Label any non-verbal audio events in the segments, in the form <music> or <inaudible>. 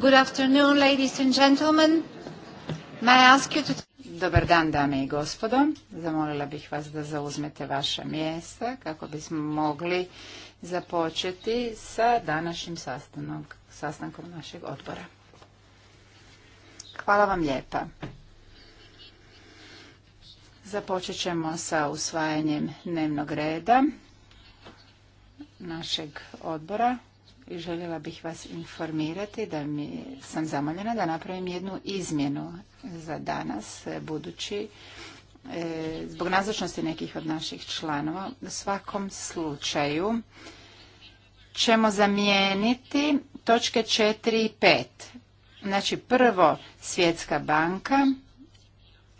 Good afternoon, ladies and gentlemen. May Dobar dan, dame i gospodo. Zamolila bih vas da zauzmete vaša mjesta kako bismo mogli započeti sa današnjim sastankom našeg odbora. Hvala vam lijepa. Započet ćemo sa usvajanjem dnevnog reda našeg odbora željela bih vas informirati da mi sam zamoljena da napravim jednu izmjenu za danas, e, budući e, zbog nazočnosti nekih od naših članova. U svakom slučaju ćemo zamijeniti točke 4 i 5. Znači prvo Svjetska banka,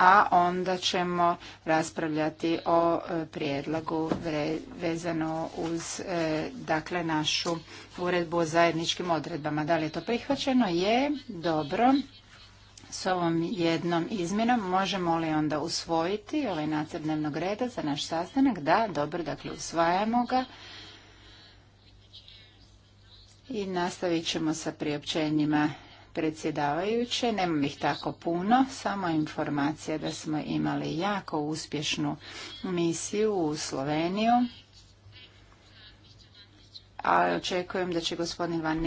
a onda ćemo raspravljati o e, prijedlogu vezano uz e, dakle našu uredbu o zajedničkim odredbama. Da li je to prihvaćeno? Je, dobro. S ovom jednom izmjenom možemo li onda usvojiti ovaj nacrt dnevnog reda za naš sastanak? Da, dobro, dakle usvajamo ga. I nastavit ćemo sa priopćenjima predsjedavajuće. Nemam ih tako puno, samo informacija da smo imali jako uspješnu misiju u Sloveniju. A očekujem da će gospodin Van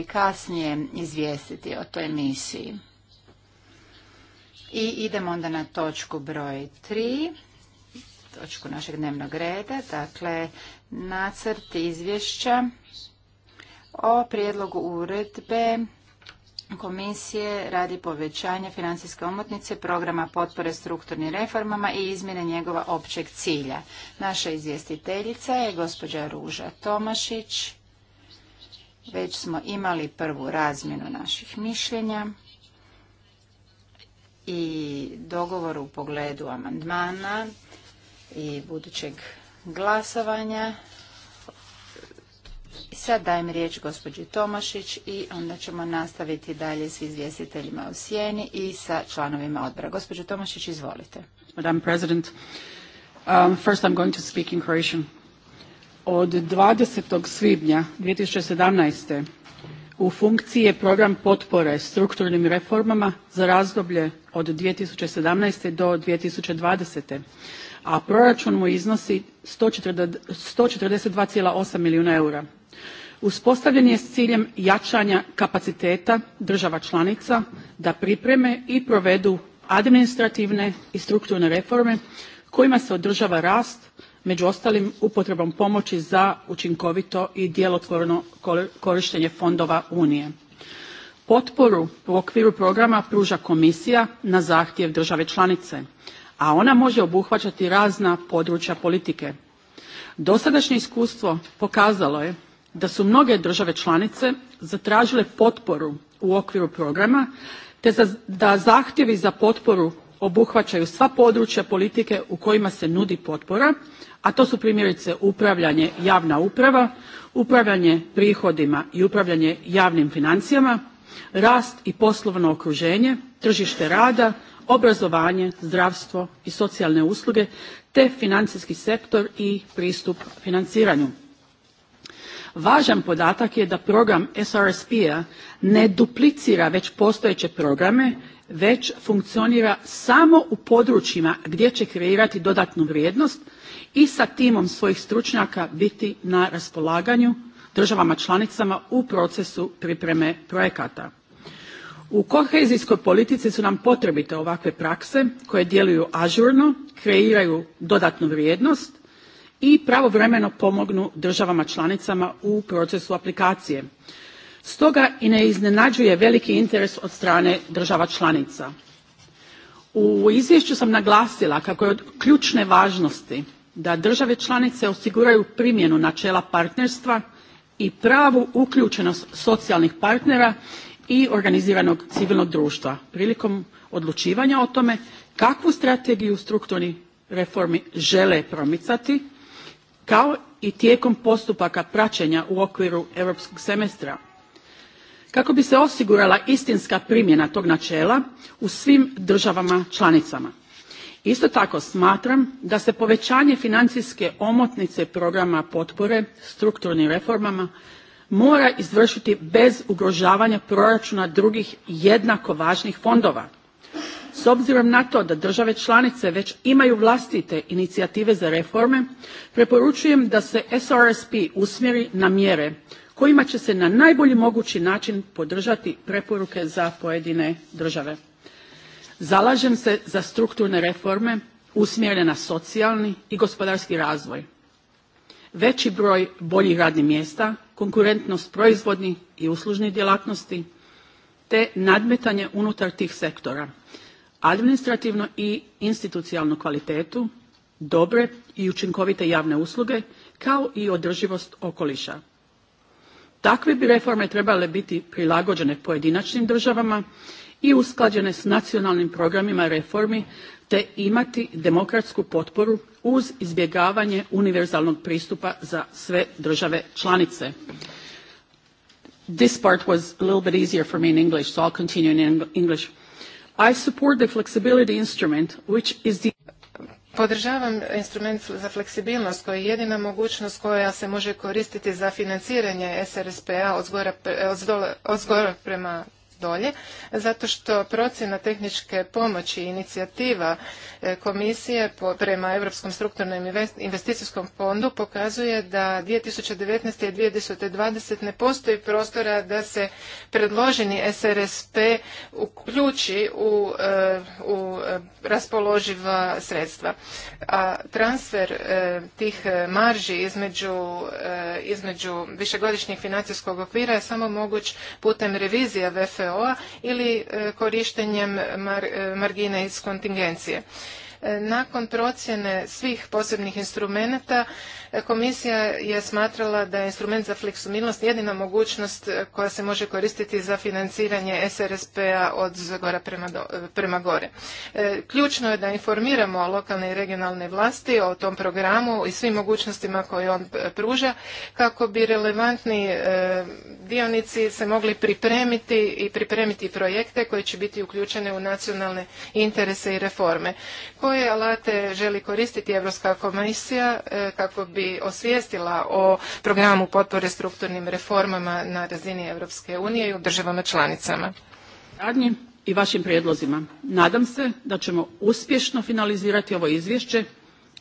i kasnije izvijestiti o toj misiji. I idemo onda na točku broj 3 točku našeg dnevnog reda, dakle nacrt izvješća o prijedlogu uredbe komisije radi povećanja financijske omotnice programa potpore strukturnim reformama i izmjene njegova općeg cilja. Naša izvjestiteljica je gospođa Ruža Tomašić. Već smo imali prvu razmjenu naših mišljenja i dogovor u pogledu amandmana i budućeg glasovanja i sad dajem riječ gospođi Tomašić i onda ćemo nastaviti dalje s izvjestiteljima u sjeni i sa članovima odbora. Gospođo Tomašić, izvolite. Madam President, um, first I'm going to speak in Croatian. Od 20. svibnja 2017. u funkciji je program potpore strukturnim reformama za razdoblje od 2017. do 2020. a proračun mu iznosi 142,8 milijuna eura uspostavljen je s ciljem jačanja kapaciteta država članica da pripreme i provedu administrativne i strukturne reforme kojima se održava rast među ostalim upotrebom pomoći za učinkovito i djelotvorno korištenje fondova unije potporu u okviru programa pruža komisija na zahtjev države članice a ona može obuhvaćati razna područja politike dosadašnje iskustvo pokazalo je da su mnoge države članice zatražile potporu u okviru programa te da zahtjevi za potporu obuhvaćaju sva područja politike u kojima se nudi potpora a to su primjerice upravljanje javna uprava upravljanje prihodima i upravljanje javnim financijama rast i poslovno okruženje tržište rada obrazovanje zdravstvo i socijalne usluge te financijski sektor i pristup financiranju. Važan podatak je da program SRSP-a ne duplicira već postojeće programe, već funkcionira samo u područjima gdje će kreirati dodatnu vrijednost i sa timom svojih stručnjaka biti na raspolaganju državama članicama u procesu pripreme projekata. U kohezijskoj politici su nam potrebite ovakve prakse koje djeluju ažurno, kreiraju dodatnu vrijednost i pravovremeno pomognu državama članicama u procesu aplikacije. Stoga i ne iznenađuje veliki interes od strane država članica. U izvješću sam naglasila kako je od ključne važnosti da države članice osiguraju primjenu načela partnerstva i pravu uključenost socijalnih partnera i organiziranog civilnog društva prilikom odlučivanja o tome kakvu strategiju strukturnih reformi žele promicati kao i tijekom postupaka praćenja u okviru europskog semestra. Kako bi se osigurala istinska primjena tog načela u svim državama članicama. Isto tako smatram da se povećanje financijske omotnice programa potpore strukturnim reformama mora izvršiti bez ugrožavanja proračuna drugih jednako važnih fondova s obzirom na to da države članice već imaju vlastite inicijative za reforme, preporučujem da se SRSP usmjeri na mjere kojima će se na najbolji mogući način podržati preporuke za pojedine države. Zalažem se za strukturne reforme usmjerene na socijalni i gospodarski razvoj, veći broj boljih radnih mjesta, konkurentnost proizvodnih i uslužnih djelatnosti, te nadmetanje unutar tih sektora administrativno i institucionalnu kvalitetu, dobre i učinkovite javne usluge, kao i održivost okoliša. Takve bi reforme trebale biti prilagođene pojedinačnim državama i usklađene s nacionalnim programima reformi te imati demokratsku potporu uz izbjegavanje univerzalnog pristupa za sve države članice. This was a little bit easier for me in English, so continue in English. I support the instrument Podržavam instrument za fleksibilnost koji je jedina mogućnost koja se može koristiti za financiranje SRSP-a od, zgora prema dolje, zato što procjena tehničke pomoći i inicijativa e, komisije prema Europskom strukturnom investicijskom fondu pokazuje da 2019. i 2020. ne postoji prostora da se predloženi SRSP uključi u, e, e, raspoloživa sredstva. A transfer tih marži između, između višegodišnjeg financijskog okvira je samo moguć putem revizija VFO ili e, korištenjem e, margine iz kontingencije. E, nakon procjene svih posebnih instrumenata, e, komisija je smatrala da je instrument za fleksibilnost jedina mogućnost e, koja se može koristiti za financiranje SRSP-a od zagora prema, gore. Ključno je da informiramo lokalne i regionalne vlasti o tom programu i svim mogućnostima koje on pruža kako bi relevantni dionici se mogli pripremiti i pripremiti projekte koji će biti uključene u nacionalne interese i reforme koje alate želi koristiti Evropska komisija e, kako bi osvijestila o programu potpore strukturnim reformama na razini Evropske unije i u državama članicama? i vašim prijedlozima. Nadam se da ćemo uspješno finalizirati ovo izvješće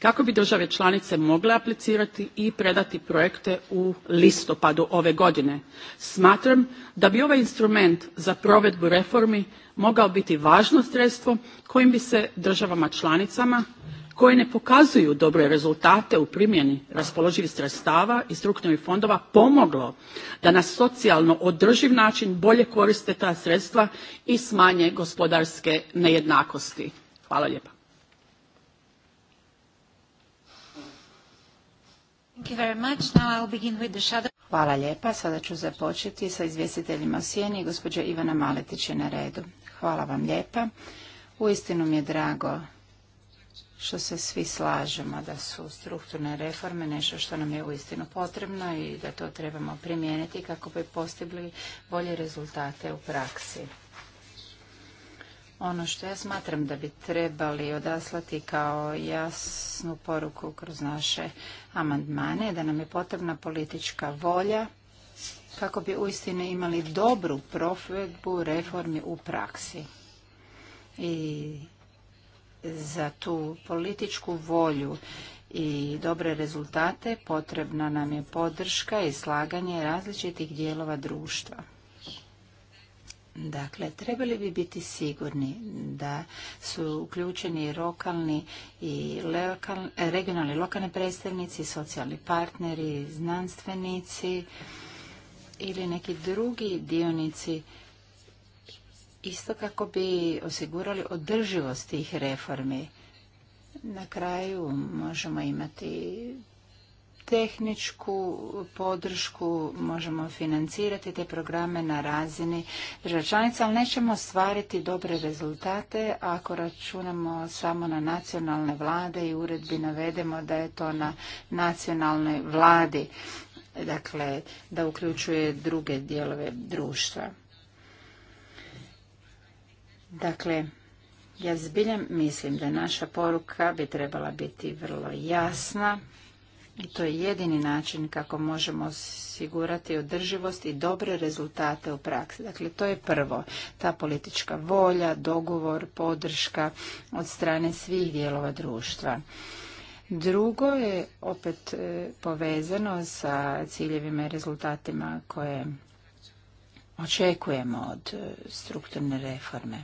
kako bi države članice mogle aplicirati i predati projekte u listopadu ove godine. Smatram da bi ovaj instrument za provedbu reformi mogao biti važno sredstvo kojim bi se državama članicama koje ne pokazuju dobre rezultate u primjeni raspoloživih sredstava i strukturnih fondova pomoglo da na socijalno održiv način bolje koriste ta sredstva i smanje gospodarske nejednakosti. Hvala lijepa. Hvala lijepa. Sada ću započeti sa izvjestiteljima Sjeni. Gospođa Ivana Maletić je na redu. Hvala vam lijepa. Uistinu mi je drago što se svi slažemo da su strukturne reforme nešto što nam je uistinu potrebno i da to trebamo primijeniti kako bi postigli bolje rezultate u praksi. Ono što ja smatram da bi trebali odaslati kao jasnu poruku kroz naše amandmane je da nam je potrebna politička volja kako bi uistinu imali dobru provedbu reformi u praksi. I za tu političku volju i dobre rezultate potrebna nam je podrška i slaganje različitih dijelova društva. Dakle, trebali bi biti sigurni da su uključeni lokalni i regionalni regionalni lokalni predstavnici, socijalni partneri, znanstvenici ili neki drugi dionici isto kako bi osigurali održivost tih reformi. Na kraju možemo imati tehničku podršku možemo financirati te programe na razini država članica, ali nećemo ostvariti dobre rezultate ako računamo samo na nacionalne vlade i uredbi navedemo da je to na nacionalnoj vladi, dakle da uključuje druge dijelove društva. Dakle, ja zbiljem mislim da naša poruka bi trebala biti vrlo jasna i to je jedini način kako možemo osigurati održivost i dobre rezultate u praksi. Dakle, to je prvo. Ta politička volja, dogovor, podrška od strane svih dijelova društva. Drugo je opet e, povezano sa ciljevima i rezultatima koje očekujemo od e, strukturne reforme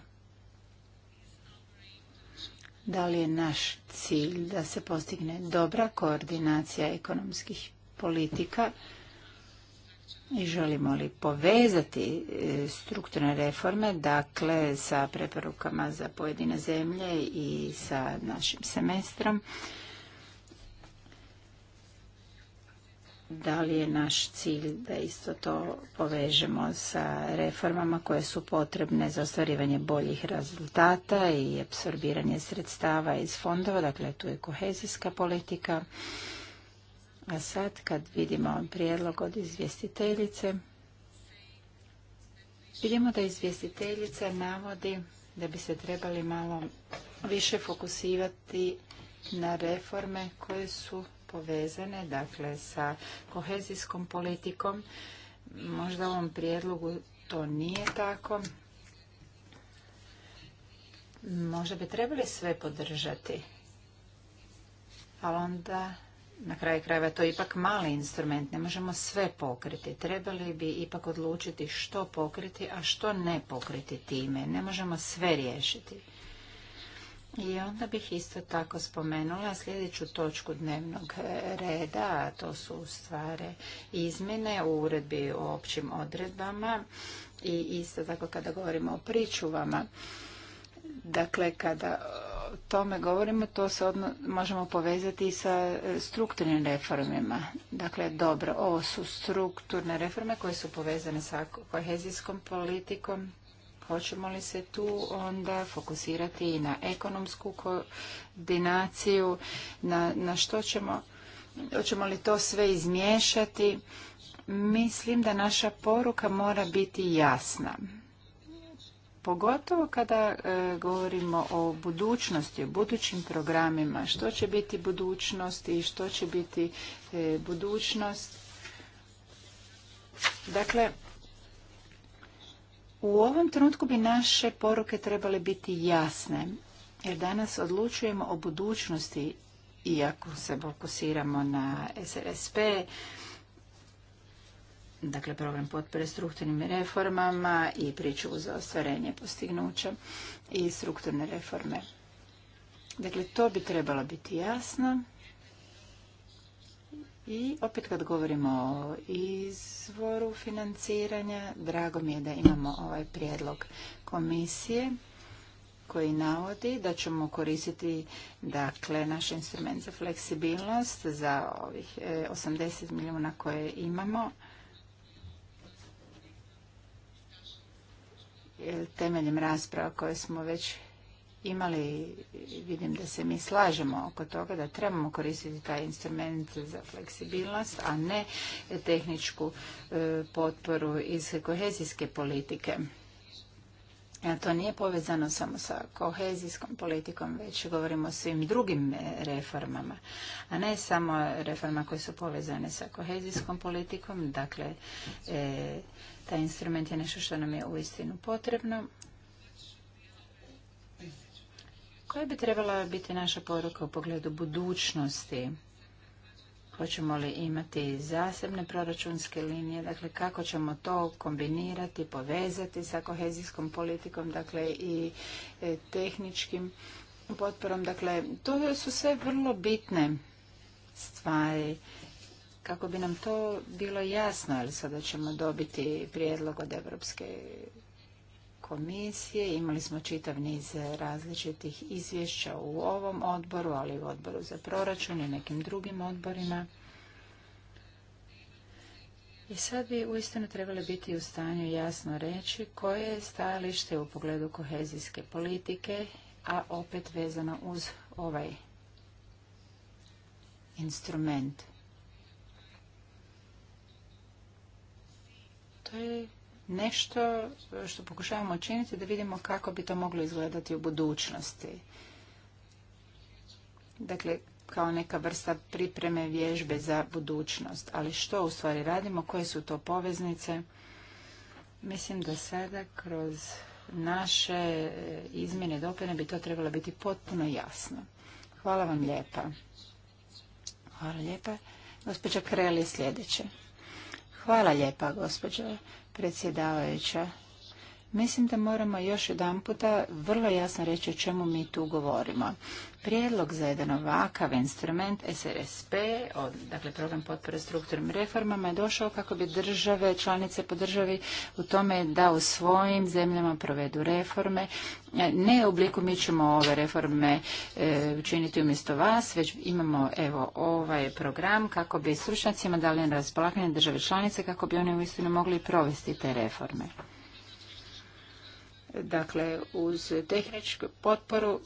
da li je naš cilj da se postigne dobra koordinacija ekonomskih politika i želimo li povezati e, strukturne reforme, dakle, sa preporukama za pojedine zemlje i sa našim semestrom. da li je naš cilj da isto to povežemo sa reformama koje su potrebne za ostvarivanje boljih rezultata i apsorbiranje sredstava iz fondova, dakle tu je kohezijska politika. A sad kad vidimo prijedlog od izvjestiteljice, vidimo da izvjestiteljica navodi da bi se trebali malo više fokusivati na reforme koje su povezane, dakle sa kohezijskom politikom. Možda u ovom prijedlogu to nije tako. Možda bi trebali sve podržati, ali onda na kraju krajeva to je ipak mali instrument, ne možemo sve pokriti. Trebali bi ipak odlučiti što pokriti, a što ne pokriti time. Ne možemo sve riješiti. I onda bih isto tako spomenula sljedeću točku dnevnog reda, a to su u stvari izmjene u uredbi o općim odredbama i isto tako kada govorimo o pričuvama. Dakle, kada o tome govorimo, to se možemo povezati i sa e, strukturnim reformama. Dakle, dobro, ovo su strukturne reforme koje su povezane sa kohezijskom politikom, Hoćemo li se tu onda fokusirati i na ekonomsku koordinaciju, na, na što ćemo, hoćemo li to sve izmiješati? Mislim da naša poruka mora biti jasna. Pogotovo kada e, govorimo o budućnosti, o budućim programima, što će biti budućnost i što će biti e, budućnost. Dakle, u ovom trenutku bi naše poruke trebale biti jasne, jer danas odlučujemo o budućnosti, iako se fokusiramo na SRSP, dakle program potpore strukturnim reformama i priču za ostvarenje postignuća i strukturne reforme. Dakle, to bi trebalo biti jasno i opet kad govorimo o izvoru financiranja, drago mi je da imamo ovaj prijedlog komisije koji navodi da ćemo koristiti dakle naš instrument za fleksibilnost za ovih 80 e, milijuna koje imamo. E, temeljem rasprava koje smo već imali, vidim da se mi slažemo oko toga da trebamo koristiti taj instrument za fleksibilnost, a ne tehničku e, potporu iz kohezijske politike. A to nije povezano samo sa kohezijskom politikom, već govorimo o svim drugim e, reformama, a ne samo reforma koje su povezane sa kohezijskom politikom. Dakle, e, taj instrument je nešto što nam je uistinu potrebno. Koja bi trebala biti naša poruka u pogledu budućnosti? Hoćemo li imati zasebne proračunske linije, dakle kako ćemo to kombinirati, povezati sa kohezijskom politikom, dakle i e, tehničkim potporom. Dakle, to su sve vrlo bitne stvari kako bi nam to bilo jasno, jer sada ćemo dobiti prijedlog od Europske komisije. Imali smo čitav niz različitih izvješća u ovom odboru, ali i u odboru za proračun i nekim drugim odborima. I sad bi uistinu trebali biti u stanju jasno reći koje je stajalište u pogledu kohezijske politike, a opet vezano uz ovaj instrument. To je nešto što pokušavamo činiti da vidimo kako bi to moglo izgledati u budućnosti. Dakle, kao neka vrsta pripreme vježbe za budućnost. Ali što u stvari radimo, koje su to poveznice? Mislim da sada kroz naše izmjene i dopene bi to trebalo biti potpuno jasno. Hvala vam lijepa. Hvala lijepa. Gospođa Kreli sljedeće. Hvala lijepa, gospođo predsjedavajuća. Mislim da moramo još jedan puta vrlo jasno reći o čemu mi tu govorimo. Prijedlog za jedan ovakav instrument SRSP, od, dakle program potpore strukturnim reformama, je došao kako bi države, članice po u tome da u svojim zemljama provedu reforme. E, ne u obliku mi ćemo ove reforme e, učiniti umjesto vas, već imamo evo ovaj program kako bi stručnjacima dali na raspolaganje države članice kako bi oni uistinu mogli provesti te reforme. Dakle, uz tehničku potporu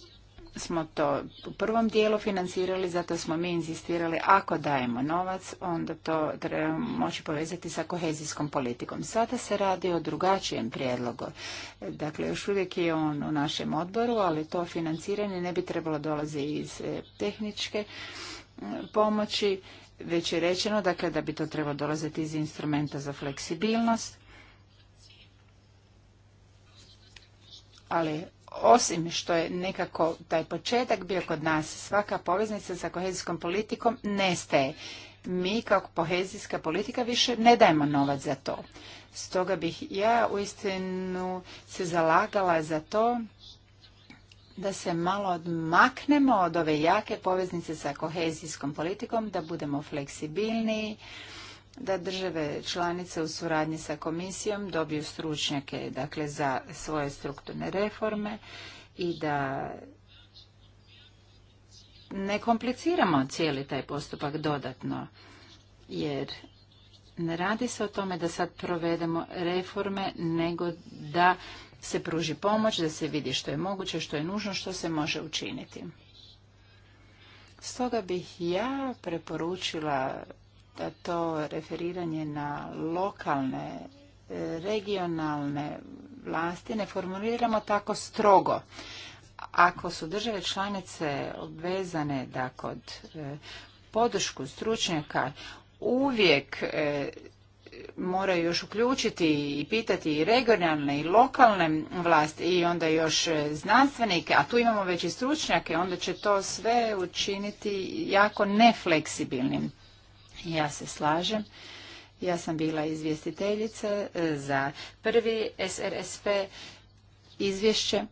smo to u prvom dijelu financirali, zato smo mi insistirali ako dajemo novac, onda to treba moći povezati sa kohezijskom politikom. Sada se radi o drugačijem prijedlogu. Dakle, još uvijek je on u našem odboru, ali to financiranje ne bi trebalo dolazi iz e, tehničke e, pomoći, već je rečeno dakle, da bi to trebalo dolaziti iz instrumenta za fleksibilnost ali osim što je nekako taj početak bio kod nas, svaka poveznica sa kohezijskom politikom nestaje. Mi kao kohezijska politika više ne dajemo novac za to. Stoga bih ja uistinu se zalagala za to da se malo odmaknemo od ove jake poveznice sa kohezijskom politikom, da budemo fleksibilniji, da države članice u suradnji sa komisijom dobiju stručnjake dakle, za svoje strukturne reforme i da ne kompliciramo cijeli taj postupak dodatno, jer ne radi se o tome da sad provedemo reforme, nego da se pruži pomoć, da se vidi što je moguće, što je nužno, što se može učiniti. Stoga bih ja preporučila da to referiranje na lokalne, e, regionalne vlasti ne formuliramo tako strogo. Ako su države članice obvezane da kod e, podršku stručnjaka uvijek e, moraju još uključiti i pitati i regionalne i lokalne vlasti i onda još znanstvenike, a tu imamo već i stručnjake, onda će to sve učiniti jako nefleksibilnim. Ja se slažem. Ja sam bila izvjestiteljica e, za prvi SRSP izvješće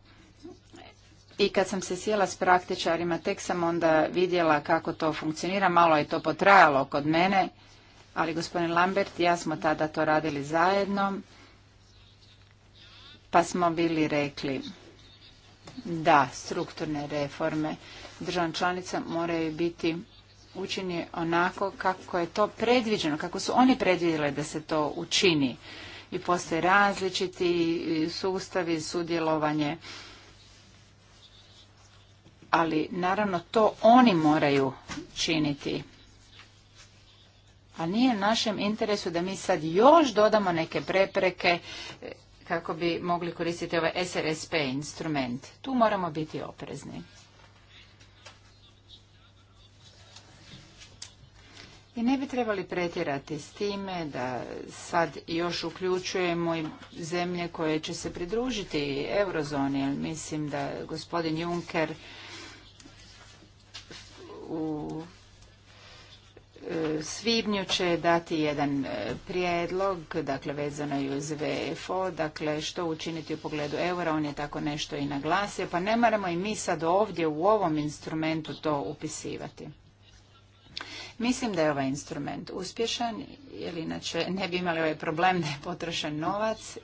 i kad sam se sjela s praktičarima, tek sam onda vidjela kako to funkcionira. Malo je to potrajalo kod mene, ali gospodin Lambert i ja smo tada to radili zajedno, pa smo bili rekli da strukturne reforme državnog članica moraju biti učini onako kako je to predviđeno, kako su oni predvidjeli da se to učini. I postoje različiti sustavi, sudjelovanje. Ali naravno to oni moraju činiti. A nije našem interesu da mi sad još dodamo neke prepreke e, kako bi mogli koristiti ovaj SRSP instrument. Tu moramo biti oprezni. I ne bi trebali pretjerati s time da sad još uključujemo i zemlje koje će se pridružiti eurozoni. Jer mislim da gospodin Juncker u e, svibnju će dati jedan e, prijedlog, dakle vezano i uz VFO, dakle što učiniti u pogledu eura, on je tako nešto i naglasio, pa ne moramo i mi sad ovdje u ovom instrumentu to upisivati. Mislim da je ovaj instrument uspješan, jer inače ne bi imali ovaj problem da je potrošen novac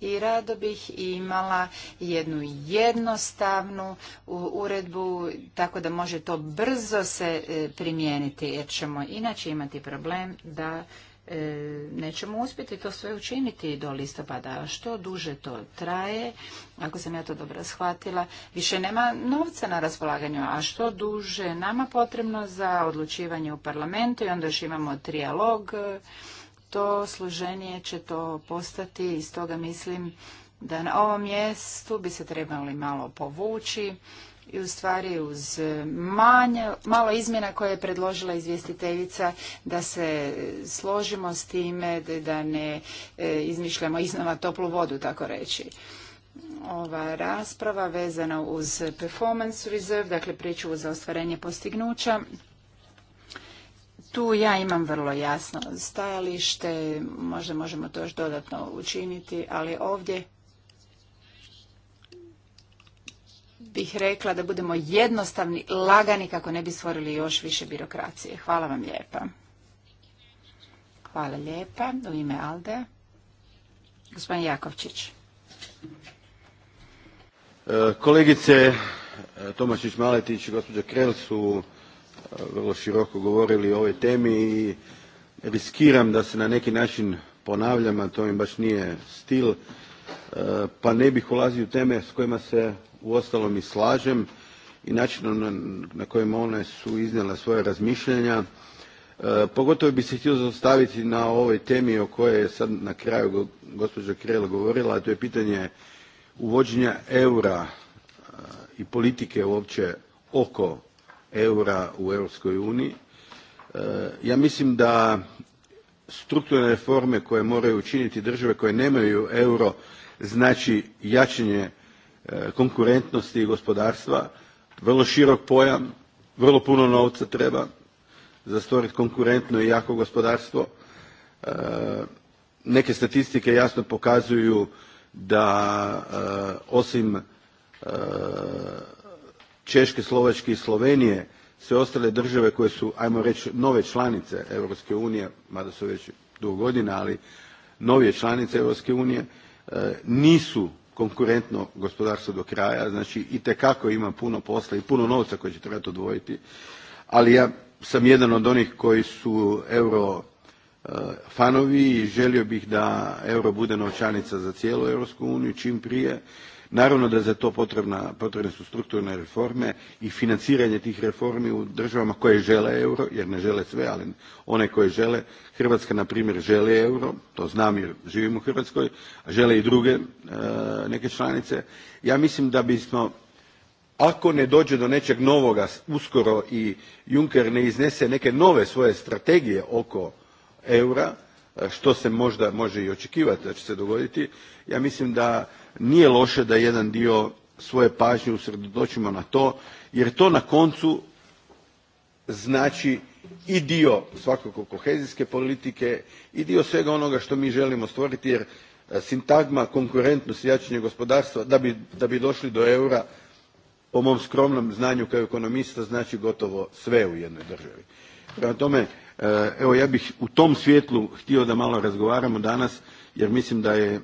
i rado bih imala jednu jednostavnu uredbu, tako da može to brzo se e, primijeniti, jer ćemo inače imati problem da E, nećemo uspjeti to sve učiniti do listopada. Što duže to traje, ako sam ja to dobro shvatila, više nema novca na raspolaganju, a što duže nama potrebno za odlučivanje u parlamentu i onda još imamo trijalog, to služenje će to postati i stoga mislim da na ovom mjestu bi se trebali malo povući i u stvari uz e, malo izmjena koje je predložila izvjestiteljica da se složimo s time da ne e, izmišljamo iznova toplu vodu tako reći ova rasprava vezana uz performance reserve, dakle priču za ostvarenje postignuća. Tu ja imam vrlo jasno stajalište, možda možemo to još dodatno učiniti, ali ovdje bih rekla da budemo jednostavni, lagani kako ne bi stvorili još više birokracije. Hvala vam lijepa. Hvala lijepa. U ime Alde. Gospodin Jakovčić. E, kolegice e, Tomašić Maletić i gospođa Krel su e, vrlo široko govorili o ovoj temi i riskiram da se na neki način ponavljam, a to im baš nije stil, pa ne bih ulazio u teme s kojima se uostalom i slažem i načinom na kojem one su iznijela svoja razmišljanja. E, pogotovo bi se htio zaustaviti na ovoj temi o kojoj je sad na kraju gospođa Krel govorila, a to je pitanje uvođenja eura e, i politike uopće oko eura u Europskoj uniji. E, ja mislim da strukturne reforme koje moraju učiniti države koje nemaju euro znači jačanje E, konkurentnosti i gospodarstva vrlo širok pojam vrlo puno novca treba za stvoriti konkurentno i jako gospodarstvo e, neke statistike jasno pokazuju da e, osim češke slovačke i slovenije sve ostale države koje su ajmo reći nove članice europske unije mada su već dugo godina ali novije članice europske unije nisu konkurentno gospodarstvo do kraja, znači itekako ima puno posla i puno novca koji će trebati odvojiti, ali ja sam jedan od onih koji su euro e, fanovi i želio bih da euro bude novčanica za cijelu Europsku uniju čim prije Naravno da je za to potrebna, potrebne su strukturne reforme i financiranje tih reformi u državama koje žele euro, jer ne žele sve, ali one koje žele. Hrvatska, na primjer, želi euro, to znam jer živim u Hrvatskoj, a žele i druge e, neke članice. Ja mislim da bismo ako ne dođe do nečeg novoga uskoro i Juncker ne iznese neke nove svoje strategije oko eura, što se možda može i očekivati da će se dogoditi, ja mislim da nije loše da jedan dio svoje pažnje usredotočimo na to jer to na koncu znači i dio svakako kohezijske politike i dio svega onoga što mi želimo stvoriti jer e, sintagma konkurentnost i jačanje gospodarstva da bi, da bi došli do eura po mom skromnom znanju kao ekonomista znači gotovo sve u jednoj državi. Prema tome, e, evo ja bih u tom svjetlu htio da malo razgovaramo danas jer mislim da je e,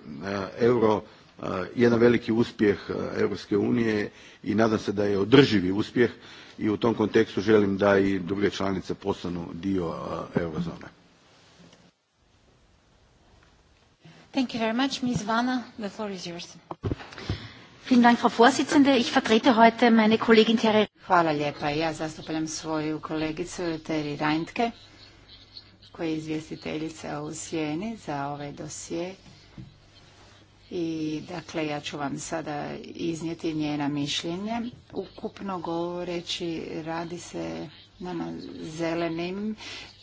euro Eh, jedan veliki uspjeh eh, Europske unije i nadam se da je održivi uspjeh i u tom kontekstu želim da i druge članice postanu dio eh, eurozone. Thank you very much. Ms. Vana, the floor is yours. Vielen Dank, Frau Vorsitzende. Ich vertrete heute meine Kollegin Terry. Hvala lijepa. Ja zastupljam svoju kolegicu Terry Reintke, koja je izvjestiteljica u Sjeni za ovaj dosje i dakle ja ću vam sada iznijeti njena mišljenje. Ukupno govoreći radi se nama zelenim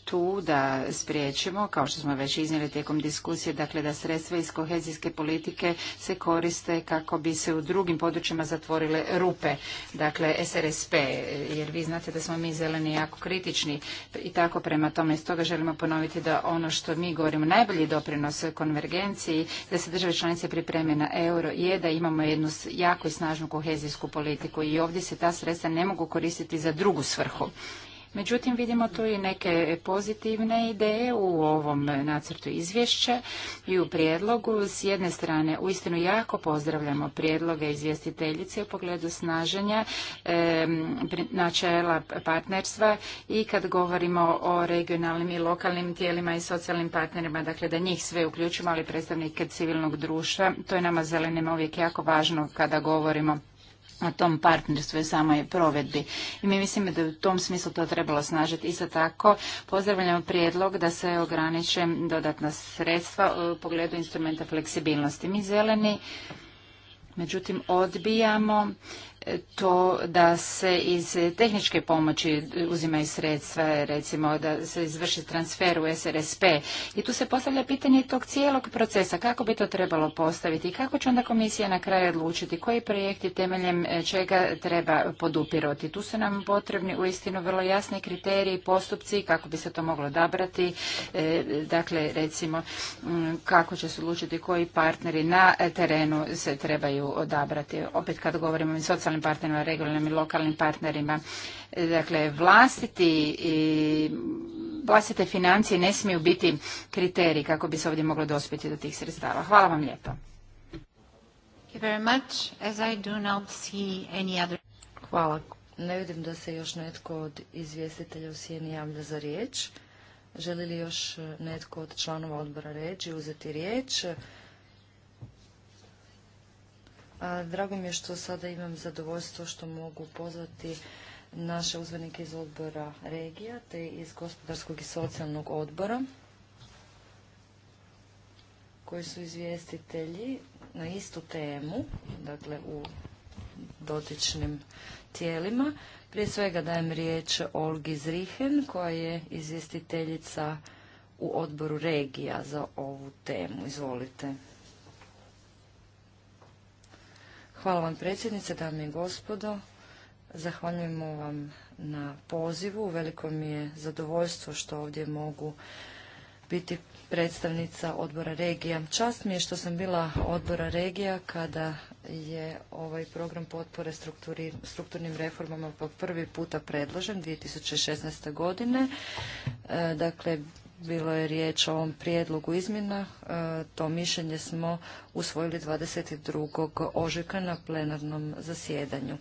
tu da spriječimo, kao što smo već iznijeli tijekom diskusije, dakle da sredstva iz kohezijske politike se koriste kako bi se u drugim područjima zatvorile rupe, dakle SRSP, jer vi znate da smo mi zeleni jako kritični i tako prema tome. Stoga želimo ponoviti da ono što mi govorimo, najbolji doprinos konvergenciji, da se države članice pripreme na euro, je da imamo jednu jako i snažnu kohezijsku politiku i ovdje se ta sredstva ne mogu koristiti za drugu svrhu. Međutim, vidimo tu i neke pozitivne ideje u ovom nacrtu izvješća i u prijedlogu. S jedne strane, uistinu jako pozdravljamo prijedloge izvjestiteljice u pogledu snaženja e, načela partnerstva i kad govorimo o regionalnim i lokalnim tijelima i socijalnim partnerima, dakle da njih sve uključimo, ali predstavnike civilnog društva, to je nama zelenima uvijek jako važno kada govorimo na tom partnerstvu i samoj provedbi. I mi mislimo da u tom smislu to trebalo snažiti. Isto tako, pozdravljamo prijedlog da se ograniče dodatna sredstva u pogledu instrumenta fleksibilnosti. Mi zeleni, međutim, odbijamo to da se iz tehničke pomoći uzimaju sredstva, recimo da se izvrši transfer u SRSP. I tu se postavlja pitanje tog cijelog procesa, kako bi to trebalo postaviti kako će onda komisija na kraju odlučiti koji projekti temeljem e, čega treba podupirati. Tu su nam potrebni uistinu vrlo jasni kriteriji i postupci kako bi se to moglo odabrati. E, dakle, recimo kako će se odlučiti koji partneri na terenu se trebaju odabrati. Opet kad govorimo o socijalnom socijalnim partnerima, regionalnim i lokalnim partnerima. Dakle, vlastiti i vlastite financije ne smiju biti kriterij kako bi se ovdje moglo dospjeti do tih sredstava. Hvala vam lijepo. Hvala. Ne vidim da se još netko od izvjestitelja u sjeni javlja za riječ. Želi li još eh, netko od članova odbora reći, uzeti riječ? Drago mi je što sada imam zadovoljstvo što mogu pozvati naše uzvanike iz odbora regija te iz gospodarskog i socijalnog odbora koji su izvjestitelji na istu temu, dakle u dotičnim tijelima. Prije svega dajem riječ Olgi Zrihen koja je izvjestiteljica u odboru regija za ovu temu. Izvolite. Hvala vam predsjednice, dame i gospodo. Zahvaljujemo vam na pozivu. Veliko mi je zadovoljstvo što ovdje mogu biti predstavnica odbora regija. Čast mi je što sam bila odbora regija kada je ovaj program potpore strukturnim reformama po prvi puta predložen 2016. godine. E, dakle, bilo je riječ o ovom prijedlogu izmjena. E, to mišljenje smo usvojili 22. ožujka na plenarnom zasjedanju.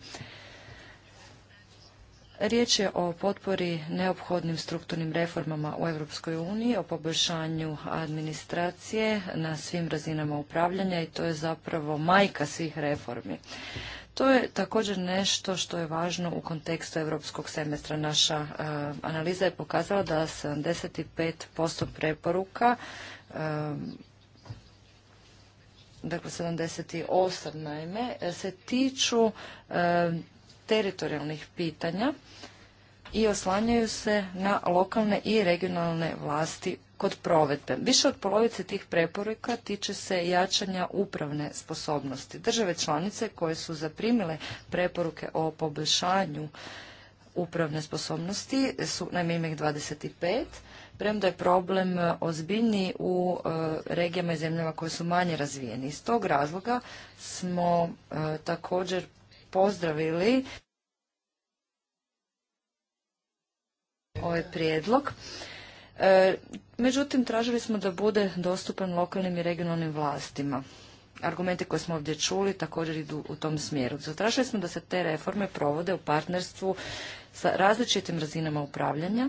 Riječ je o potpori neophodnim strukturnim reformama u Europskoj uniji, o poboljšanju administracije na svim razinama upravljanja i to je zapravo majka svih reformi. To je također nešto što je važno u kontekstu europskog semestra. Naša eh, analiza je pokazala da 75% preporuka e, dakle 78 naime, se tiču eh, teritorijalnih pitanja i oslanjaju se na lokalne i regionalne vlasti kod provedbe. Više od polovice tih preporuka tiče se jačanja upravne sposobnosti. Države članice koje su zaprimile preporuke o poboljšanju upravne sposobnosti su, naime 25, premda je problem ozbiljniji u e, regijama i zemljama koje su manje razvijeni. Iz tog razloga smo e, također pozdravili ovaj prijedlog. E, Međutim, tražili smo da bude dostupan lokalnim i regionalnim vlastima. Argumente koje smo ovdje čuli također idu u tom smjeru. Zatražili smo da se te reforme provode u partnerstvu sa različitim razinama upravljanja,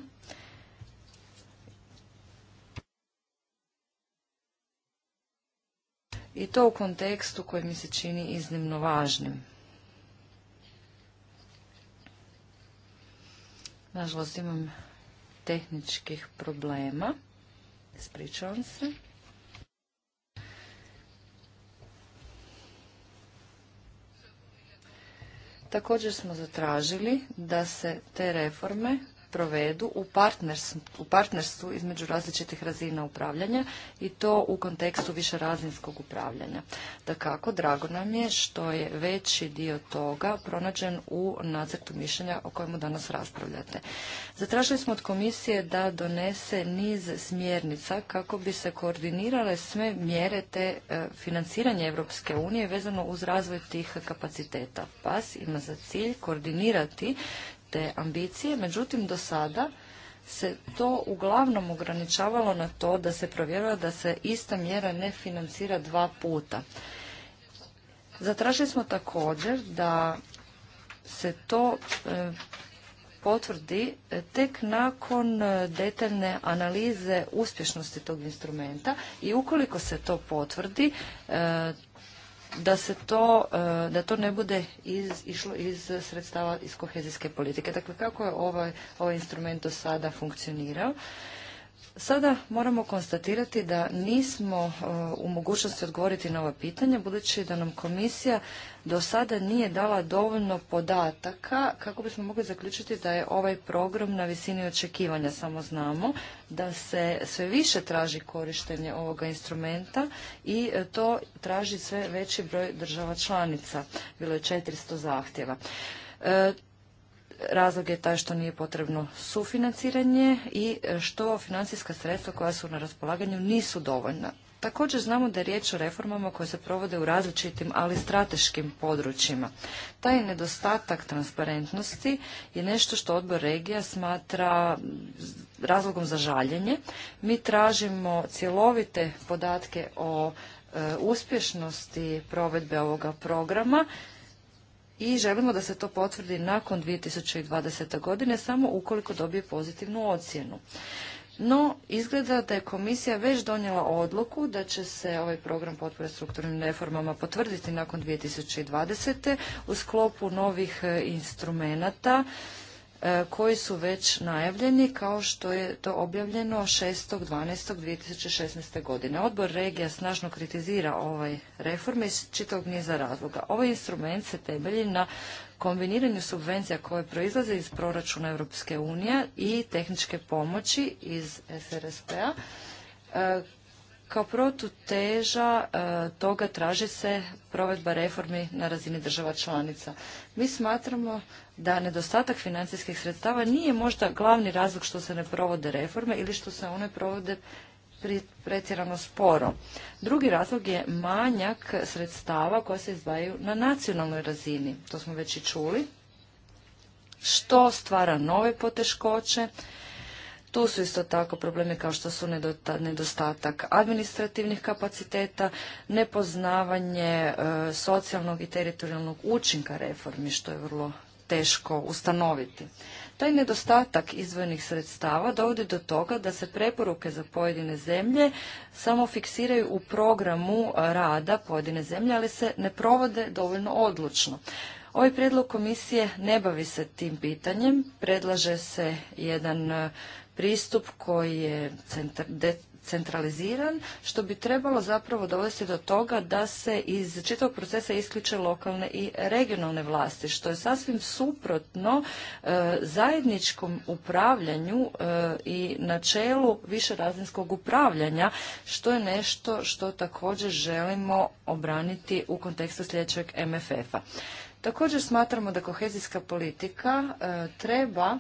i to u kontekstu koji mi se čini iznimno važnim. Nažalost imam tehničkih problema. Ispričavam se. Također smo zatražili da se te reforme provedu u, u partnerstvu između različitih razina upravljanja i to u kontekstu višerazinskog upravljanja. Dakako, drago nam je što je veći dio toga pronađen u nacrtu mišljenja o kojemu danas raspravljate. Zatražili smo od komisije da donese niz smjernica kako bi se koordinirale sve mjere te e, financiranje Europske unije vezano uz razvoj tih kapaciteta. PAS ima za cilj koordinirati te ambicije, međutim do sada se to uglavnom ograničavalo na to da se provjerava da se ista mjera ne financira dva puta. Zatražili smo također da se to e, potvrdi tek nakon detaljne analize uspješnosti tog instrumenta i ukoliko se to potvrdi, e, da se to, e, da to ne bude iz, išlo iz sredstava iz kohezijske politike. Dakle, kako je ovaj, ovaj instrument do sada funkcionirao? Sada moramo konstatirati da nismo e, u mogućnosti odgovoriti na ova pitanja, budući da nam komisija do sada nije dala dovoljno podataka kako bismo mogli zaključiti da je ovaj program na visini očekivanja. Samo znamo da se sve više traži korištenje ovoga instrumenta i e, to traži sve veći broj država članica. Bilo je 400 zahtjeva. E, Razlog je taj što nije potrebno sufinanciranje i e, što financijska sredstva koja su na raspolaganju nisu dovoljna. Također znamo da je riječ o reformama koje se provode u različitim, ali strateškim područjima. Taj nedostatak transparentnosti je nešto što odbor regija smatra razlogom za žaljenje. Mi tražimo cjelovite podatke o e, uspješnosti provedbe ovoga programa i želimo da se to potvrdi nakon 2020. godine samo ukoliko dobije pozitivnu ocjenu. No, izgleda da je komisija već donijela odluku da će se ovaj program potpore strukturnim reformama potvrditi nakon 2020. u sklopu novih e, instrumenata E, koji su već najavljeni kao što je to objavljeno 6.12.2016. godine. Odbor regija snažno kritizira ovaj reforme iz čitog niza razloga. Ovaj instrument se temelji na kombiniranju subvencija koje proizlaze iz proračuna Europske unije i tehničke pomoći iz SRSP-a e, kao protuteža e, toga traži se provedba reformi na razini država članica. Mi smatramo da nedostatak financijskih sredstava nije možda glavni razlog što se ne provode reforme ili što se one provode pretjerano sporo. Drugi razlog je manjak sredstava koja se izdvajaju na nacionalnoj razini. To smo već i čuli. Što stvara nove poteškoće, tu su isto tako problemi kao što su nedostatak administrativnih kapaciteta, nepoznavanje e, socijalnog i teritorijalnog učinka reformi, što je vrlo teško ustanoviti. Taj nedostatak izvojenih sredstava dovodi do toga da se preporuke za pojedine zemlje samo fiksiraju u programu e, rada pojedine zemlje, ali se ne provode dovoljno odlučno. Ovaj prijedlog komisije ne bavi se tim pitanjem, predlaže se jedan e, pristup koji je centraliziran, što bi trebalo zapravo dovesti do toga da se iz čitavog procesa isključe lokalne i regionalne vlasti, što je sasvim suprotno e, zajedničkom upravljanju e, i načelu višerazinskog upravljanja, što je nešto što također želimo obraniti u kontekstu sljedećeg MFF-a. Također smatramo da kohezijska politika e, treba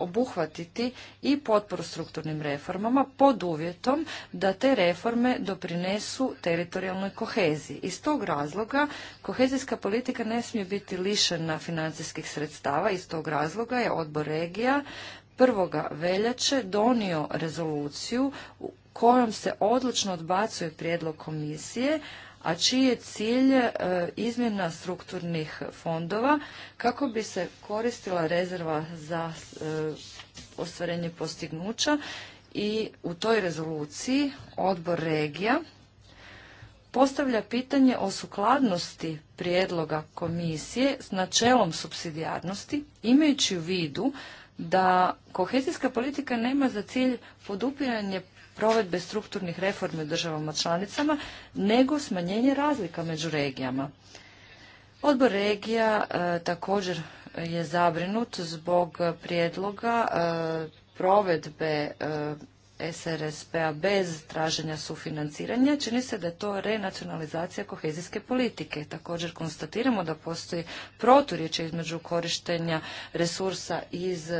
obuhvatiti i potporu strukturnim reformama pod uvjetom da te reforme doprinesu teritorijalnoj koheziji. Iz tog razloga kohezijska politika ne smije biti lišena financijskih sredstava. Iz tog razloga je odbor regija prvoga veljače donio rezoluciju kojom se odlučno odbacuje prijedlog komisije, a čiji je cilj e, izmjena strukturnih fondova kako bi se koristila rezerva za e, ostvarenje postignuća i u toj rezoluciji odbor regija postavlja pitanje o sukladnosti prijedloga komisije s načelom subsidijarnosti imajući u vidu da kohezijska politika nema za cilj podupiranje provedbe strukturnih reformi u državama članicama, nego smanjenje razlika među regijama. Odbor regija e, također je zabrinut zbog prijedloga e, provedbe e, SRSP-a bez traženja sufinanciranja. Čini se da je to renacionalizacija kohezijske politike. Također konstatiramo da postoji proturječe između korištenja resursa iz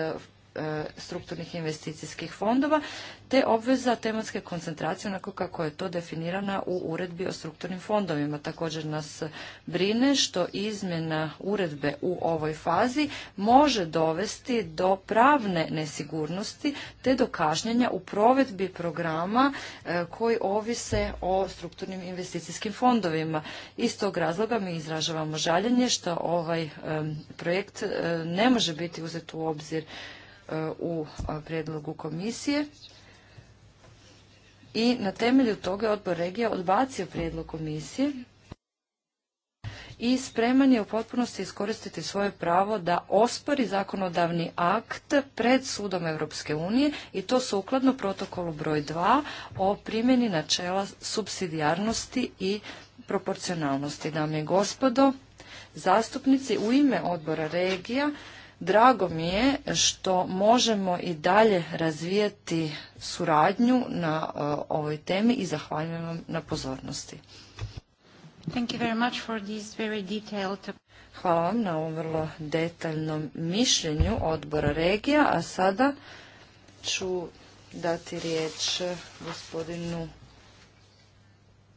E, strukturnih investicijskih fondova, te obveza tematske koncentracije onako kako je to definirana u uredbi o strukturnim fondovima. Također nas brine što izmjena uredbe u ovoj fazi može dovesti do pravne nesigurnosti te do kašnjenja u provedbi programa e, koji ovise o strukturnim investicijskim fondovima. Iz tog razloga mi izražavamo žaljenje što ovaj e, projekt ne može biti uzet u obzir u e, prijedlogu komisije i na temelju toga je odbor regija odbacio prijedlog komisije i spreman je u potpunosti iskoristiti svoje pravo da ospori zakonodavni akt pred sudom Europske unije i to sukladno protokolu broj 2 o primjeni načela subsidijarnosti i proporcionalnosti. Dame i gospodo, zastupnici u ime odbora regija Drago mi je što možemo i dalje razvijati suradnju na e, ovoj temi i zahvaljujem vam na pozornosti. Thank you very much for this very detailed... Hvala vam na ovom vrlo detaljnom mišljenju odbora regija, a sada ću dati riječ gospodinu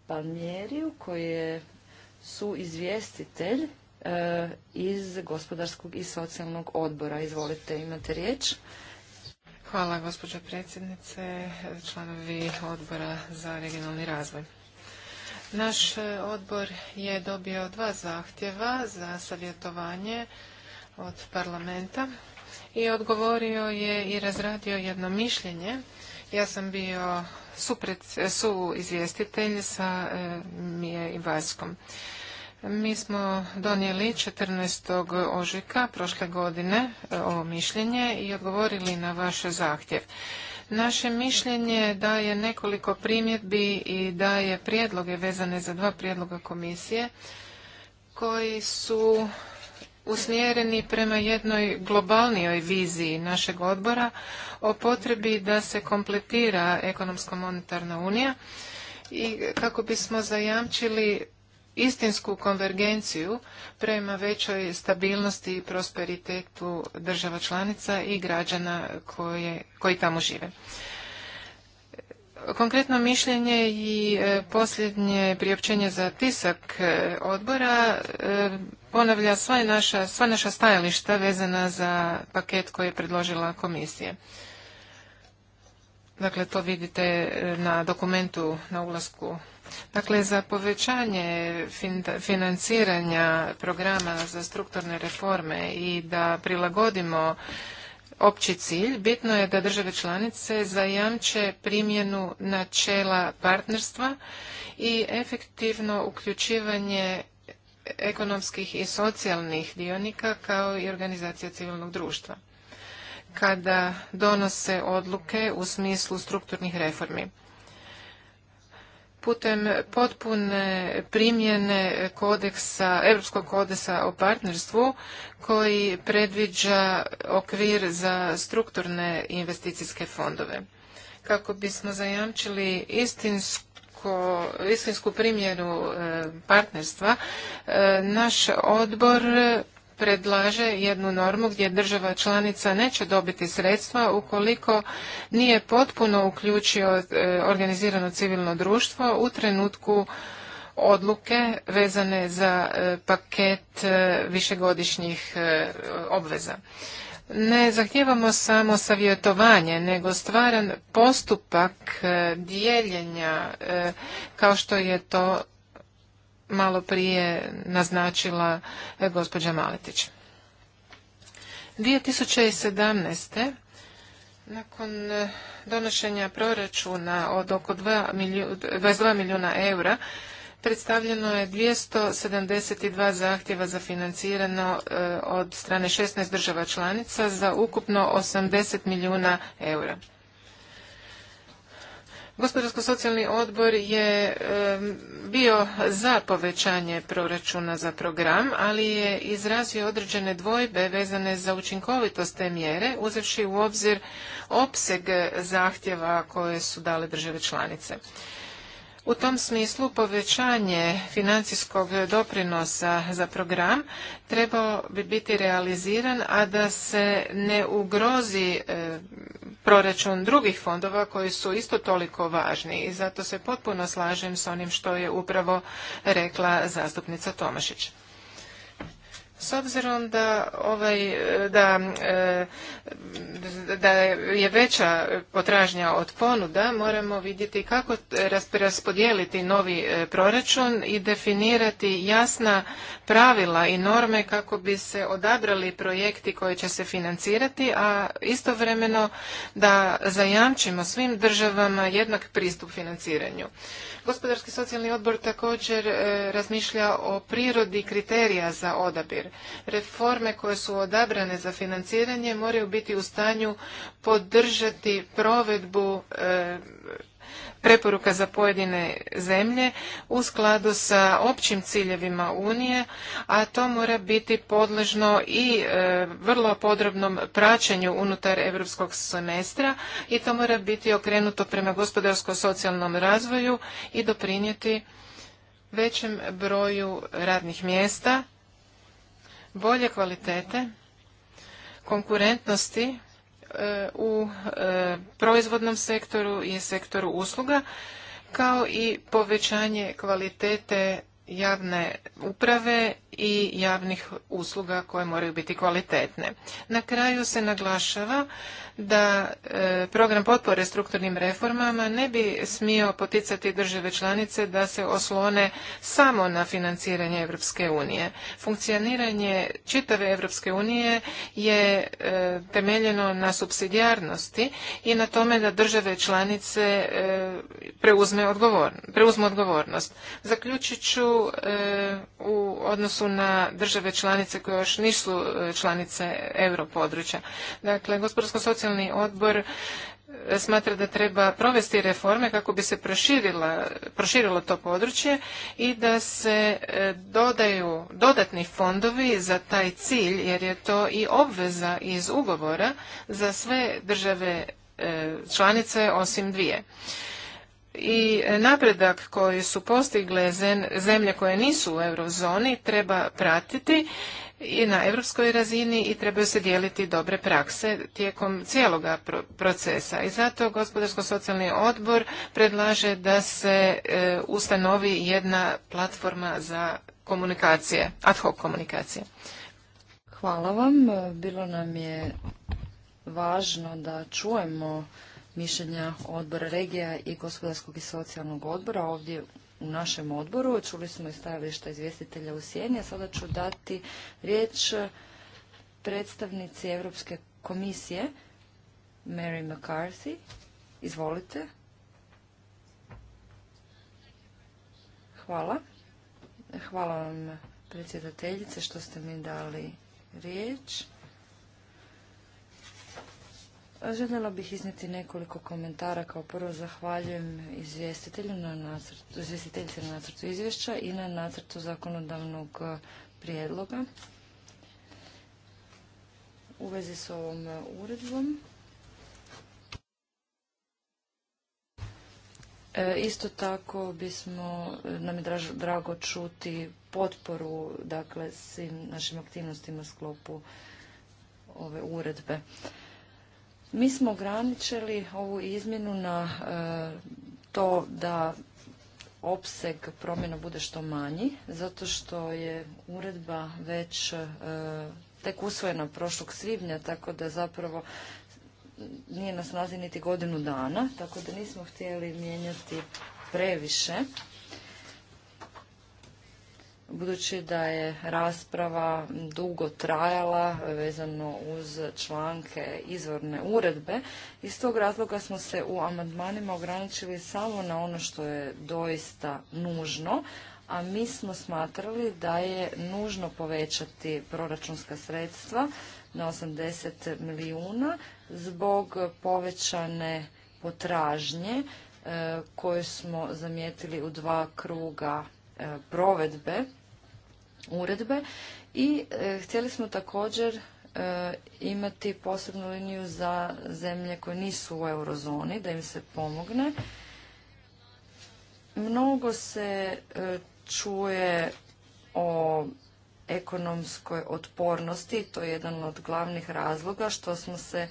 Palmjeriju koji je su izvjestitelj E, iz gospodarskog i socijalnog odbora. Izvolite, imate riječ. Hvala gospođo predsjednice, članovi odbora za regionalni razvoj. Naš e, odbor je dobio dva zahtjeva za savjetovanje od parlamenta i odgovorio je i razradio jedno mišljenje. Ja sam bio su e, sa Mije i mi smo donijeli 14. ožujka prošle godine e, ovo mišljenje i odgovorili na vaš zahtjev. Naše mišljenje daje nekoliko primjedbi i daje prijedloge vezane za dva prijedloga komisije koji su usmjereni prema jednoj globalnijoj viziji našeg odbora o potrebi da se kompletira ekonomsko-monetarna unija i kako bismo zajamčili istinsku konvergenciju prema većoj stabilnosti i prosperitetu država članica i građana koji tamo žive. Konkretno mišljenje i e, posljednje priopćenje za tisak e, odbora e, ponavlja sva naša, sva naša stajališta vezana za paket koji je predložila komisija. Dakle, to vidite na dokumentu na ulasku Dakle, za povećanje financiranja programa za strukturne reforme i da prilagodimo opći cilj, bitno je da države članice zajamče primjenu načela partnerstva i efektivno uključivanje ekonomskih i socijalnih dionika kao i organizacija civilnog društva kada donose odluke u smislu strukturnih reformi putem potpune primjene kodeksa, Europskog kodeksa o partnerstvu koji predviđa okvir za strukturne investicijske fondove. Kako bismo zajamčili istinsku primjeru e, partnerstva, e, naš odbor predlaže jednu normu gdje država članica neće dobiti sredstva ukoliko nije potpuno uključio e, organizirano civilno društvo u trenutku odluke vezane za e, paket e, višegodišnjih obveza. Ne zahtijevamo samo savjetovanje, nego stvaran postupak dijeljenja kao što je to malo prije naznačila e, gospođa Maletić. 2017. Nakon e, donošenja proračuna od oko 2 milijuna, 22 milijuna eura, predstavljeno je 272 zahtjeva za financirano e, od strane 16 država članica za ukupno 80 milijuna eura. Gospodarsko-socijalni odbor je bio za povećanje proračuna za program, ali je izrazio određene dvojbe vezane za učinkovitost te mjere, uzevši u obzir opseg zahtjeva koje su dale države članice. U tom smislu povećanje financijskog doprinosa za program trebao bi biti realiziran, a da se ne ugrozi e, proračun drugih fondova koji su isto toliko važni i zato se potpuno slažem s onim što je upravo rekla zastupnica Tomašić. S obzirom da ovaj da, e, da je veća potražnja od ponuda, moramo vidjeti kako raspodijeliti novi e, proračun i definirati jasna pravila i norme kako bi se odabrali projekti koji će se financirati, a istovremeno da zajamčimo svim državama jednak pristup financiranju. Gospodarski socijalni odbor također e, razmišlja o prirodi kriterija za odabir. Reforme koje su odabrane za financiranje moraju biti u stanju podržati provedbu e, preporuka za pojedine zemlje u skladu sa općim ciljevima Unije, a to mora biti podležno i e, vrlo podrobnom praćenju unutar europskog semestra i to mora biti okrenuto prema gospodarsko-socijalnom razvoju i doprinijeti većem broju radnih mjesta bolje kvalitete, konkurentnosti e, u e, proizvodnom sektoru i sektoru usluga, kao i povećanje kvalitete javne uprave i javnih usluga koje moraju biti kvalitetne. Na kraju se naglašava da e, program potpore strukturnim reformama ne bi smio poticati države članice da se oslone samo na financiranje Europske unije. Funkcioniranje čitave Europske unije je e, temeljeno na subsidijarnosti i na tome da države članice e, preuzme preuzmu odgovornost. Zaključit ću u odnosu na države članice koje još nisu e, članice europodručja. Dakle, Gospodarsko-socijalni odbor e, smatra da treba provesti reforme kako bi se proširilo to područje i da se e, dodaju dodatni fondovi za taj cilj jer je to i obveza iz ugovora za sve države članice osim dvije i napredak koji su postigle zemlje koje nisu u eurozoni treba pratiti i na europskoj razini i trebaju se dijeliti dobre prakse tijekom cijeloga procesa. I zato Gospodarsko-socijalni odbor predlaže da se e, ustanovi jedna platforma za komunikacije, ad hoc komunikacije. Hvala vam. Bilo nam je važno da čujemo mišljenja odbora regija i gospodarskog i socijalnog odbora ovdje u našem odboru. Čuli smo i stajališta izvjestitelja u Sjeni, a sada ću dati riječ predstavnici Europske komisije, Mary McCarthy. Izvolite. Hvala. Hvala vam predsjedateljice što ste mi dali riječ. Željela bih iznijeti nekoliko komentara. Kao prvo zahvaljujem izvjestitelju na nacrtu, izvjestiteljice na nacrtu izvješća i na nacrtu zakonodavnog eh, prijedloga u vezi s ovom eh, uredbom. Eh, isto tako bismo, nam je drago čuti potporu dakle, svim našim aktivnostima u sklopu ove uredbe. Mi smo ograničili ovu izmjenu na e, to da opseg promjena bude što manji, zato što je uredba već e, tek usvojena prošlog svibnja, tako da zapravo nije na snazi niti godinu dana, tako da nismo htjeli mijenjati previše Budući da je rasprava dugo trajala vezano uz članke izvorne uredbe, iz tog razloga smo se u amandmanima ograničili samo na ono što je doista nužno, a mi smo smatrali da je nužno povećati proračunska sredstva na 80 milijuna zbog povećane potražnje koje koju smo zamijetili u dva kruga E, provedbe uredbe i e, htjeli smo također e, imati posebnu liniju za zemlje koje nisu u eurozoni, da im se pomogne. Mnogo se čuje o ekonomskoj otpornosti, to je jedan od glavnih razloga što smo se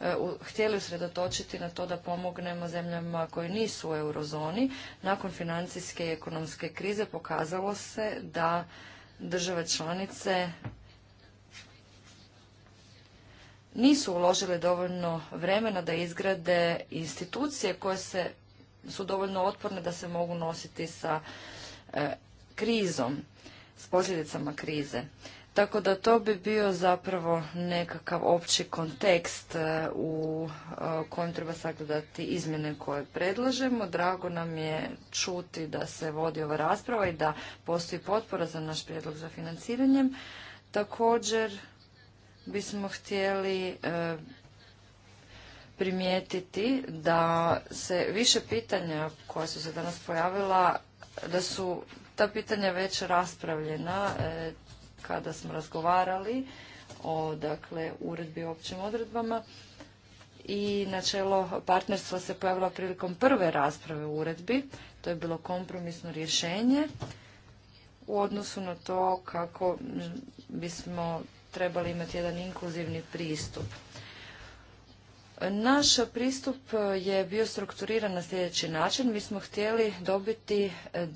E, htjeli usredotočiti na to da pomognemo zemljama koje nisu u eurozoni. Nakon financijske i ekonomske krize pokazalo se da države članice nisu uložile dovoljno vremena da izgrade institucije koje su dovoljno otporne da se mogu nositi sa e, krizom, s posljedicama krize. Tako da to bi bio zapravo nekakav opći kontekst e, u e, kojem treba sagledati izmjene koje predlažemo. Drago nam je čuti da se vodi ova rasprava i da postoji potpora za naš prijedlog za financiranjem. Također bismo htjeli e, primijetiti da se više pitanja koja su se danas pojavila, da su ta pitanja već raspravljena kada smo razgovarali o dakle, uredbi o općim odredbama i načelo partnerstva se pojavilo prilikom prve rasprave u uredbi. To je bilo kompromisno rješenje u odnosu na to kako bismo trebali imati jedan inkluzivni pristup naš pristup je bio strukturiran na sljedeći način. Mi smo htjeli dobiti e,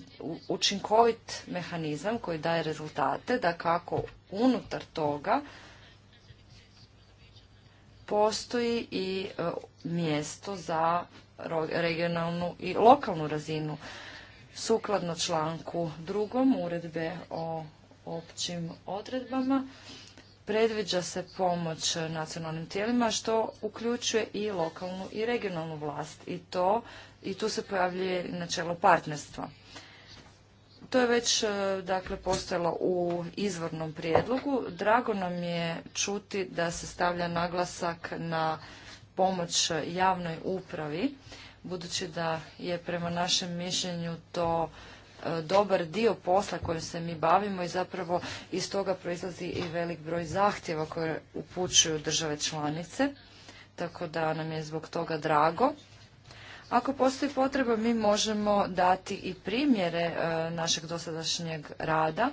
učinkovit mehanizam koji daje rezultate, da kako unutar toga postoji i e, mjesto za regionalnu i lokalnu razinu. Sukladno članku drugom uredbe o općim odredbama, predviđa se pomoć nacionalnim tijelima što uključuje i lokalnu i regionalnu vlast i to i tu se pojavljuje načelo partnerstva. To je već e, dakle postojalo u izvornom prijedlogu. Drago nam je čuti da se stavlja naglasak na pomoć javnoj upravi budući da je prema našem mišljenju to E, dobar dio posla kojim se mi bavimo i zapravo iz toga proizlazi i velik broj zahtjeva koje upućuju države članice, tako da nam je zbog toga drago. Ako postoji potreba, mi možemo dati i primjere e, našeg dosadašnjeg rada,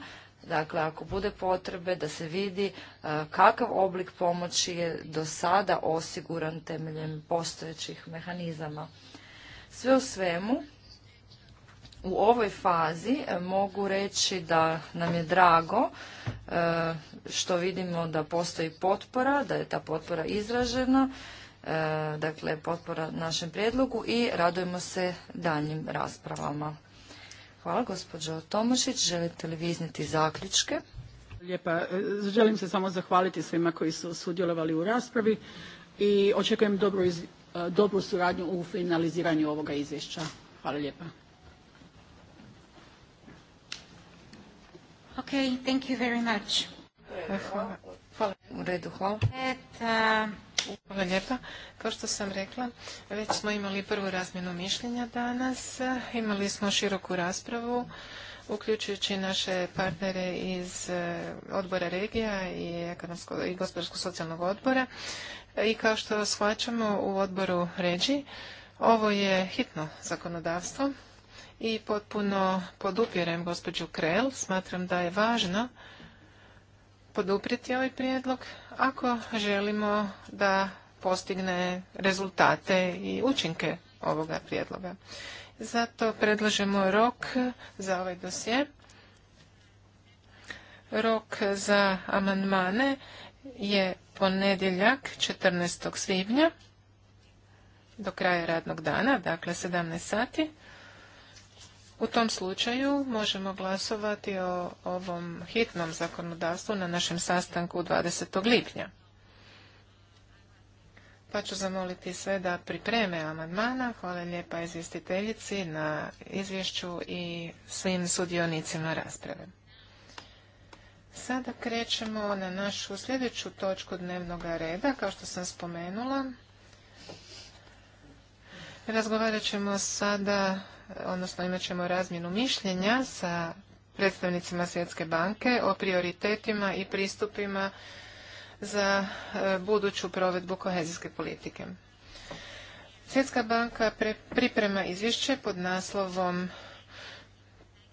Dakle, ako bude potrebe da se vidi e, kakav oblik pomoći je do sada osiguran temeljem postojećih mehanizama. Sve u svemu, u ovoj fazi e, mogu reći da nam je drago e, što vidimo da postoji potpora, da je ta potpora izražena, e, dakle potpora našem prijedlogu i radujemo se daljnjim raspravama. Hvala gospođo Tomašić, želite li vi izniti zaključke? Lijepa, želim se samo zahvaliti svima koji su sudjelovali u raspravi i očekujem dobru suradnju u finaliziranju ovoga izvješća. Hvala lijepa. Okay, thank you very much. Hvala. U redu, hvala. Uh, hvala lijepa. Kao što sam rekla, već smo imali prvu razmjenu mišljenja danas. Imali smo široku raspravu, uključujući naše partnere iz eh, odbora regija i, i gospodarsko-socijalnog odbora. I kao što shvaćamo u odboru ređi, ovo je hitno zakonodavstvo i potpuno podupirem gospođu Krell. Smatram da je važno poduprijeti ovaj prijedlog ako želimo da postigne rezultate i učinke ovoga prijedloga. Zato predlažemo rok za ovaj dosje. Rok za amandmane je ponedjeljak 14. svibnja do kraja radnog dana, dakle 17 sati. U tom slučaju možemo glasovati o ovom hitnom zakonodavstvu na našem sastanku 20. lipnja. Pa ću zamoliti sve da pripreme amandmana. Hvala lijepa izvjestiteljici na izvješću i svim sudionicima rasprave. Sada krećemo na našu sljedeću točku dnevnog reda, kao što sam spomenula. Razgovarat ćemo sada odnosno imat ćemo razmjenu mišljenja sa predstavnicima Svjetske banke o prioritetima i pristupima za e, buduću provedbu kohezijske politike. Svjetska banka priprema izvješće pod naslovom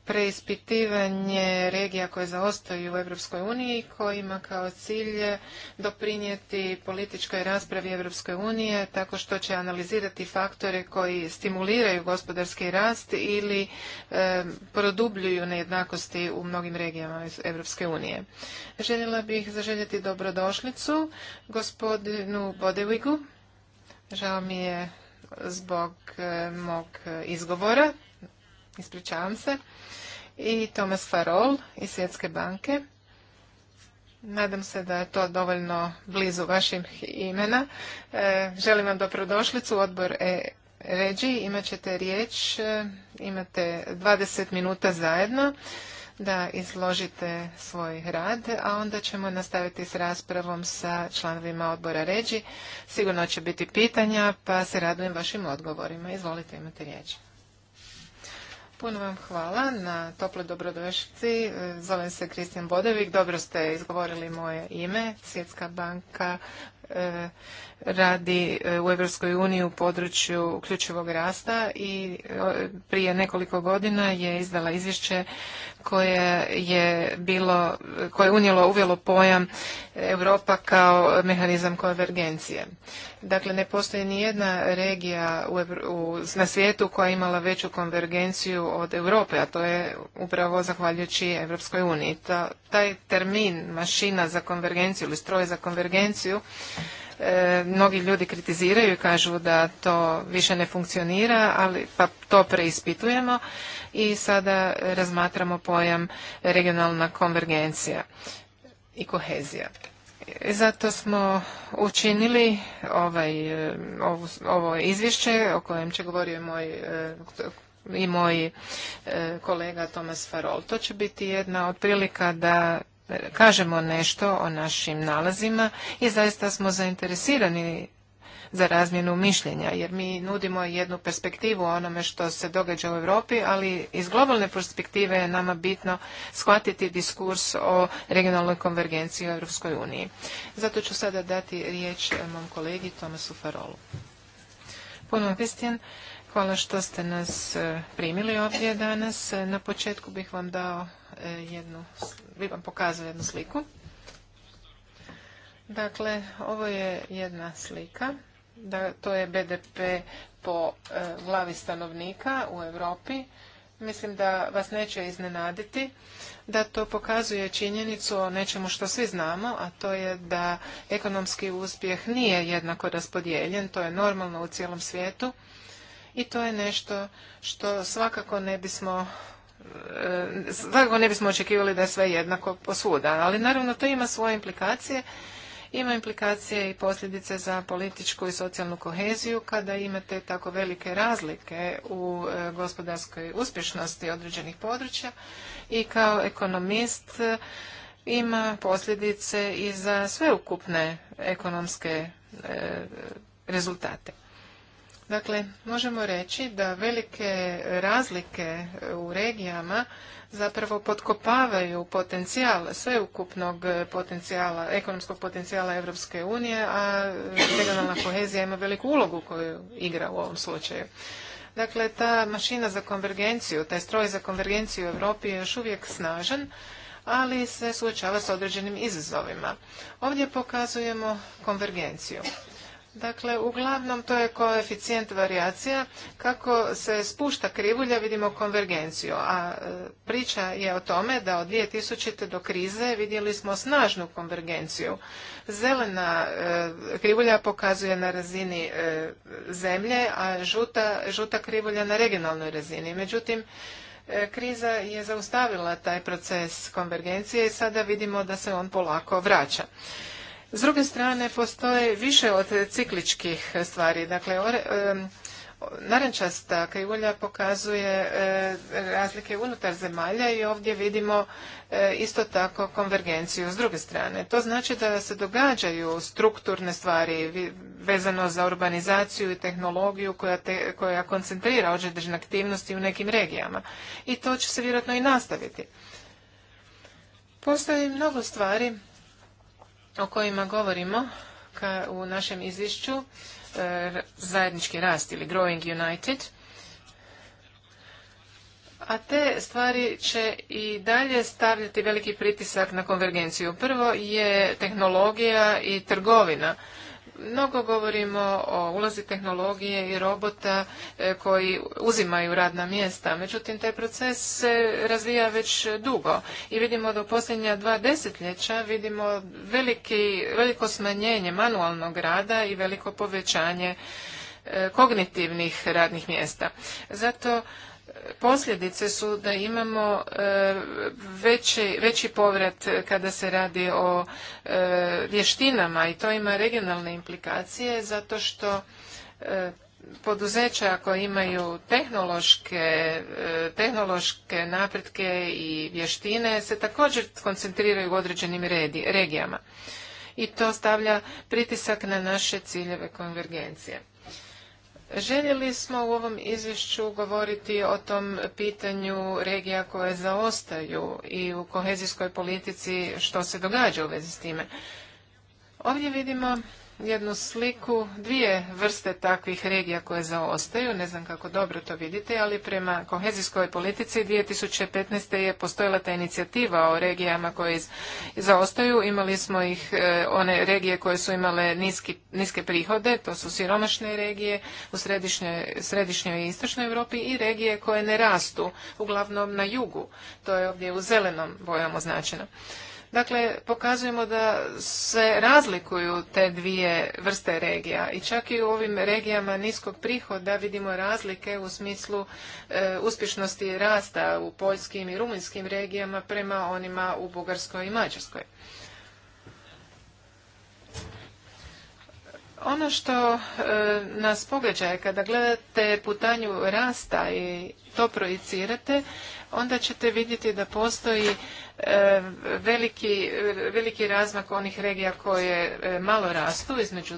preispitivanje regija koje zaostaju u Europskoj uniji kojima kao cilj doprinijeti političkoj raspravi Europske unije tako što će analizirati faktore koji stimuliraju gospodarski rast ili produbljuju nejednakosti u mnogim regijama iz Europske unije. Željela bih zaželjeti dobrodošlicu gospodinu Bodevigu. Žao mi je zbog mog izgovora ispričavam se, i Tomas Farol iz Svjetske banke. Nadam se da je to dovoljno blizu vaših imena. E, želim vam dobrodošlicu u odbor e Ređi. Imat ćete riječ, e, imate 20 minuta zajedno da izložite svoj rad, a onda ćemo nastaviti s raspravom sa članovima odbora Ređi. Sigurno će biti pitanja, pa se radujem vašim odgovorima. Izvolite, imate riječ. Puno vam hvala na tople dobrodošlici. Zovem se Kristijan Bodevik. Dobro ste izgovorili moje ime. Svjetska banka e, radi e, u Evropskoj uniji u području uključivog rasta i e, prije nekoliko godina je izdala izvješće koje je bilo, koje je unijelo, uvjelo pojam Europa kao mehanizam konvergencije. Dakle, ne postoji ni jedna regija u, na svijetu koja je imala veću konvergenciju od Europe, a to je upravo zahvaljujući Europskoj uniji. taj termin mašina za konvergenciju ili stroj za konvergenciju e, mnogi ljudi kritiziraju i kažu da to više ne funkcionira, ali pa to preispitujemo i sada razmatramo pojam regionalna konvergencija i kohezija. Zato smo učinili ovaj, eh, ovo, izvješće o kojem će govorio moj eh, i moj eh, kolega Tomas Farol. To će biti jedna od prilika da kažemo nešto o našim nalazima i zaista smo zainteresirani za razmjenu mišljenja, jer mi nudimo jednu perspektivu onome što se događa u Europi, ali iz globalne perspektive je nama bitno shvatiti diskurs o regionalnoj konvergenciji u Europskoj uniji. Zato ću sada dati riječ e, mom kolegi Tomasu Farolu. Puno Kristijan, hvala što ste nas e, primili ovdje danas. E, na početku bih vam dao jednu, bih vam pokazao jednu sliku. Dakle, ovo je jedna slika da to je BDP po e, glavi stanovnika u Europi. Mislim da vas neće iznenaditi da to pokazuje činjenicu o nečemu što svi znamo, a to je da ekonomski uspjeh nije jednako raspodijeljen, to je normalno u cijelom svijetu i to je nešto što svakako ne bismo e, svakako ne bismo očekivali da je sve jednako posvuda, ali naravno to ima svoje implikacije ima implikacije i posljedice za političku i socijalnu koheziju kada imate tako velike razlike u e, gospodarskoj uspješnosti određenih područja i kao ekonomist e, ima posljedice i za sveukupne ekonomske e, rezultate. Dakle, možemo reći da velike razlike u regijama zapravo potkopavaju potencijal, sveukupnog potencijala, ekonomskog potencijala Europske unije, a regionalna kohezija ima veliku ulogu koju igra u ovom slučaju. Dakle, ta mašina za konvergenciju, taj stroj za konvergenciju u Europi je još uvijek snažan, ali se suočava s određenim izazovima. Ovdje pokazujemo konvergenciju. Dakle, uglavnom to je koeficijent variacija. Kako se spušta krivulja, vidimo konvergenciju. A e, priča je o tome da od 2000. do krize vidjeli smo snažnu konvergenciju. Zelena e, krivulja pokazuje na razini e, zemlje, a žuta krivulja na regionalnoj razini. Međutim, kriza je zaustavila taj proces konvergencije i sada vidimo da se on polako vraća. S druge strane, postoje više od cikličkih stvari. Dakle, narančasta krivulja pokazuje e, razlike unutar zemalja i ovdje vidimo e, isto tako konvergenciju s druge strane. To znači da se događaju strukturne stvari vezano za urbanizaciju i tehnologiju koja, koja koncentrira određene aktivnosti u nekim regijama. I to će se vjerojatno i nastaviti. Postoji mnogo stvari o kojima govorimo ka, u našem izvješću e, zajednički rast ili Growing United. A te stvari će i dalje stavljati veliki pritisak na konvergenciju. Prvo je tehnologija i trgovina. Mnogo govorimo o ulazi tehnologije i robota e, koji uzimaju radna mjesta, međutim taj proces se razvija već dugo i vidimo da u posljednja dva desetljeća vidimo veliki, veliko smanjenje manualnog rada i veliko povećanje e, kognitivnih radnih mjesta. Zato posljedice su da imamo e, veći, veći povrat kada se radi o e, vještinama i to ima regionalne implikacije zato što e, poduzeća koja imaju tehnološke, tehnološke napretke i vještine se također koncentriraju u određenim regijama. I to stavlja pritisak na naše ciljeve konvergencije. Željeli smo u ovom izvješću govoriti o tom pitanju regija koje zaostaju i u kohezijskoj politici što se događa u vezi s time. Ovdje vidimo jednu sliku dvije vrste takvih regija koje zaostaju. Ne znam kako dobro to vidite, ali prema kohezijskoj politici 2015. je postojala ta inicijativa o regijama koje zaostaju. Imali smo ih e, one regije koje su imale niski, niske prihode, to su siromašne regije u središnjoj, i istočnoj Europi i regije koje ne rastu, uglavnom na jugu. To je ovdje u zelenom bojom označeno. Dakle, pokazujemo da se razlikuju te dvije vrste regija i čak i u ovim regijama niskog prihoda vidimo razlike u smislu e, uspješnosti rasta u poljskim i rumunjskim regijama prema onima u Bugarskoj i Mađarskoj. Ono što e, nas pogađa je kada gledate putanju rasta i to projicirate, onda ćete vidjeti da postoji E, veliki, veliki razmak onih regija koje e, malo rastu između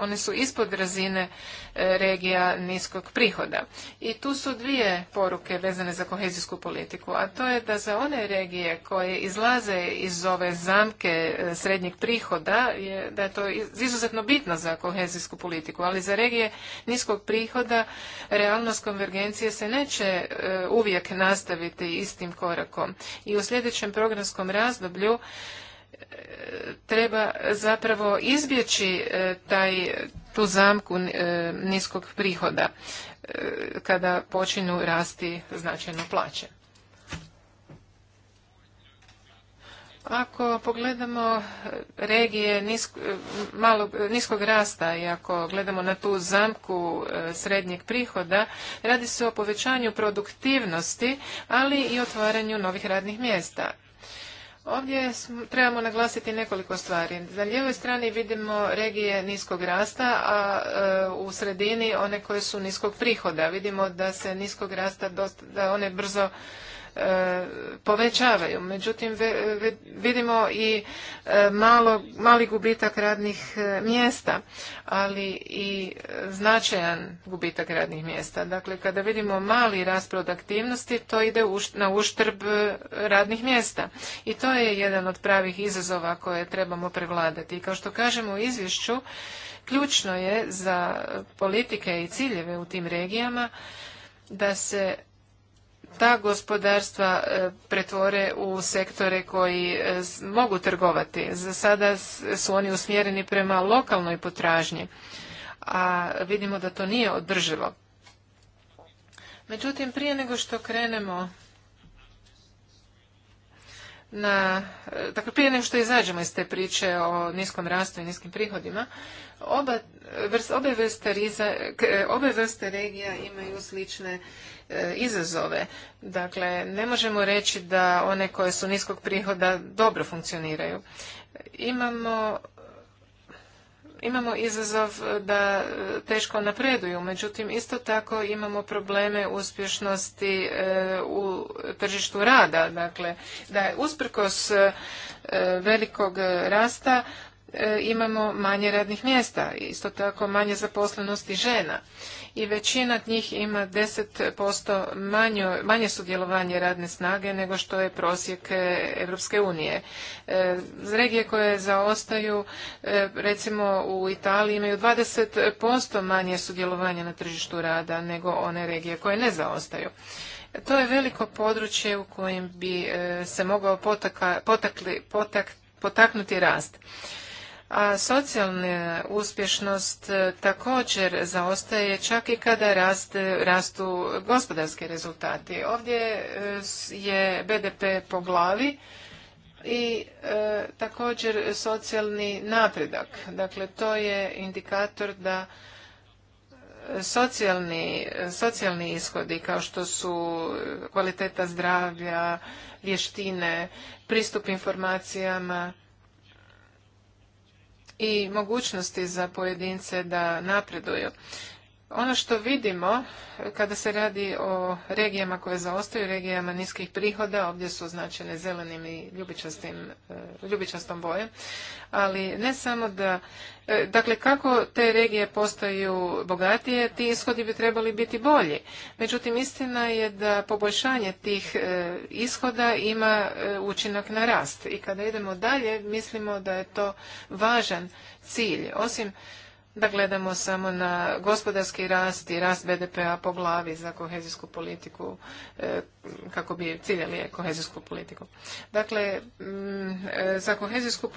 one su ispod razine e, regija niskog prihoda. I tu su dvije poruke vezane za kohezijsku politiku, a to je da za one regije koje izlaze iz ove zamke e, srednjeg prihoda, je, da je to izuzetno bitno za kohezijsku politiku, ali za regije niskog prihoda realnost konvergencije se neće e, uvijek nastaviti istim korakom. I u sljedećem programskom razdoblju treba zapravo izbjeći e, taj, tu zamku e, niskog prihoda e, kada počinju rasti značajno plaće. Ako pogledamo regije niskog rasta i ako gledamo na tu zamku srednjeg prihoda, radi se o povećanju produktivnosti, ali i otvaranju novih radnih mjesta. Ovdje trebamo naglasiti nekoliko stvari. Na lijevoj strani vidimo regije niskog rasta, a e, u sredini one koje su niskog prihoda. Vidimo da se niskog rasta dosta, da one brzo E, povećavaju. Međutim, vidimo i e, malo, mali gubitak radnih e, mjesta, ali i značajan gubitak radnih mjesta. Dakle, kada vidimo mali rasprod aktivnosti, to ide na uštrb radnih mjesta. I to je jedan od pravih izazova koje trebamo prevladati. I kao što kažemo u izvješću, ključno je za politike i ciljeve u tim regijama da se ta gospodarstva e, pretvore u sektore koji e, mogu trgovati. Za sada su oni usmjereni prema lokalnoj potražnji, a vidimo da to nije održivo. Međutim, prije nego što krenemo na, e, dakle prije nego što izađemo iz te priče o niskom rastu i niskim prihodima, oba, obe, vrste e, obe vrste regija imaju slične e, izazove. Dakle, ne možemo reći da one koje su niskog prihoda dobro funkcioniraju. Imamo imamo izazov da e, teško napreduju, međutim isto tako imamo probleme uspješnosti e, u tržištu rada, dakle da je usprkos e, velikog rasta E, imamo manje radnih mjesta, isto tako manje zaposlenosti žena i većina njih ima 10% manje, manje sudjelovanje radne snage nego što je prosjek Europske unije. E, regije koje zaostaju, e, recimo u Italiji imaju 20% manje sudjelovanje na tržištu rada nego one regije koje ne zaostaju. To je veliko područje u kojem bi se mogao potaknuti rast a socijalna uspješnost e, također zaostaje čak i kada rastu gospodarski rezultati. Ovdje e, je BDP po glavi i e, također socijalni napredak. Dakle, to je indikator da socijalni, socijalni ishodi kao što su kvaliteta zdravlja, vještine, pristup informacijama, i mogućnosti za pojedince da napreduju. Ono što vidimo kada se radi o regijama koje zaostaju, regijama niskih prihoda, ovdje su značene zelenim i e, ljubičastom bojem, ali ne samo da, e, dakle kako te regije postaju bogatije, ti ishodi bi trebali biti bolji. Međutim, istina je da poboljšanje tih e, ishoda ima učinak na rast i kada idemo dalje, mislimo da je to važan cilj. Osim da gledamo samo na gospodarski rast i rast BDP-a po glavi za kohezijsku politiku, e, kako bi ciljali kohezijsku politiku. Dakle, mm, e, za kohezijsku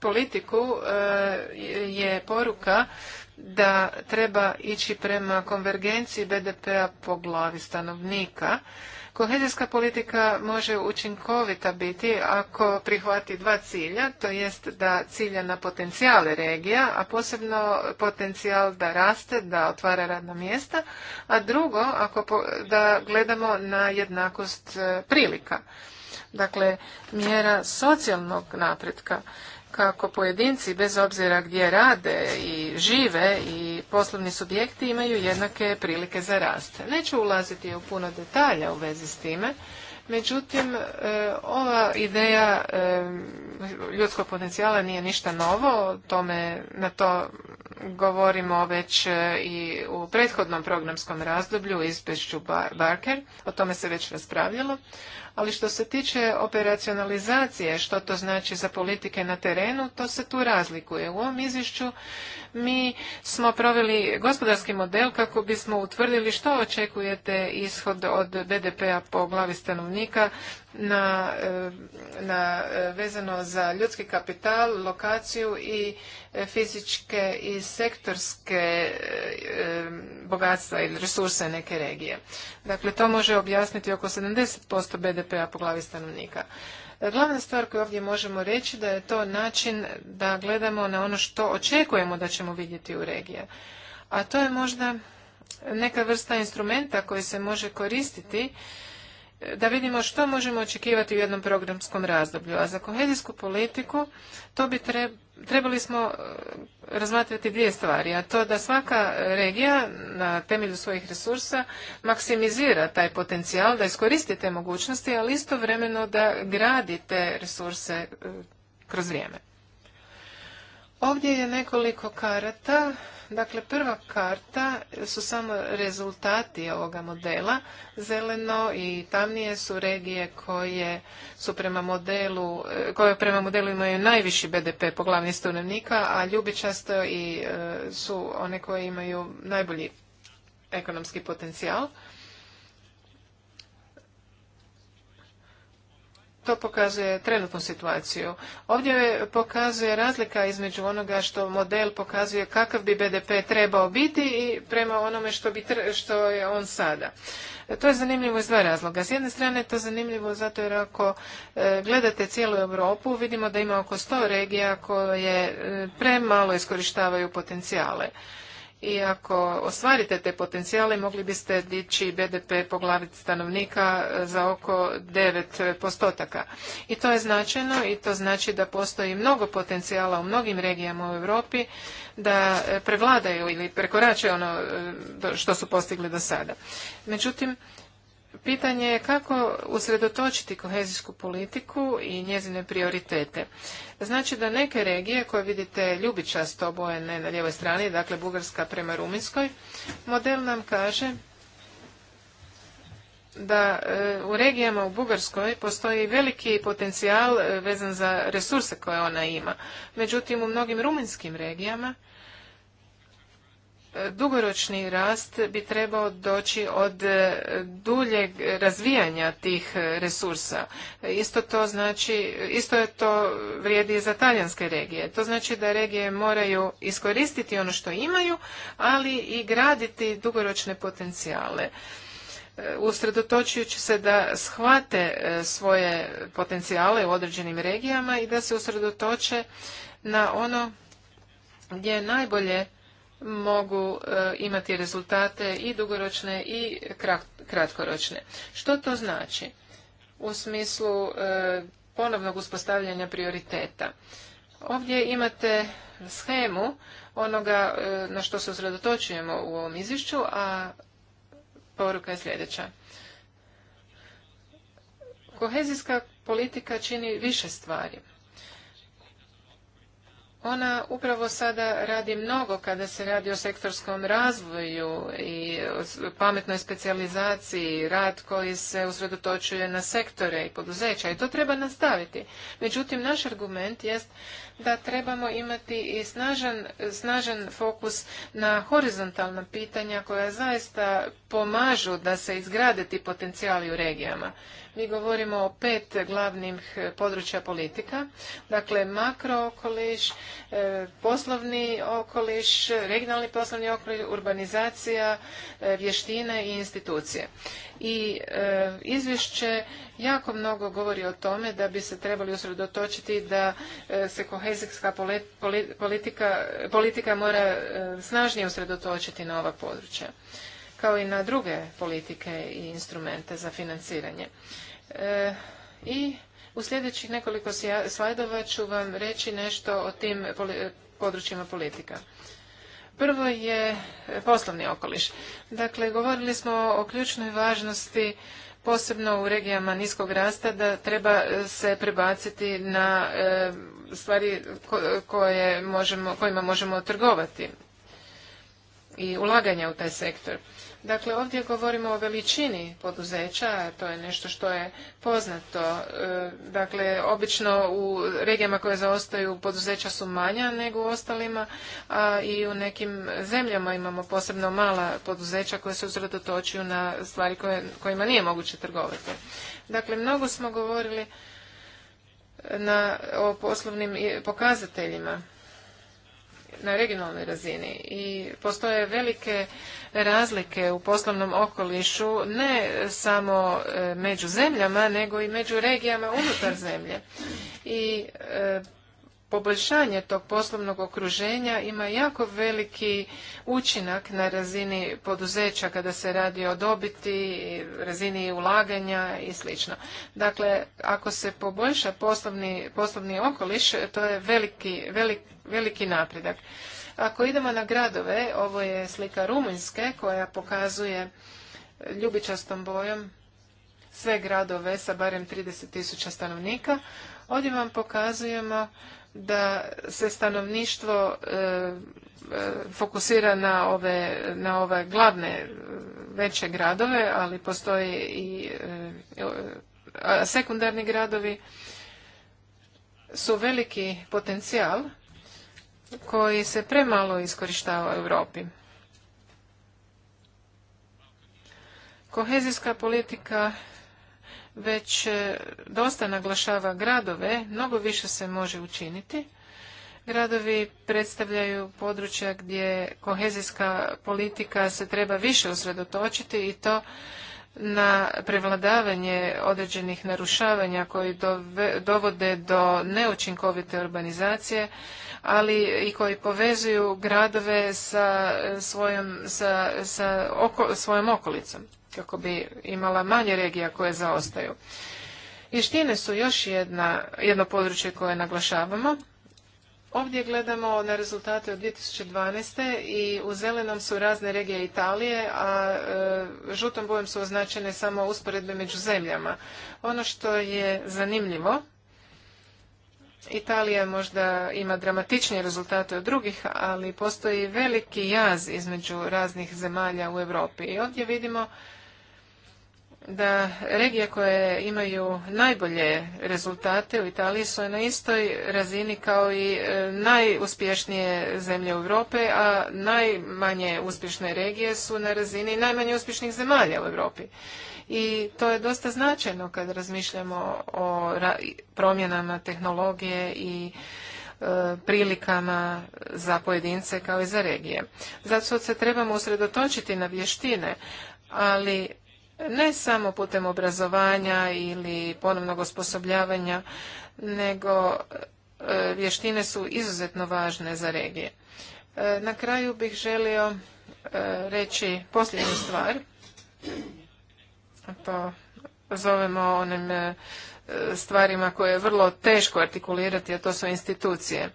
politiku e, je poruka da treba ići prema konvergenciji BDP-a po glavi stanovnika Kohezijska politika može učinkovita biti ako prihvati dva cilja, to jest da cilja na potencijale regija, a posebno potencijal da raste, da otvara radna mjesta, a drugo ako da gledamo na jednakost e, prilika. Dakle, mjera socijalnog napretka kako pojedinci, bez obzira gdje rade i žive i poslovni subjekti imaju jednake prilike za rast. Neću ulaziti u puno detalja u vezi s time, međutim, e, ova ideja e, ljudskog potencijala nije ništa novo, o tome na to govorimo već e, i u prethodnom programskom razdoblju, izvješću Barker, o tome se već raspravljalo ali što se tiče operacionalizacije, što to znači za politike na terenu, to se tu razlikuje. U ovom izvješću mi smo proveli gospodarski model kako bismo utvrdili što očekujete ishod od BDP-a po glavi stanovnika na, eh, eh, vezano za ljudski kapital, lokaciju i eh, fizičke i sektorske bogatstva ili resurse neke regije. Dakle, to može objasniti oko 70% BDP-a po glavi stanovnika. Glavna stvar koju ovdje možemo reći da je to način da gledamo na ono što očekujemo da ćemo vidjeti u regije. A to je možda neka vrsta instrumenta koji se može koristiti da vidimo što možemo očekivati u jednom programskom razdoblju. A za kohezijsku politiku to bi trebali smo e, razmatrati dvije stvari, a to da svaka regija na temelju svojih resursa maksimizira taj potencijal, da iskoristi te mogućnosti, ali istovremeno da gradi te resurse e, kroz vrijeme. Ovdje je nekoliko karata Dakle, prva karta su samo rezultati ovoga modela. Zeleno i tamnije su regije koje su prema modelu, eh, koje prema modelu imaju najviši BDP po glavni stanovnika, a ljubičasto i eh, su one koje imaju najbolji ekonomski potencijal. to pokazuje trenutnu situaciju. Ovdje pokazuje razlika između onoga što model pokazuje kakav bi BDP trebao biti i prema onome što, bi, što je on sada. To je zanimljivo iz dva razloga. S jedne strane je to zanimljivo zato jer ako e, gledate cijelu Europu vidimo da ima oko 100 regija koje e, premalo iskorištavaju potencijale i ako ostvarite te potencijale mogli biste dići BDP po glavi stanovnika e, za oko 9 e, postotaka. I to je značajno i to znači da postoji mnogo potencijala u mnogim regijama u Europi da e, prevladaju ili prekoračuju ono što su postigli do sada. Međutim, Pitanje je kako usredotočiti kohezijsku politiku i njezine prioritete. Znači da neke regije koje vidite ljubičasto obojene na ljevoj strani, dakle Bugarska prema Ruminskoj, model nam kaže da e, u regijama u Bugarskoj postoji veliki potencijal e, vezan za resurse koje ona ima. Međutim, u mnogim ruminskim regijama dugoročni rast bi trebao doći od duljeg razvijanja tih resursa. Isto to znači, isto je to vrijedi i za talijanske regije. To znači da regije moraju iskoristiti ono što imaju, ali i graditi dugoročne potencijale usredotočujući se da shvate e, svoje potencijale u određenim regijama i da se usredotoče na ono gdje je najbolje mogu e, imati rezultate i dugoročne i kratkoročne. Što to znači u smislu e, ponovnog uspostavljanja prioriteta? Ovdje imate schemu onoga e, na što se usredotočujemo u ovom izvješću, a poruka je sljedeća. Kohezijska politika čini više stvari. Ona upravo sada radi mnogo kada se radi o sektorskom razvoju i pametnoj specijalizaciji, rad koji se usredotočuje na sektore i poduzeća i to treba nastaviti. Međutim, naš argument jest da trebamo imati i snažan, snažan fokus na horizontalna pitanja koja zaista pomažu da se izgrade ti potencijali u regijama. Mi govorimo o pet glavnih eh, područja politika. Dakle, makrookoliš, eh, poslovni okoliš, regionalni poslovni okoliš, urbanizacija, eh, vještine i institucije. I izvješće jako mnogo govori o tome da bi se trebali usredotočiti da se kohezijska politika, politika mora snažnije usredotočiti na ova područja kao i na druge politike i instrumente za financiranje. E, I u sljedećih nekoliko slajdova ću vam reći nešto o tim područjima politika. Prvo je e, poslovni okoliš. Dakle, govorili smo o ključnoj važnosti posebno u regijama niskog rasta da treba e, se prebaciti na stvari koje možemo, kojima možemo trgovati i ulaganja u taj sektor. Dakle, ovdje govorimo o veličini poduzeća, to je nešto što je poznato. E, dakle, obično u regijama koje zaostaju poduzeća su manja nego u ostalima, a i u nekim zemljama imamo posebno mala poduzeća koja se usredotočuju na stvari koje, kojima nije moguće trgovati. Dakle, mnogo smo govorili na, o poslovnim pokazateljima na regionalnoj razini i postoje velike razlike u poslovnom okolišu ne samo e, među zemljama nego i među regijama unutar zemlje. I e, poboljšanje tog poslovnog okruženja ima jako veliki učinak na razini poduzeća kada se radi o dobiti, razini ulaganja i sl. Dakle, ako se poboljša poslovni, poslovni okoliš, to je veliki, veliki napredak. Ako idemo na gradove, ovo je slika Rumunjske koja pokazuje ljubičastom bojom sve gradove sa barem 30 tisuća stanovnika. Ovdje vam pokazujemo da se stanovništvo e, e, fokusira na ove, na ove glavne e, veće gradove, ali postoje i sekundarni gradovi su veliki potencijal koji se premalo iskorištava u Europi. Kohezijska politika već e, dosta naglašava gradove, mnogo više se može učiniti. Gradovi predstavljaju područja gdje kohezijska politika se treba više usredotočiti i to na prevladavanje određenih narušavanja koji dovode do neučinkovite urbanizacije, ali i koji povezuju gradove sa e, svojom, sa, svojom okolicom kako bi imala manje regija koje zaostaju. Vještine su još jedna, jedno područje koje naglašavamo. Ovdje gledamo na rezultate od 2012. i u zelenom su razne regije Italije, a e, žutom bojem su označene samo usporedbe među zemljama. Ono što je zanimljivo, Italija možda ima dramatičnije rezultate od drugih, ali postoji veliki jaz između raznih zemalja u Europi. I ovdje vidimo da regije koje imaju najbolje rezultate u Italiji su na istoj razini kao i e, najuspješnije zemlje Europe, a najmanje uspješne regije su na razini najmanje uspješnih zemalja u Europi. I to je dosta značajno kad razmišljamo o promjenama tehnologije i e, prilikama za pojedince kao i za regije. Zato se trebamo usredotočiti na vještine, ali ne samo putem obrazovanja ili ponovnog osposobljavanja, nego e, vještine su izuzetno važne za regije. E, na kraju bih želio e, reći posljednju stvar. To zovemo onim stvarima koje je vrlo teško artikulirati, a to su institucije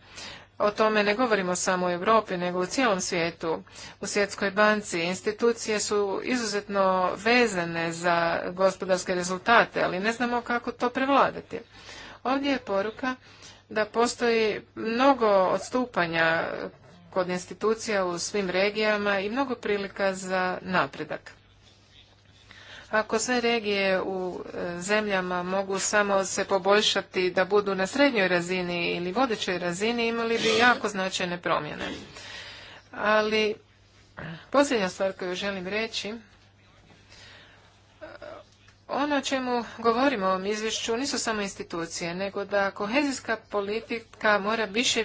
o tome ne govorimo samo u Europi, nego u cijelom svijetu. U Svjetskoj banci institucije su izuzetno vezane za gospodarske rezultate, ali ne znamo kako to prevladati. Ovdje je poruka da postoji mnogo odstupanja kod institucija u svim regijama i mnogo prilika za napredak. Ako sve regije u e, zemljama mogu samo se poboljšati da budu na srednjoj razini ili vodećoj razini, imali bi jako značajne promjene. Ali posljednja stvar koju želim reći ono o čemu govorimo u ovom izvješću nisu samo institucije, nego da kohezijska politika mora više,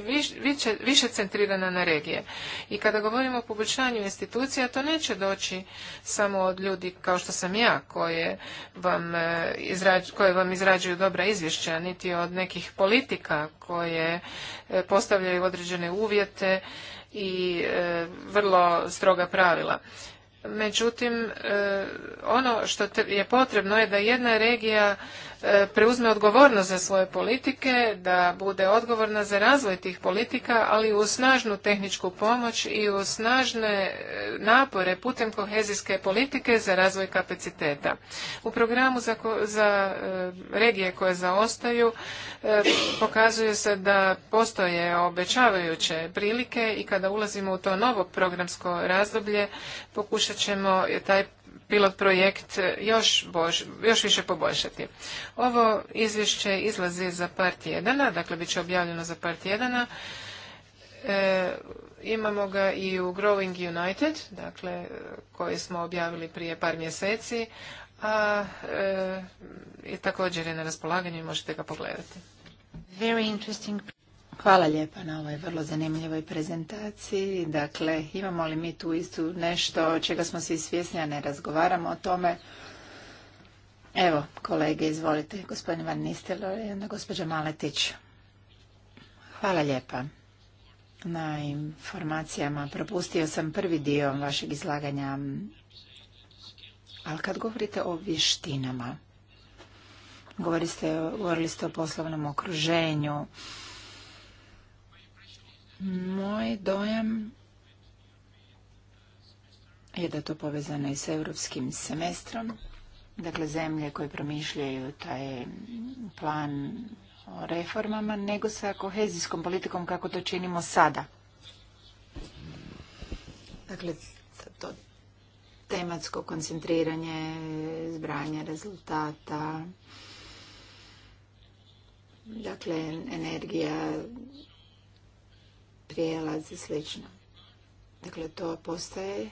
više, centrirana na regije. I kada govorimo o poboljšanju institucija, to neće doći samo od ljudi kao što sam ja, koje vam, e, koje vam izrađuju dobra izvješća, niti od nekih politika koje e, postavljaju određene uvjete i e, vrlo stroga pravila. Međutim, e, ono što je potrebno je da jedna regija E, preuzme odgovornost za svoje politike, da bude odgovorna za razvoj tih politika, ali u snažnu tehničku pomoć i u snažne e, napore putem kohezijske politike za razvoj kapaciteta. U programu za, za e, regije koje zaostaju pokazuje se da postoje obećavajuće prilike i kada ulazimo u to novo programsko razdoblje pokušat ćemo taj pilot projekt još, još više poboljšati. Ovo izvješće izlazi za par tjedana, dakle bit će objavljeno za par tjedana. E, imamo ga i u Growing United, dakle koji smo objavili prije par mjeseci, a e, i također je na raspolaganju i možete ga pogledati. Very Hvala lijepa na ovoj vrlo zanimljivoj prezentaciji. Dakle, imamo li mi tu istu nešto čega smo svi svjesni, a ne razgovaramo o tome. Evo, kolege, izvolite, gospodin Van Nistelo i onda gospođa Maletić. Hvala lijepa na informacijama. Propustio sam prvi dio vašeg izlaganja, ali kad govorite o vještinama, govorili ste, govorili o poslovnom okruženju, moj dojam je da to povezano i s europskim semestrom. Dakle, zemlje koje promišljaju taj plan o reformama, nego sa kohezijskom politikom kako to činimo sada. Dakle, to tematsko koncentriranje, zbranje rezultata, dakle, energija, prijelaz i slično. Dakle, to postaje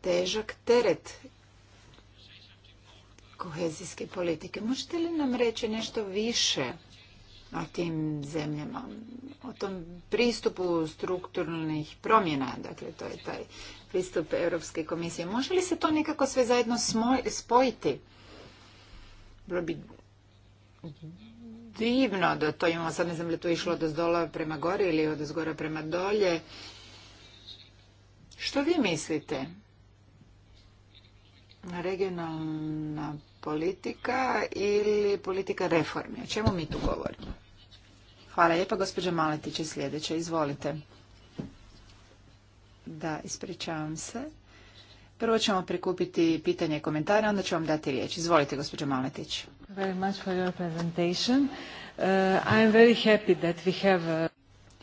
težak teret kohezijske politike. Možete li nam reći nešto više o tim zemljama, o tom pristupu strukturnih promjena, dakle to je taj pristup Europske komisije. Može li se to nekako sve zajedno spojiti? Bilo bi divno da to imamo, sad ne znam li to išlo od prema gore ili od ozgora prema dolje. Što vi mislite? Regionalna politika ili politika reformi? O čemu mi tu govorimo? Hvala lijepa, gospođa Maletić je sljedeća. Izvolite. Da, ispričavam se. Prvo ćemo prikupiti pitanje i komentare, onda ću vam dati riječ. Izvolite, gospođo Maletić.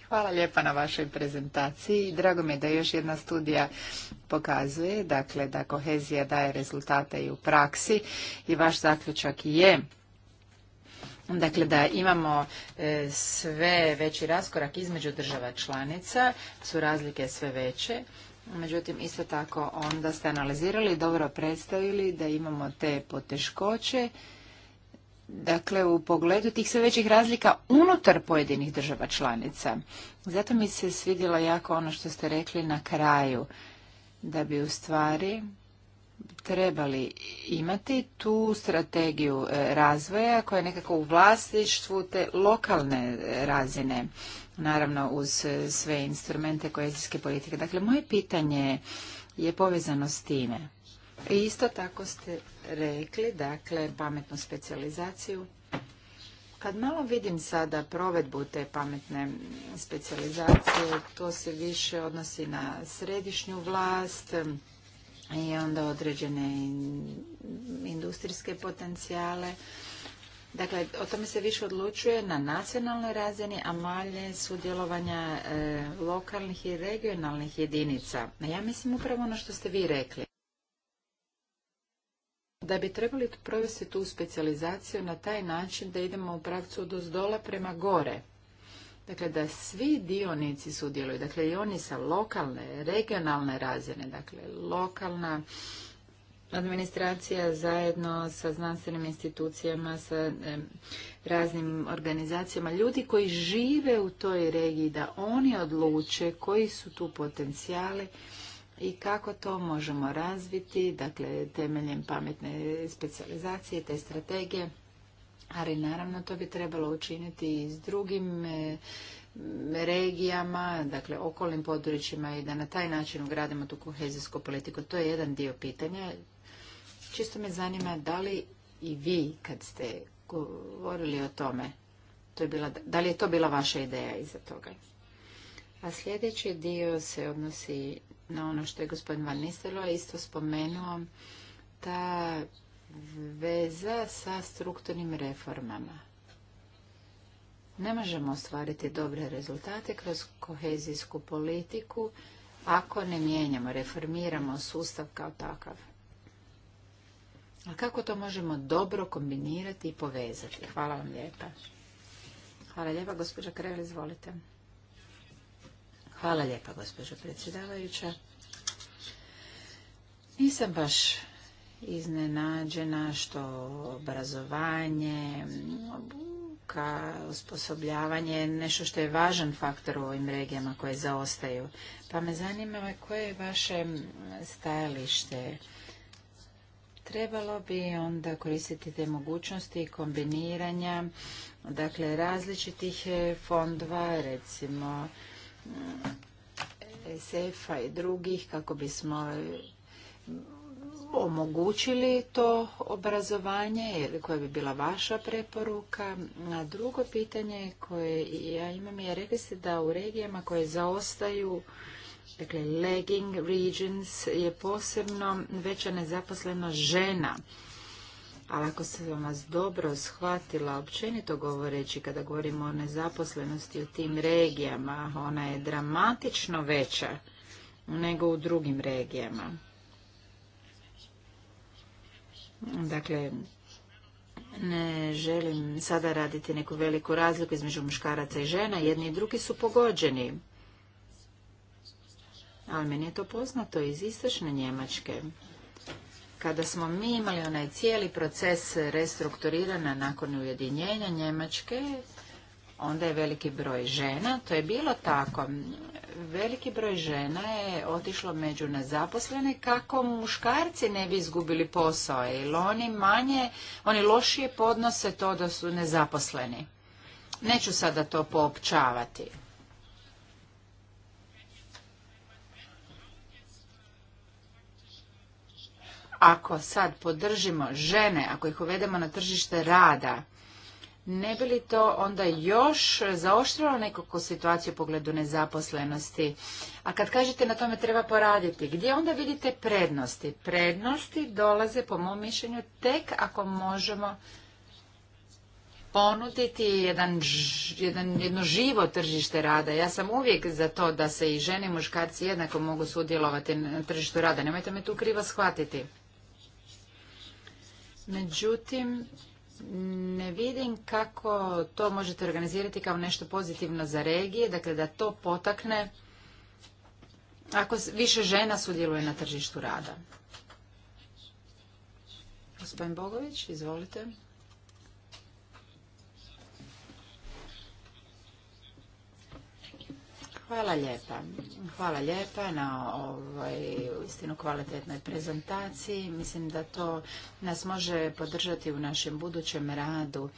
Hvala lijepa na vašoj prezentaciji. Drago mi je da još jedna studija pokazuje, dakle da kohezija daje rezultate i u praksi i vaš zaključak je Dakle, da imamo e, sve veći raskorak između država članica, su razlike sve veće. Međutim, isto tako onda ste analizirali i dobro predstavili da imamo te poteškoće dakle u pogledu tih sve većih razlika unutar pojedinih država članica. Zato mi se svidjelo jako ono što ste rekli na kraju, da bi u stvari trebali imati tu strategiju e, razvoja koja je nekako u vlasništvu te lokalne razine, naravno uz e, sve instrumente kohezijske politike. Dakle, moje pitanje je povezano s time. I isto tako ste rekli, dakle, pametnu specijalizaciju. Kad malo vidim sada provedbu te pametne specijalizacije, to se više odnosi na središnju vlast i onda određene industrijske potencijale. Dakle, o tome se više odlučuje na nacionalnoj razini, a manje sudjelovanja djelovanja lokalnih i regionalnih jedinica. Ja mislim upravo ono što ste vi rekli da bi trebali provesti tu specijalizaciju na taj način da idemo u pravcu od ozdola prema gore. Dakle, da svi dionici sudjeluju, dakle i oni sa lokalne, regionalne razine, dakle lokalna administracija zajedno sa znanstvenim institucijama, sa raznim organizacijama, ljudi koji žive u toj regiji, da oni odluče koji su tu potencijali i kako to možemo razviti, dakle temeljem pametne specijalizacije, te strategije, ali naravno to bi trebalo učiniti i s drugim e, regijama, dakle okolnim područjima i da na taj način ugradimo tu kohezijsku politiku. To je jedan dio pitanja. Čisto me zanima da li i vi kad ste govorili o tome, to je bila, da li je to bila vaša ideja iza toga? A sljedeći dio se odnosi na ono što je gospodin Van Nistelo isto spomenuo, ta veza sa strukturnim reformama. Ne možemo ostvariti dobre rezultate kroz kohezijsku politiku ako ne mijenjamo, reformiramo sustav kao takav. A kako to možemo dobro kombinirati i povezati? Hvala vam lijepa. Hvala lijepa, gospođa Krel, izvolite. Hvala lijepa, gospođo predsjedavajuća. Nisam baš iznenađena što obrazovanje, obuka, osposobljavanje je nešto što je važan faktor u ovim regijama koje zaostaju. Pa me zanima koje je vaše stajalište trebalo bi onda koristiti te mogućnosti kombiniranja dakle različitih fondova recimo sf i drugih kako bismo omogućili to obrazovanje koja bi bila vaša preporuka. A drugo pitanje koje ja imam je rekli ste da u regijama koje zaostaju dakle lagging regions je posebno veća nezaposlenost žena ali ako sam vas dobro shvatila, općenito govoreći, kada govorimo o nezaposlenosti u tim regijama, ona je dramatično veća nego u drugim regijama. Dakle, ne želim sada raditi neku veliku razliku između muškaraca i žena, jedni i drugi su pogođeni. Ali meni je to poznato iz istočne Njemačke. Kada smo mi imali onaj cijeli proces restrukturirana nakon ujedinjenja Njemačke, onda je veliki broj žena, to je bilo tako, veliki broj žena je otišlo među nezaposlene kako muškarci ne bi izgubili posao, jer oni manje, oni lošije podnose to da su nezaposleni. Neću sada to poopćavati. Ako sad podržimo žene, ako ih uvedemo na tržište rada, ne bi li to onda još zaoštrilo nekakvu situaciju u pogledu nezaposlenosti? A kad kažete na tome treba poraditi, gdje onda vidite prednosti? Prednosti dolaze, po mom mišljenju, tek ako možemo ponuditi jedan, jedan, jedno živo tržište rada. Ja sam uvijek za to da se i žene i muškarci jednako mogu sudjelovati na tržištu rada. Nemojte me tu krivo shvatiti. Međutim, ne vidim kako to možete organizirati kao nešto pozitivno za regije, dakle da to potakne ako više žena sudjeluje na tržištu rada. Gospodin Bogović, izvolite. Hvala lijepa. Hvala lijepa na ovoj istinu kvalitetnoj prezentaciji. Mislim da to nas može podržati u našem budućem radu.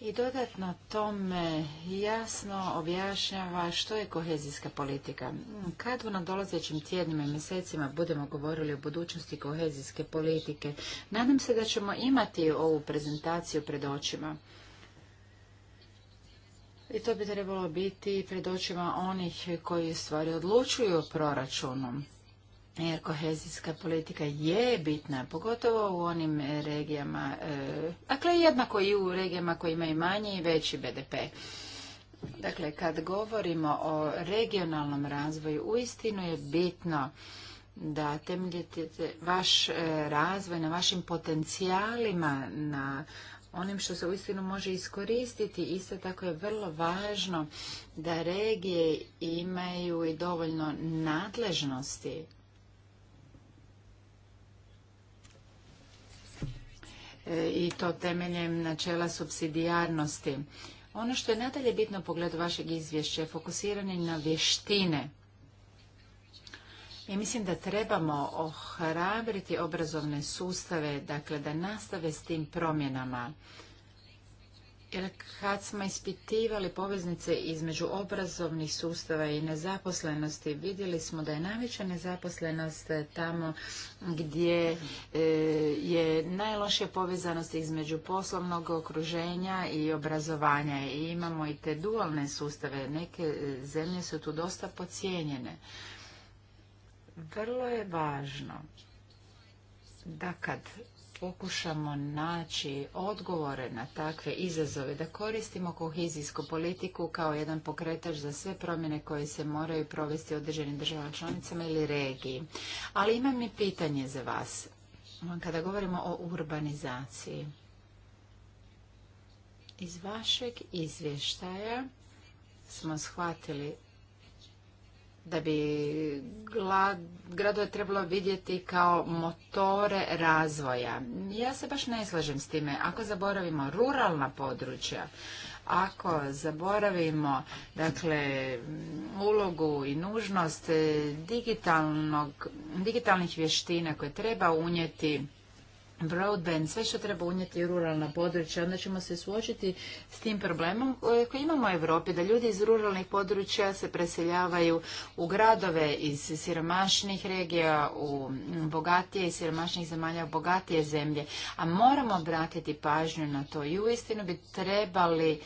I dodatno tome jasno objašnjava što je kohezijska politika. Kad u nadolazećim tjednima i mjesecima budemo govorili o budućnosti kohezijske politike, nadam se da ćemo imati ovu prezentaciju pred očima. I to bi trebalo biti pred očima onih koji stvari odlučuju o proračunu. Jer kohezijska politika je bitna, pogotovo u onim regijama, e, dakle jednako i u regijama koji imaju manji i veći BDP. Dakle, kad govorimo o regionalnom razvoju, uistinu je bitno da temeljite vaš e, razvoj na vašim potencijalima, na onim što se uistinu može iskoristiti. Isto tako je vrlo važno da regije imaju i dovoljno nadležnosti e, i to temeljem načela subsidijarnosti. Ono što je nadalje bitno u pogledu vašeg izvješća je fokusiranje na vještine. I mislim da trebamo ohrabriti obrazovne sustave, dakle da nastave s tim promjenama. Jer kad smo ispitivali poveznice između obrazovnih sustava i nezaposlenosti, vidjeli smo da je najveća nezaposlenost tamo gdje e, je najlošija povezanost između poslovnog okruženja i obrazovanja. I imamo i te dualne sustave. Neke e, zemlje su tu dosta pocijenjene. Vrlo je važno da kad pokušamo naći odgovore na takve izazove, da koristimo kohezijsku politiku kao jedan pokretač za sve promjene koje se moraju provesti u određenim državama članicama ili regiji. Ali imam i pitanje za vas. Kada govorimo o urbanizaciji, iz vašeg izvještaja smo shvatili da bi gradove trebalo vidjeti kao motore razvoja. Ja se baš ne slažem s time. Ako zaboravimo ruralna područja, ako zaboravimo dakle ulogu i nužnost digitalnih vještina koje treba unijeti broadband, sve što treba unijeti u ruralna područja, onda ćemo se suočiti s tim problemom koji imamo u Europi, da ljudi iz ruralnih područja se preseljavaju u gradove iz siromašnih regija u bogatije i siromašnih zemalja u bogatije zemlje. A moramo obratiti pažnju na to i istinu bi trebali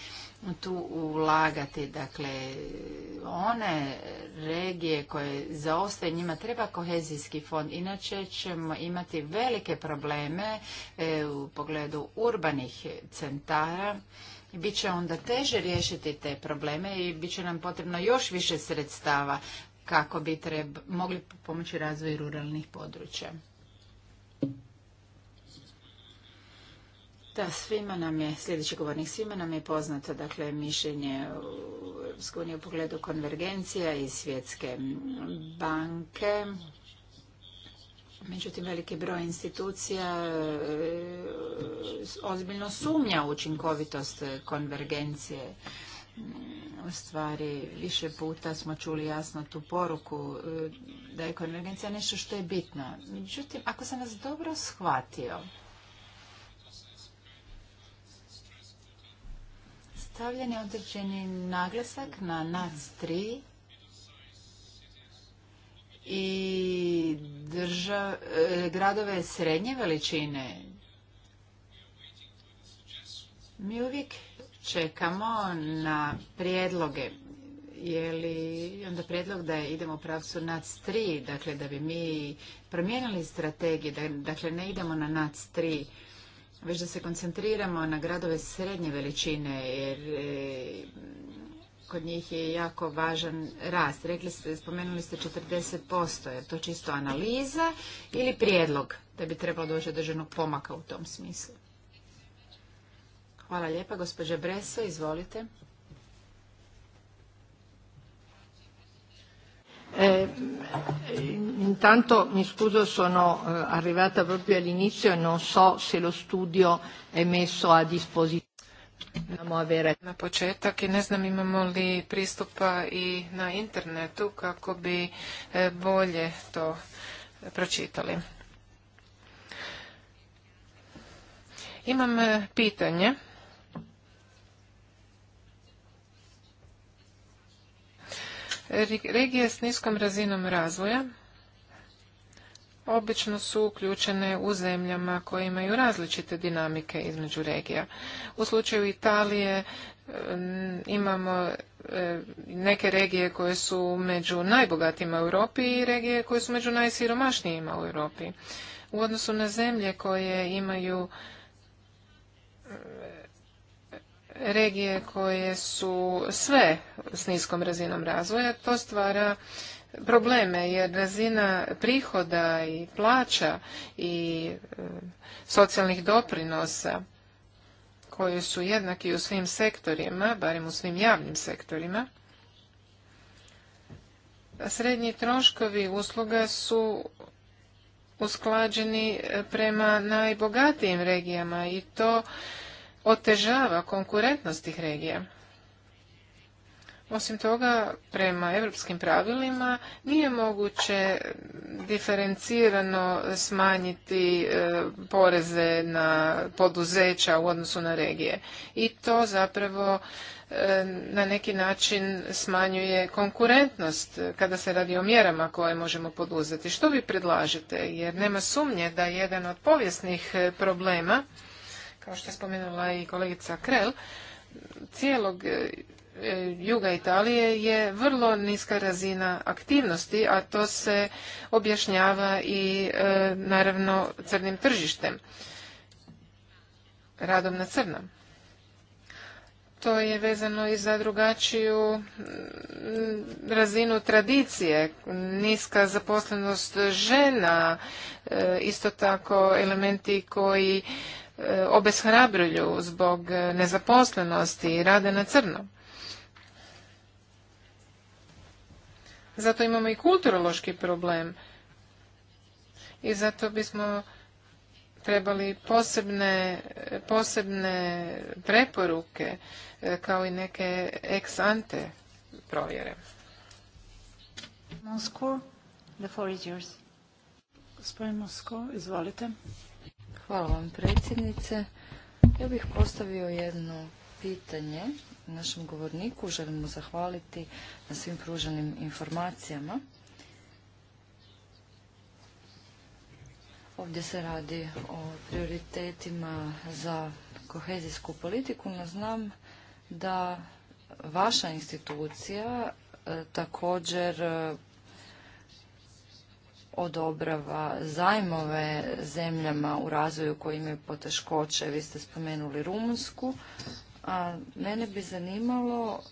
tu ulagati. Dakle, one regije koje zaostaju, njima treba kohezijski fond. Inače ćemo imati velike probleme e, u pogledu urbanih centara. Bit će onda teže riješiti te probleme i bit će nam potrebno još više sredstava kako bi mogli pomoći razvoju ruralnih područja. Da, svima nam je, sljedeći govornik, svima nam je poznato, dakle, mišljenje Europske u pogledu konvergencija i svjetske banke. Međutim, veliki broj institucija e, ozbiljno sumnja učinkovitost konvergencije. U stvari, više puta smo čuli jasno tu poruku e, da je konvergencija nešto što je bitno. Međutim, ako sam nas dobro shvatio, stavljen je određeni naglasak na NAC3 i e, gradove srednje veličine. Mi uvijek čekamo na prijedloge. Je li onda prijedlog da idemo u pravcu NAC3, dakle da bi mi promijenili strategiju, dakle ne idemo na NAC3, već da se koncentriramo na gradove srednje veličine, jer e, kod njih je jako važan rast. Rekli ste, spomenuli ste 40%, je to čisto analiza ili prijedlog da bi trebalo doći održanog pomaka u tom smislu? Hvala lijepa, gospođa Breso, izvolite. Eh, eh, intanto mi scuso sono eh, arrivata proprio all'inizio e non so se lo studio è messo a disposizione na početak i ne znam imamo li pristupa i na internetu kako bi eh, bolje to pročitali. Imam pitanje Regije s niskom razinom razvoja obično su uključene u zemljama koje imaju različite dinamike između regija. U slučaju Italije e, imamo e, neke regije koje su među najbogatijima u Europi i regije koje su među najsiromašnijima u Europi. U odnosu na zemlje koje imaju e, regije koje su sve s niskom razinom razvoja, to stvara probleme jer razina prihoda i plaća i e, socijalnih doprinosa koji su jednaki u svim sektorima, barem u svim javnim sektorima, srednji troškovi usluga su usklađeni prema najbogatijim regijama i to otežava konkurentnost tih regija. Osim toga, prema europskim pravilima nije moguće diferencirano smanjiti e, poreze na poduzeća u odnosu na regije. I to zapravo e, na neki način smanjuje konkurentnost kada se radi o mjerama koje možemo poduzeti. Što vi predlažete? Jer nema sumnje da je jedan od povijesnih e, problema kao što je spomenula i kolegica Krell, cijelog e, e, juga Italije je vrlo niska razina aktivnosti, a to se objašnjava i e, naravno crnim tržištem, radom na crnom. To je vezano i za drugačiju mm, razinu tradicije, niska zaposlenost žena, isto tako elementi koji Eh, obeshrabruju zbog eh, nezaposlenosti i rade na crno. Zato imamo i kulturološki problem i zato bismo trebali posebne, eh, posebne preporuke kao i neke ex ante provjere. Moskva, the floor Gospodin Moskva, izvolite. Hvala vam predsjednice. Ja bih postavio jedno pitanje našem govorniku. Želimo zahvaliti na svim pruženim informacijama. Ovdje se radi o prioritetima za kohezijsku politiku, no znam da vaša institucija e, također odobrava zajmove zemljama u razvoju koji imaju poteškoće. Vi ste spomenuli Rumunsku. A mene bi zanimalo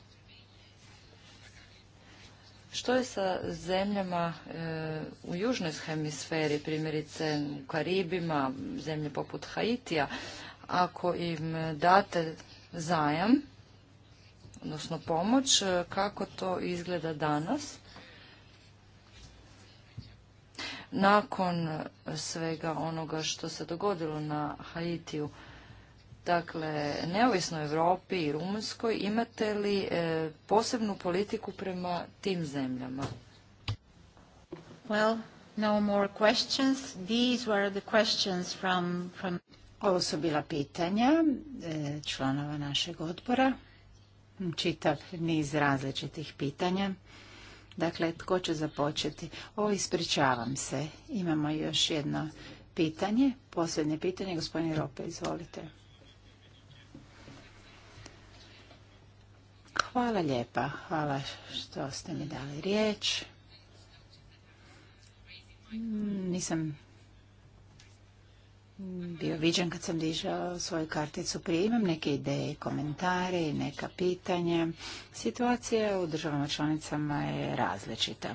što je sa zemljama e, u južnoj hemisferi, primjerice u Karibima, zemlje poput Haitija, ako im date zajam, odnosno pomoć, e, kako to izgleda danas? nakon svega onoga što se dogodilo na Haitiju. Dakle, neovisno Europi i Rumunjskoj, imate li e, posebnu politiku prema tim zemljama? Well, no more questions. These were the questions from... Ovo su bila pitanja e, članova našeg odbora. Čitav niz različitih pitanja. Dakle, tko će započeti? Ovo ispričavam se. Imamo još jedno pitanje. Posljednje pitanje, gospodin Rope, izvolite. Hvala lijepa. Hvala što ste mi dali riječ. Nisam bio viđen kad sam dižao svoju karticu prije. Imam neke ideje komentare i neka pitanja. Situacija u državama članicama je različita.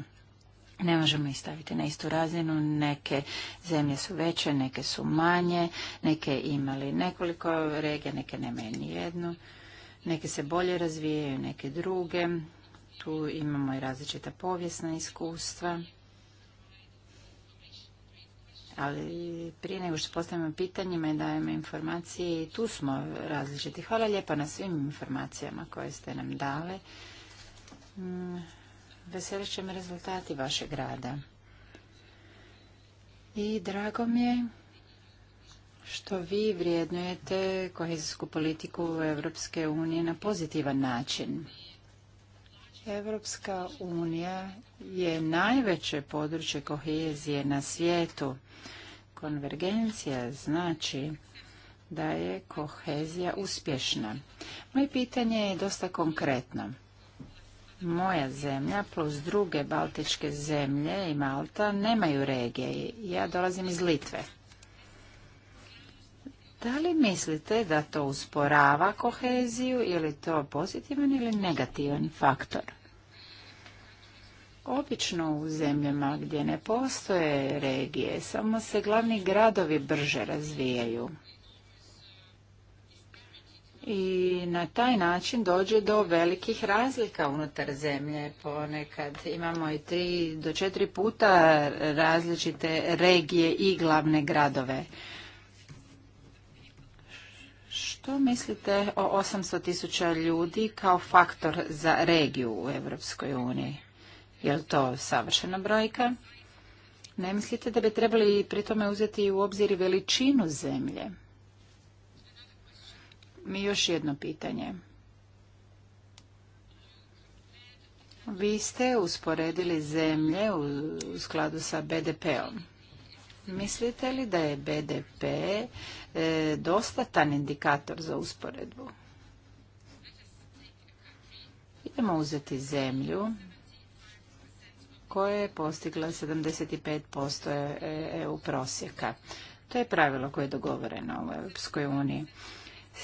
Ne možemo ih staviti na istu razinu, neke zemlje su veće, neke su manje, neke imali nekoliko regija, neke nemaju ni jednu, neke se bolje razvijaju, neke druge. Tu imamo i različita povijesna iskustva. Ali prije nego što postavimo pitanjima i dajemo informacije i tu smo različiti. Hvala lijepa na svim informacijama koje ste nam dale. Mm, veselit će me rezultati vašeg rada. I drago mi je što vi vrijednujete kohezijsku politiku Europske unije na pozitivan način. Evropska unija je najveće područje kohezije na svijetu. Konvergencija znači da je kohezija uspješna. Moje pitanje je dosta konkretno. Moja zemlja plus druge baltičke zemlje i Malta nemaju regije. Ja dolazim iz Litve. Da li mislite da to usporava koheziju ili to pozitivan ili negativan faktor? Obično u zemljama gdje ne postoje regije, samo se glavni gradovi brže razvijaju. I na taj način dođe do velikih razlika unutar zemlje. Ponekad imamo i tri do četiri puta različite regije i glavne gradove. Što mislite o 800 tisuća ljudi kao faktor za regiju u Europskoj uniji? Je li to savršena brojka? Ne mislite da bi trebali pri tome uzeti u obzir veličinu zemlje? Mi još jedno pitanje. Vi ste usporedili zemlje u skladu sa BDP-om. Mislite li da je BDP E, dostatan indikator za usporedbu. Idemo uzeti zemlju koja je postigla 75% e, e, EU prosjeka. To je pravilo koje je dogovoreno u Europskoj uniji.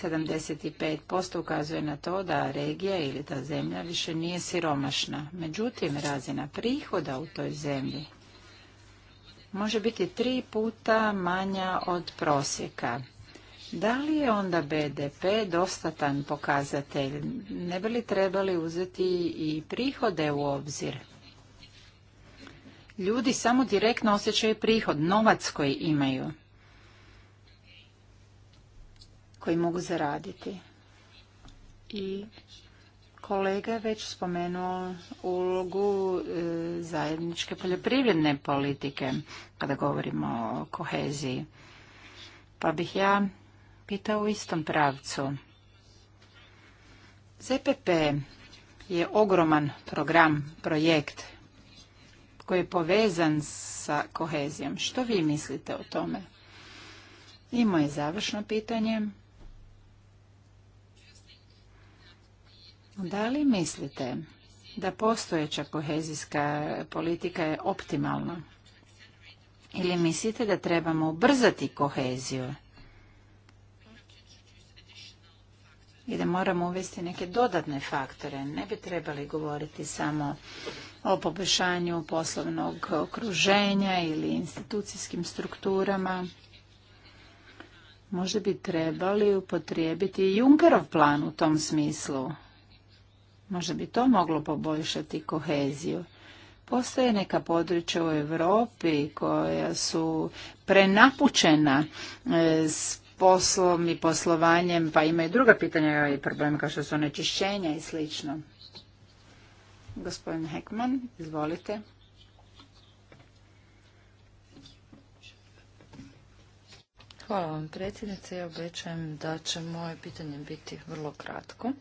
75% ukazuje na to da regija ili ta zemlja više nije siromašna. Međutim, razina prihoda u toj zemlji može biti tri puta manja od prosjeka. Da li je onda BDP dostatan pokazatelj? Ne bi li trebali uzeti i prihode u obzir? Ljudi samo direktno osjećaju prihod, novac koji imaju, koji mogu zaraditi. I kolega već spomenuo ulogu e, zajedničke poljoprivredne politike kada govorimo o koheziji. Pa bih ja pitao u istom pravcu. ZPP je ogroman program, projekt koji je povezan sa kohezijom. Što vi mislite o tome? I moje završno pitanje. Da li mislite da postojeća kohezijska politika je optimalna? Ili mislite da trebamo ubrzati koheziju? I da moramo uvesti neke dodatne faktore. Ne bi trebali govoriti samo o poboljšanju poslovnog okruženja ili institucijskim strukturama. Možda bi trebali upotrijebiti Junkerov plan u tom smislu Možda bi to moglo poboljšati koheziju. Postoje neka područja u Europi koja su prenapučena e, s poslom i poslovanjem, pa imaju druga pitanja i probleme kao što su onečišćenja i slično. Gospodin Hekman, izvolite. Hvala vam predsjednice ja obećajem da će moje pitanje biti vrlo kratko.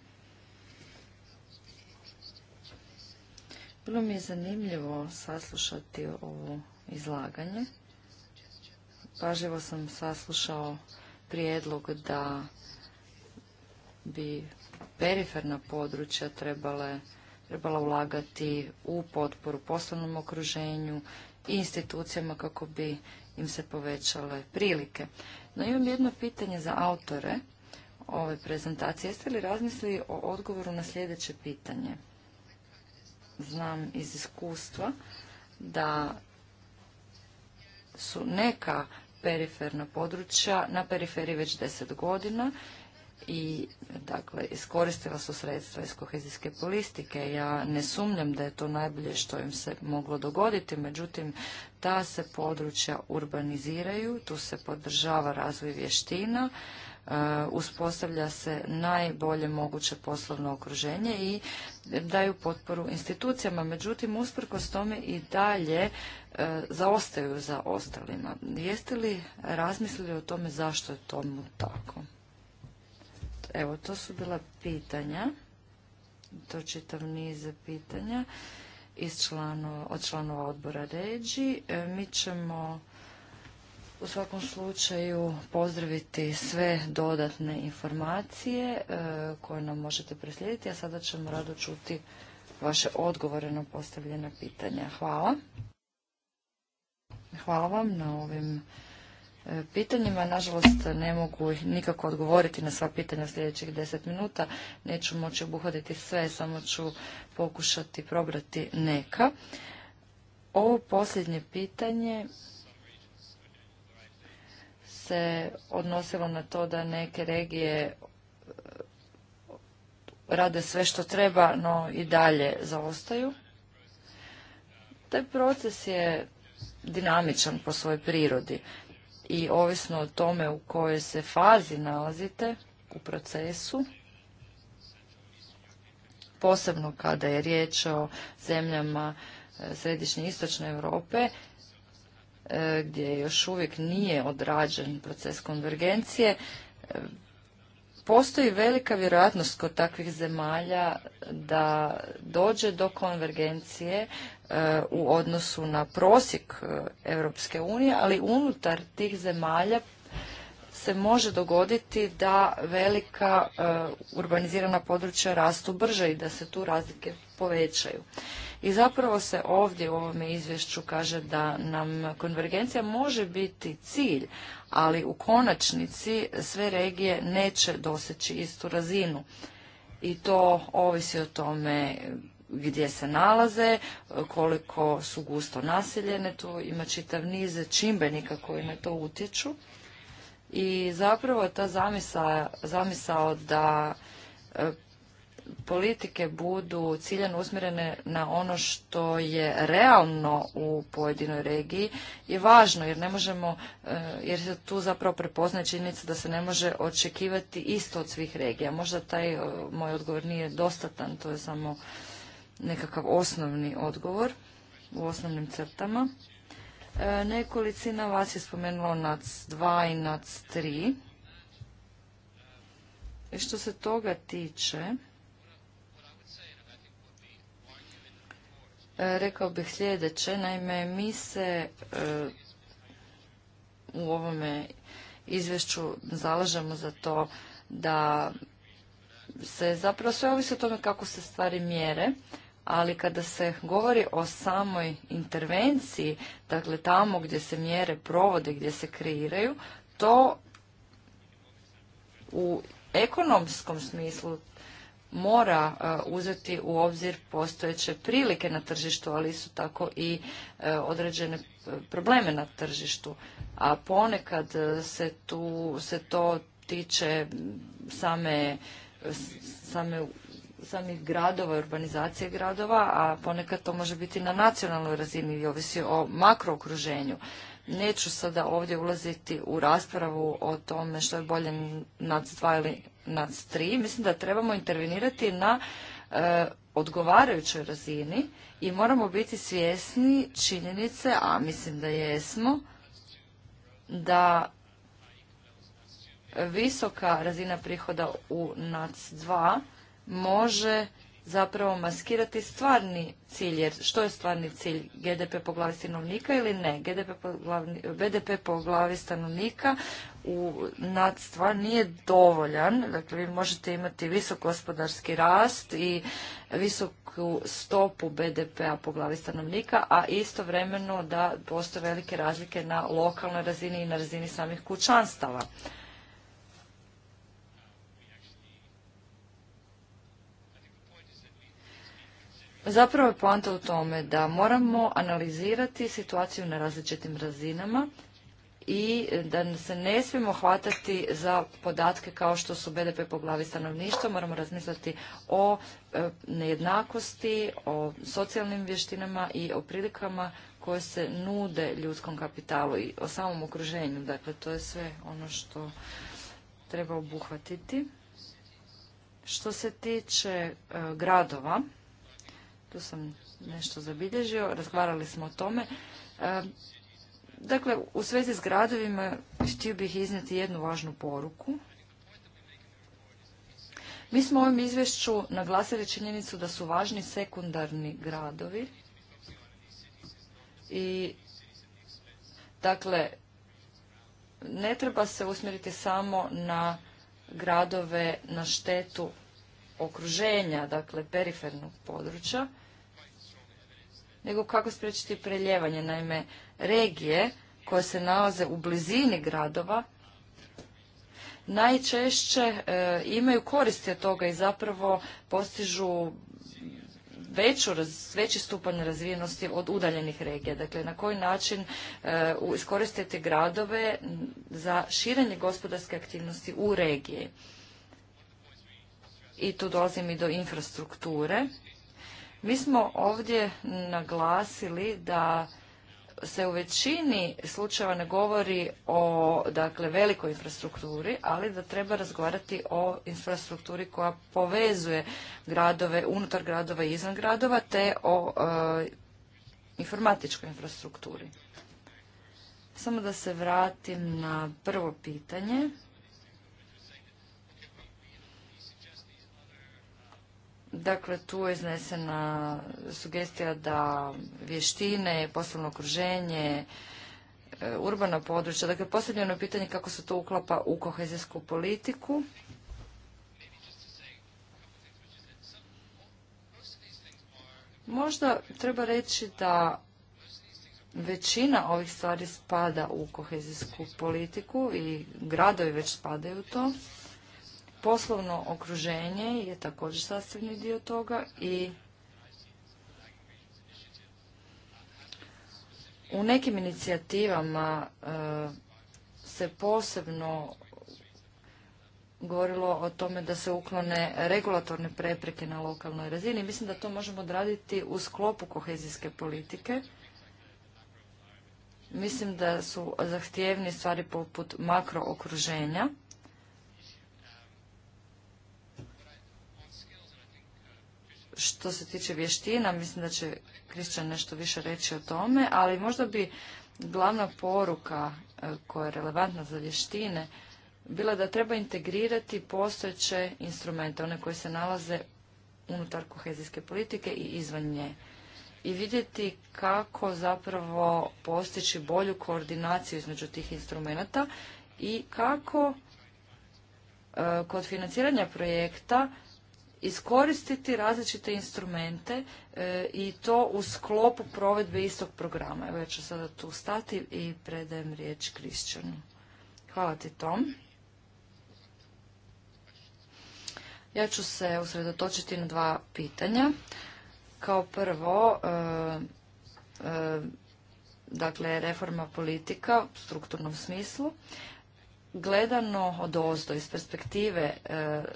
Bilo mi je zanimljivo saslušati ovo izlaganje. Pažljivo sam saslušao prijedlog da bi periferna područja trebale, trebala ulagati u potporu poslovnom okruženju i institucijama kako bi im se povećale prilike. No imam jedno pitanje za autore ove prezentacije. Jeste li razmislili o odgovoru na sljedeće pitanje? znam iz iskustva da su neka periferna područja na periferiji već deset godina i dakle iskoristila su sredstva iz kohezijske politike. Ja ne sumnjam da je to najbolje što im se moglo dogoditi, međutim ta se područja urbaniziraju, tu se podržava razvoj vještina, e, uspostavlja se najbolje moguće poslovno okruženje i daju potporu institucijama. Međutim, usprkos tome i dalje e, zaostaju za ostalima. Jeste li razmislili o tome zašto je tomu tako? Evo, to su bila pitanja, to čitav niz pitanja iz od članova odbora Ređi. E, mi ćemo u svakom slučaju pozdraviti sve dodatne informacije e, koje nam možete preslijediti, a sada ćemo rado čuti vaše odgovore na postavljena pitanja. Hvala. Hvala vam na ovim E, pitanjima. Nažalost, ne mogu nikako odgovoriti na sva pitanja u sljedećih deset minuta. Neću moći obuhvatiti sve, samo ću pokušati probrati neka. Ovo posljednje pitanje se odnosilo na to da neke regije e, rade sve što treba, no i dalje zaostaju. Taj proces je dinamičan po svojoj prirodi i ovisno o tome u kojoj se fazi nalazite u procesu, posebno kada je riječ o zemljama e, središnje istočne Europe, e, gdje još uvijek nije odrađen proces konvergencije, e, postoji velika vjerojatnost kod takvih zemalja da dođe do konvergencije e, u odnosu na prosjek e, Europske unije, ali unutar tih zemalja se može dogoditi da velika e, urbanizirana područja rastu brže i da se tu razlike povećaju. I zapravo se ovdje u ovome izvješću kaže da nam konvergencija može biti cilj, ali u konačnici sve regije neće doseći istu razinu. I to ovisi o tome gdje se nalaze, koliko su gusto naseljene, tu ima čitav niz čimbenika koji na to utječu. I zapravo ta zamisao, zamisao da politike budu ciljano usmjerene na ono što je realno u pojedinoj regiji je važno jer ne možemo, e, jer se tu zapravo prepoznaje činjenica da se ne može očekivati isto od svih regija. Možda taj e, moj odgovor nije dostatan, to je samo nekakav osnovni odgovor u osnovnim crtama. E, nekolicina vas je spomenula NAC 2 i NAC 3. I što se toga tiče, E, rekao bih sljedeće. Naime, mi se e, u ovome izvješću zalažemo za to da se zapravo sve ovisi o tome kako se stvari mjere, ali kada se govori o samoj intervenciji, dakle tamo gdje se mjere provode, gdje se kreiraju, to u ekonomskom smislu mora e, uzeti u obzir postojeće prilike na tržištu, ali su tako i e, određene e, probleme na tržištu. A ponekad se tu se to tiče same, same samih gradova, urbanizacije gradova, a ponekad to može biti na nacionalnoj razini i ovisi o makrookruženju. Neću sada ovdje ulaziti u raspravu o tome što je bolje nad na tri, mislim da trebamo intervenirati na e, odgovarajućoj razini i moramo biti svjesni činjenice, a mislim da jesmo, da visoka razina prihoda u NAC2 može zapravo maskirati stvarni cilj, jer što je stvarni cilj? GDP po glavi stanovnika ili ne? GDP po glavi, BDP po glavi stanovnika u stvar nije dovoljan. Dakle, vi možete imati visok gospodarski rast i visoku stopu BDP-a po glavi stanovnika, a istovremeno da postoje velike razlike na lokalnoj razini i na razini samih kućanstava. Zapravo je poanta u tome da moramo analizirati situaciju na različitim razinama i da se ne smijemo hvatati za podatke kao što su BDP po glavi stanovništva. Moramo razmisliti o e, nejednakosti, o socijalnim vještinama i o prilikama koje se nude ljudskom kapitalu i o samom okruženju. Dakle, to je sve ono što treba obuhvatiti. Što se tiče e, gradova, tu sam nešto zabilježio, razgovarali smo o tome, e, Dakle, u svezi s gradovima htio bih iznijeti jednu važnu poruku. Mi smo u ovom izvješću naglasili činjenicu da su važni sekundarni gradovi i dakle ne treba se usmjeriti samo na gradove na štetu okruženja, dakle perifernog područja, nego kako spriječiti preljevanje. Naime, regije koje se nalaze u blizini gradova najčešće e, imaju koristi od toga i zapravo postižu veću, veći stupanj razvijenosti od udaljenih regija. Dakle, na koji način e, iskoristiti gradove za širenje gospodarske aktivnosti u regiji. I tu dolazim i do infrastrukture. Mi smo ovdje naglasili da se u većini slučajeva ne govori o dakle, velikoj infrastrukturi, ali da treba razgovarati o infrastrukturi koja povezuje gradove, unutar gradova i izvan gradova, te o e, informatičkoj infrastrukturi. Samo da se vratim na prvo pitanje Dakle, tu je iznesena sugestija da vještine, poslovno okruženje, e, urbana područja, dakle, postavljeno je pitanje kako se to uklapa u kohezijsku politiku. Možda treba reći da većina ovih stvari spada u kohezijsku politiku i gradovi već spadaju u to. Poslovno okruženje je također sastavni dio toga i u nekim inicijativama e, se posebno govorilo o tome da se uklone regulatorne prepreke na lokalnoj razini. Mislim da to možemo odraditi u sklopu kohezijske politike. Mislim da su zahtjevni stvari poput makrookruženja. što se tiče vještina, mislim da će Kristjan nešto više reći o tome, ali možda bi glavna poruka e, koja je relevantna za vještine bila da treba integrirati postojeće instrumente, one koji se nalaze unutar kohezijske politike i izvan nje i vidjeti kako zapravo postići bolju koordinaciju između tih instrumenata i kako e, kod financiranja projekta iskoristiti različite instrumente e, i to u sklopu provedbe istog programa. Evo ja ću sada tu stati i predajem riječ Krišćanu. Hvala ti Tom. Ja ću se usredotočiti na dva pitanja. Kao prvo, e, e dakle, reforma politika u strukturnom smislu gledano od ozdo iz perspektive e,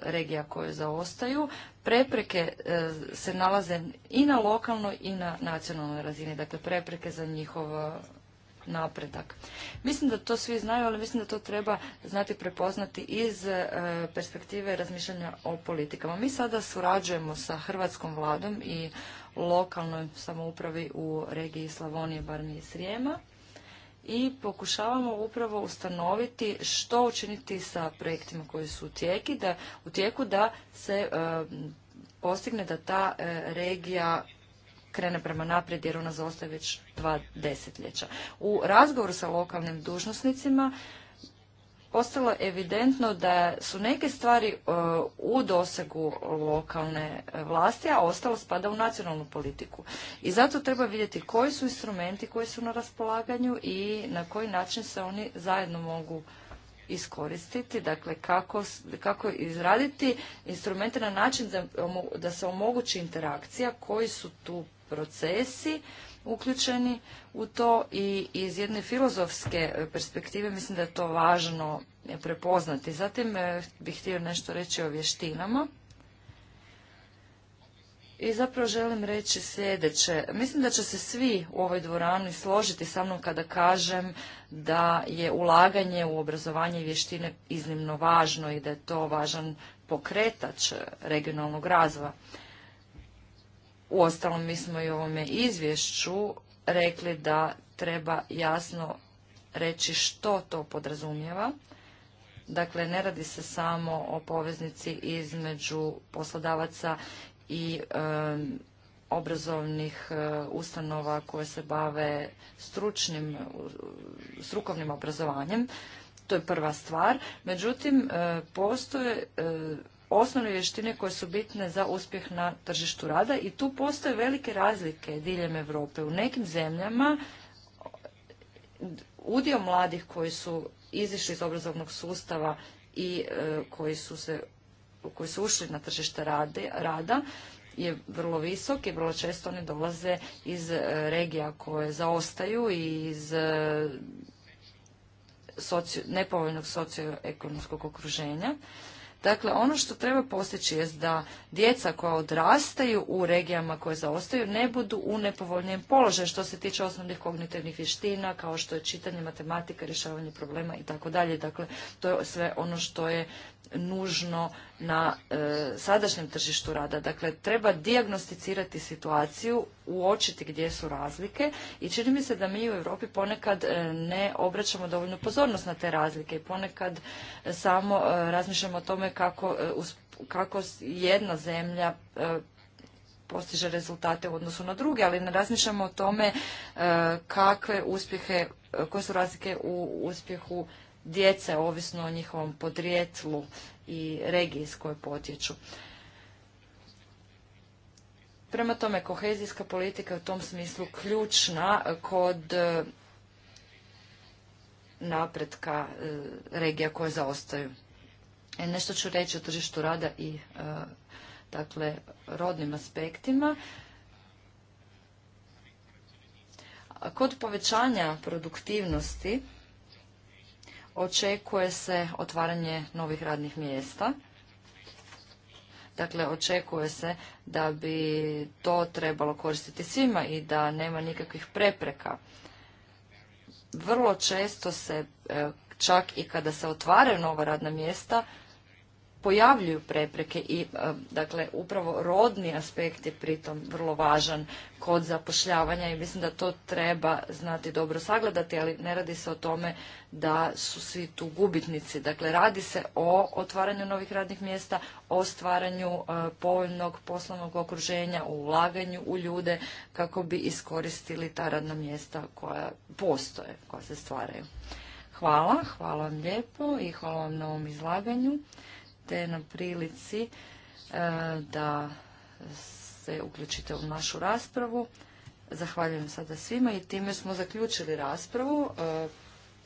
regija koje zaostaju, prepreke e, se nalaze i na lokalnoj i na nacionalnoj razini, dakle prepreke za njihov e, napredak. Mislim da to svi znaju, ali mislim da to treba znati prepoznati iz perspektive razmišljanja o politikama. Mi sada surađujemo sa hrvatskom vladom i lokalnoj samoupravi u regiji Slavonije, Barmi i Srijema i pokušavamo upravo ustanoviti što učiniti sa projektima koji su u, da, u tijeku da se e, postigne da ta e, regija krene prema naprijed jer ona zaostaje već dva desetljeća. U razgovoru sa lokalnim dužnosnicima postalo evidentno da su neke stvari e, u dosegu lokalne vlasti, a ostalo spada u nacionalnu politiku. I zato treba vidjeti koji su instrumenti koji su na raspolaganju i na koji način se oni zajedno mogu iskoristiti, dakle kako, kako izraditi instrumente na način da, da se omogući interakcija, koji su tu procesi, uključeni u to i iz jedne filozofske e, perspektive mislim da je to važno e, prepoznati. Zatim e, bih htio nešto reći o vještinama. I zapravo želim reći sljedeće. Mislim da će se svi u ovoj dvorani složiti sa mnom kada kažem da je ulaganje u obrazovanje i vještine iznimno važno i da je to važan pokretač regionalnog razvoja. Uostalom, mi smo i u ovome izvješću rekli da treba jasno reći što to podrazumijeva. Dakle, ne radi se samo o poveznici između poslodavaca i obrazovnih e, ustanova koje se bave stručnim, strukovnim obrazovanjem. To je prva stvar. Međutim, e, postoje e, osnovne vještine koje su bitne za uspjeh na tržištu rada i tu postoje velike razlike diljem Europe. U nekim zemljama udio mladih koji su izišli iz obrazovnog sustava i e, koji su se koji su ušli na tržište rade, rada je vrlo visok i vrlo često oni dolaze iz e, regija koje zaostaju i iz e, socio, nepovoljnog socioekonomskog okruženja. Dakle, ono što treba postići je da djeca koja odrastaju u regijama koje zaostaju ne budu u nepovoljnijem položaju što se tiče osnovnih kognitivnih vještina, kao što je čitanje matematika, rješavanje problema i tako dalje. Dakle, to je sve ono što je nužno na e, sadašnjem tržištu rada. Dakle, treba diagnosticirati situaciju, uočiti gdje su razlike i čini mi se da mi u Europi ponekad e, ne obraćamo dovoljnu pozornost na te razlike i ponekad e, samo razmišljamo o tome kako, kako jedna zemlja postiže rezultate u odnosu na druge, ali ne razmišljamo o tome kakve uspjehe, koje su razlike u uspjehu djece, ovisno o njihovom podrijetlu i regiji s koje potječu. Prema tome, kohezijska politika je u tom smislu ključna kod e, napretka e, regija koje zaostaju. E, nešto ću reći o tržištu rada i dakle, rodnim aspektima. Kod povećanja produktivnosti očekuje se otvaranje novih radnih mjesta. Dakle, očekuje se da bi to trebalo koristiti svima i da nema nikakvih prepreka. Vrlo često se, e, čak i kada se otvaraju nova radna mjesta, pojavljuju prepreke i e, dakle upravo rodni aspekt je pritom vrlo važan kod zapošljavanja i mislim da to treba znati dobro sagledati, ali ne radi se o tome da su svi tu gubitnici. Dakle, radi se o otvaranju novih radnih mjesta, o stvaranju e, povoljnog poslovnog okruženja, o ulaganju u ljude kako bi iskoristili ta radna mjesta koja postoje, koja se stvaraju. Hvala, hvala vam lijepo i hvala vam na ovom izlaganju te na prilici e, da se uključite u našu raspravu. Zahvaljujem sada svima i time smo zaključili raspravu e,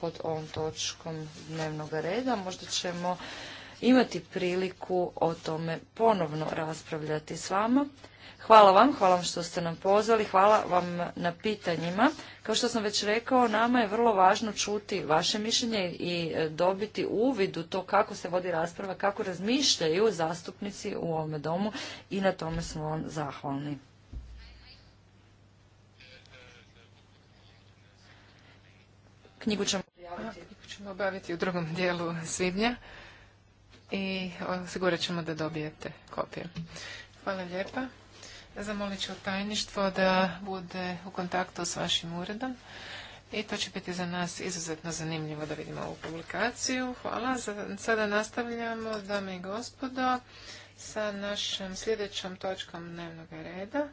pod ovom točkom dnevnog reda. Možda ćemo imati priliku o tome ponovno raspravljati s vama. Hvala vam, hvala vam što ste nam pozvali, hvala vam na pitanjima. Kao što sam već rekao, nama je vrlo važno čuti vaše mišljenje i e, dobiti uvid u to kako se vodi rasprava, kako razmišljaju zastupnici u ovome domu i na tome smo vam zahvalni. Knjigu ćemo objaviti. u drugom dijelu svibnja i osigurat ćemo da dobijete kopije. Hvala lijepa. Zamolit ću tajništvo da bude u kontaktu s vašim uredom i to će biti za nas izuzetno zanimljivo da vidimo ovu publikaciju. Hvala. Sada nastavljamo, dame i gospodo, sa našom sljedećom točkom dnevnog reda.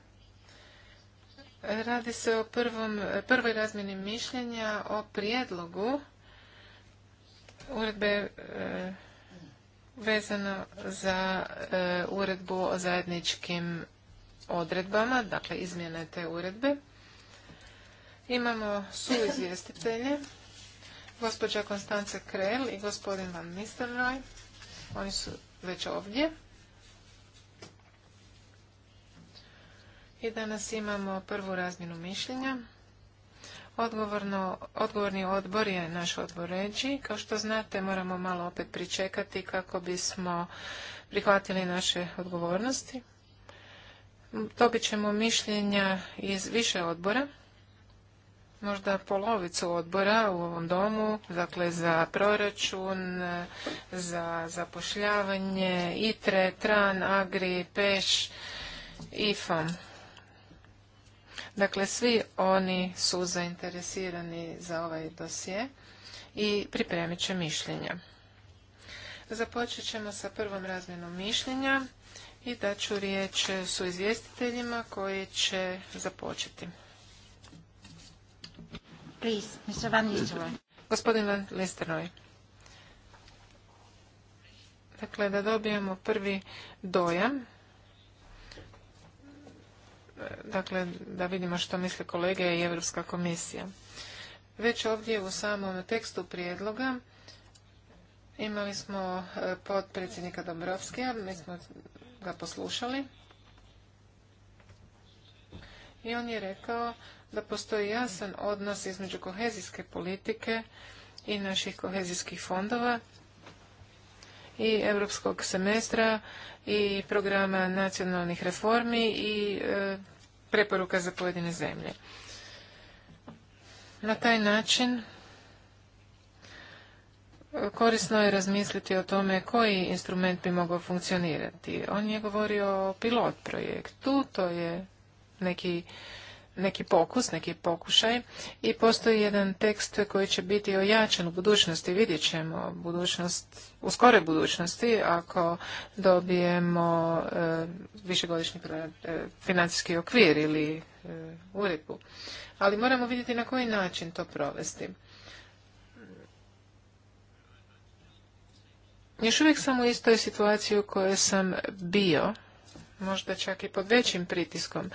Radi se o prvom, prvoj razmjeni mišljenja o prijedlogu uredbe e, vezano za e, uredbu o zajedničkim odredbama, dakle izmjene te uredbe. Imamo su izvjestitelje, gospođa Konstance Krell i gospodin Van Nistelrooy. Oni su već ovdje. I danas imamo prvu razminu mišljenja. Odgovorno, odgovorni odbor je naš odbor ređi. Kao što znate, moramo malo opet pričekati kako bismo prihvatili naše odgovornosti. Dobit ćemo mišljenja iz više odbora, možda polovicu odbora u ovom domu, dakle za proračun, za zapošljavanje, ITRE, TRAN, AGRI, PEŠ IFAM. Dakle, svi oni su zainteresirani za ovaj dosje i pripremit će mišljenja. Započet ćemo sa prvom razmjenom mišljenja i ću riječ su izvjestiteljima koji će započeti. Please, Gospodin Dakle, da dobijemo prvi dojam. Dakle, da vidimo što misle kolege i Europska komisija. Već ovdje u samom tekstu prijedloga imali smo eh, potpredsjednika Dombrovskija, mi smo ga poslušali i on je rekao da postoji jasan odnos između kohezijske politike i naših kohezijskih fondova i europskog semestra i programa nacionalnih reformi i e, preporuka za pojedine zemlje. Na taj način korisno je razmisliti o tome koji instrument bi mogao funkcionirati. On je govorio o pilot projektu, to je neki neki pokus, neki pokušaj i postoji jedan tekst koji će biti ojačan u budućnosti, vidjet ćemo budućnost, u skoroj budućnosti ako dobijemo e, višegodišnji e, financijski okvir ili e, uredbu. Ali moramo vidjeti na koji način to provesti. još uvijek sam u istoj situaciji u kojoj sam bio, možda čak i pod većim pritiskom,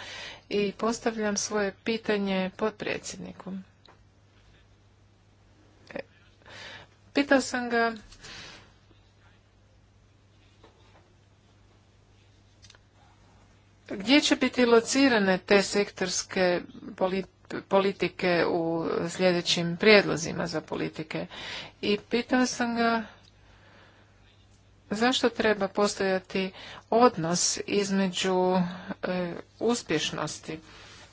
i postavljam svoje pitanje potpredsjedniku. Pitao sam ga Gdje će biti locirane te sektorske politike u sljedećim prijedlozima za politike? I pitao sam ga zašto treba postojati odnos između e, uspješnosti?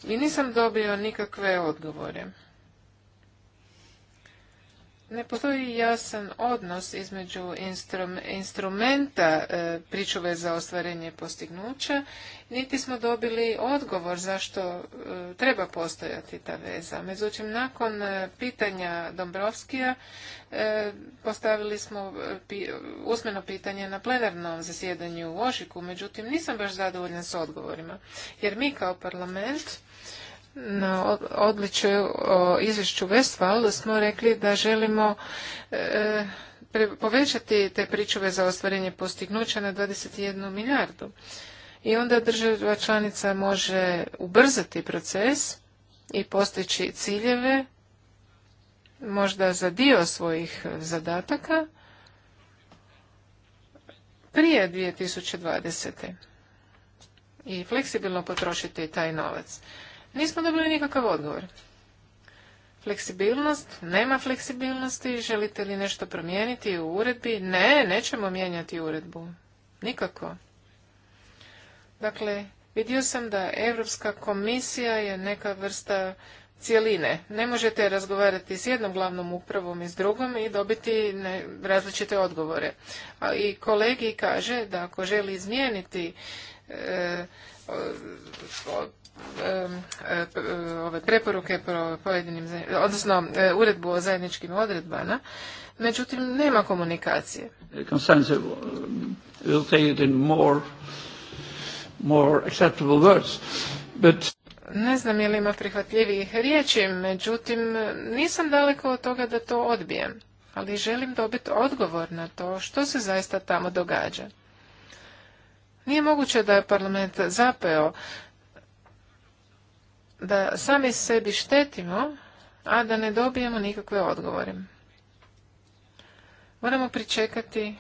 I nisam dobio nikakve odgovore ne postoji jasan odnos između instrumenta e, pričuve za ostvarenje postignuća, niti smo dobili odgovor zašto e, treba postojati ta veza. Međutim, nakon e, pitanja Dombrovskija e, postavili smo usmeno pitanje na plenarnom zasjedanju u Ožiku, međutim nisam baš zadovoljan s odgovorima, jer mi kao parlament na odličju o izvješću Westfall smo rekli da želimo e, povećati te pričuve za ostvarenje postignuća na 21 milijardu. I onda država članica može ubrzati proces i postići ciljeve možda za dio svojih zadataka prije 2020. i fleksibilno potrošiti taj novac. Nismo dobili nikakav odgovor. Fleksibilnost, nema fleksibilnosti, želite li nešto promijeniti u uredbi? Ne, nećemo mijenjati uredbu. Nikako. Dakle, vidio sam da Europska komisija je neka vrsta cjeline. Ne možete razgovarati s jednom glavnom upravom i s drugom i dobiti različite odgovore. A i kolegi kaže da ako želi izmijeniti e, E, e, ove preporuke pro pojedinim, odnosno e, uredbu o zajedničkim odredbama, međutim nema komunikacije. Ne znam je li ima prihvatljivih riječi, međutim nisam daleko od toga da to odbijem, ali želim dobiti odgovor na to što se zaista tamo događa. Nije moguće da je parlament zapeo da sami sebi štetimo, a da ne dobijemo nikakve odgovore. Moramo pričekati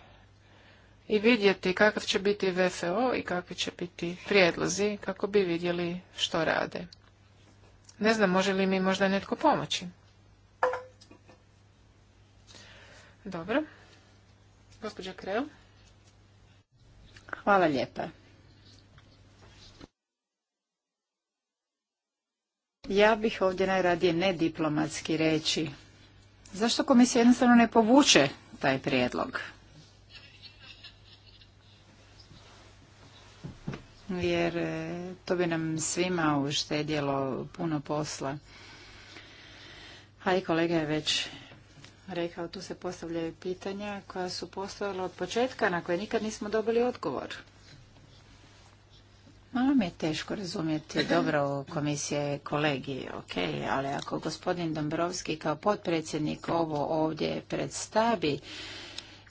i vidjeti kakav će biti VFO i kakvi će biti prijedlozi kako bi vidjeli što rade. Ne znam, može li mi možda netko pomoći. Dobro. Gospođa Krel. Hvala lijepa. Ja bih ovdje najradije nediplomatski reći. Zašto komisija jednostavno ne povuče taj prijedlog? Jer e, to bi nam svima uštedjelo puno posla. A kolega je već rekao, tu se postavljaju pitanja koja su postavila od početka na koje nikad nismo dobili odgovor. Malo mi je teško razumjeti dakle? dobro komisije kolegi, ok, ali ako gospodin Dombrovski kao potpredsjednik ovo ovdje predstavi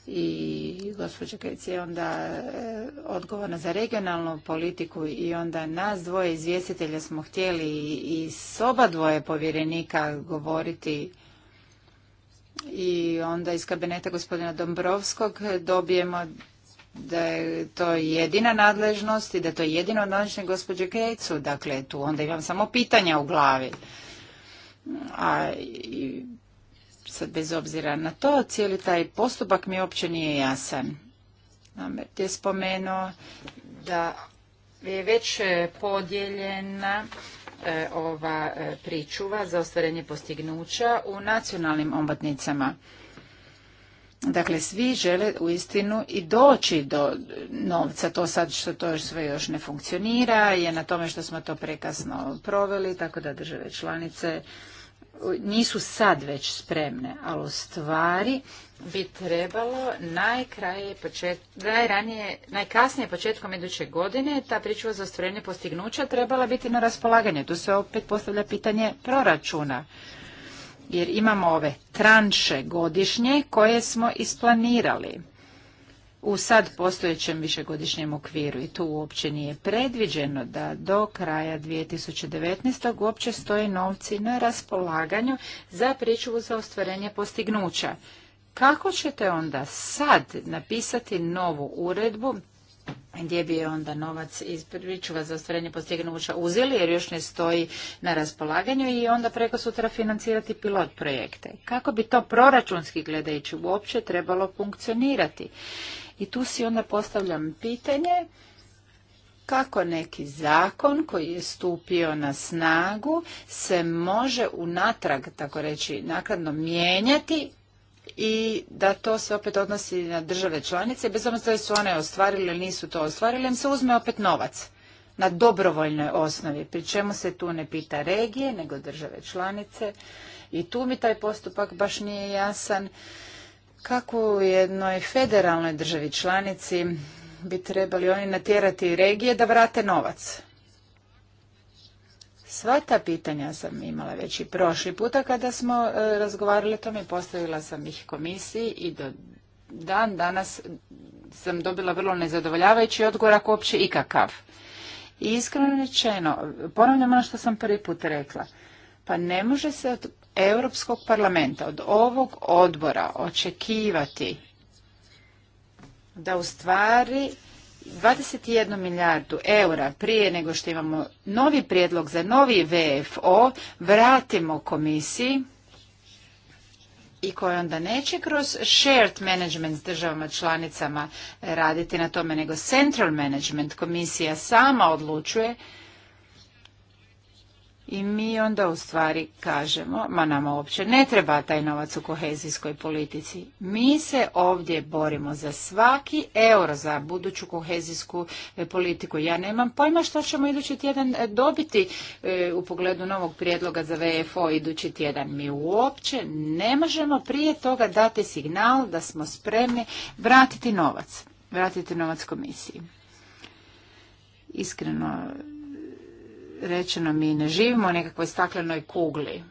i gospođa Kec je onda eh, odgovorna za regionalnu politiku i onda nas dvoje izvjestitelja smo htjeli i s oba dvoje povjerenika govoriti i onda iz kabineta gospodina Dombrovskog dobijemo da je to jedina nadležnost i da je to jedino nadležnost gospođe Krecu. Dakle, tu onda imam samo pitanja u glavi. A i sad bez obzira na to, cijeli taj postupak mi uopće nije jasan. je spomenuo da je već e, podijeljena e, ova e, pričuva za ostvarenje postignuća u nacionalnim ombatnicama. Dakle, svi žele u istinu i doći do novca. To sad što to sve još ne funkcionira je na tome što smo to prekasno proveli, tako da države članice nisu sad već spremne, ali u stvari bi trebalo najkraje najranije, najkasnije početkom iduće godine ta pričuva za ostvarenje postignuća trebala biti na raspolaganje. Tu se opet postavlja pitanje proračuna jer imamo ove tranše godišnje koje smo isplanirali u sad postojećem višegodišnjem okviru i tu uopće nije predviđeno da do kraja 2019. uopće stoje novci na raspolaganju za pričuvu za ostvarenje postignuća. Kako ćete onda sad napisati novu uredbu gdje bi onda novac iz pričuva za ostvarenje postignuća uzeli jer još ne stoji na raspolaganju i onda preko sutra financirati pilot projekte. Kako bi to proračunski gledajući uopće trebalo funkcionirati? I tu si onda postavljam pitanje kako neki zakon koji je stupio na snagu se može unatrag, tako reći, nakladno mijenjati i da to se opet odnosi na države članice, bez obzira da su one ostvarile ili nisu to ostvarile, im se uzme opet novac na dobrovoljnoj osnovi, pri čemu se tu ne pita regije, nego države članice. I tu mi taj postupak baš nije jasan. Kako u jednoj federalnoj državi članici bi trebali oni natjerati regije da vrate novac? Sva ta pitanja sam imala već i prošli puta kada smo e, razgovarali o tome i postavila sam ih komisiji i do dan danas sam dobila vrlo nezadovoljavajući odgovor ako uopće ikakav. I iskreno rečeno, ponavljam ono što sam prvi put rekla, pa ne može se od Europskog parlamenta, od ovog odbora očekivati da u stvari 21 milijardu eura prije nego što imamo novi prijedlog za novi VFO vratimo komisiji i koje onda neće kroz shared management s državama članicama raditi na tome, nego central management komisija sama odlučuje i mi onda u stvari kažemo, ma nama uopće ne treba taj novac u kohezijskoj politici. Mi se ovdje borimo za svaki euro za buduću kohezijsku e, politiku. Ja nemam pojma što ćemo idući tjedan e, dobiti e, u pogledu novog prijedloga za VFO idući tjedan. Mi uopće ne možemo prije toga dati signal da smo spremni vratiti novac. Vratiti novac komisiji. Iskreno rečeno mi ne živimo u nekakvoj staklenoj kugli.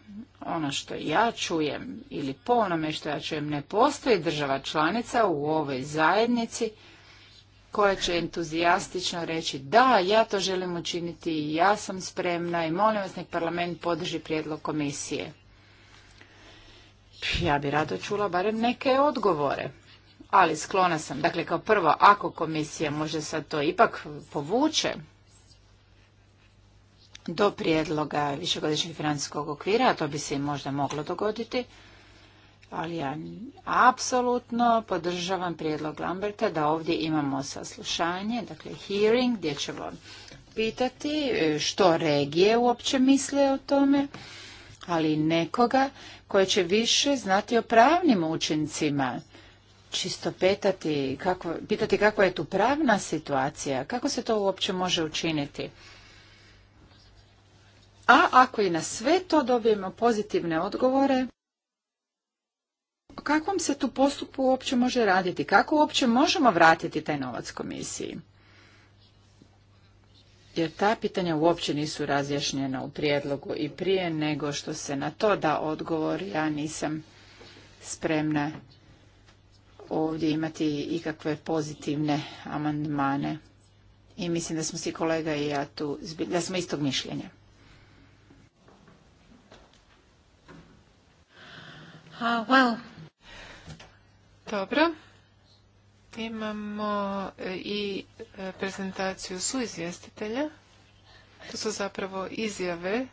Ono što ja čujem ili po onome što ja čujem ne postoji država članica u ovoj zajednici koja će entuzijastično reći da, ja to želim učiniti i ja sam spremna i molim vas nek parlament podrži prijedlog komisije. Ja bi rado čula barem neke odgovore, ali sklona sam. Dakle, kao prvo, ako komisija može sad to ipak povuče, do prijedloga višegodišnjeg financijskog okvira, a to bi se i možda moglo dogoditi, ali ja apsolutno podržavam prijedlog Lamberta da ovdje imamo saslušanje, dakle hearing, gdje ćemo pitati e, što regije uopće misle o tome, ali nekoga koje će više znati o pravnim učincima. Čisto pitati kako, pitati kako je tu pravna situacija, kako se to uopće može učiniti. A ako i na sve to dobijemo pozitivne odgovore, o kakvom se tu postupu uopće može raditi? Kako uopće možemo vratiti taj novac komisiji? Jer ta pitanja uopće nisu razjašnjena u prijedlogu i prije nego što se na to da odgovor, ja nisam spremna ovdje imati ikakve pozitivne amandmane. I mislim da smo svi kolega i ja tu, da smo istog mišljenja. Ah, Dobro. Imamo e, i e, prezentaciju izvjestitelja, To su zapravo izjave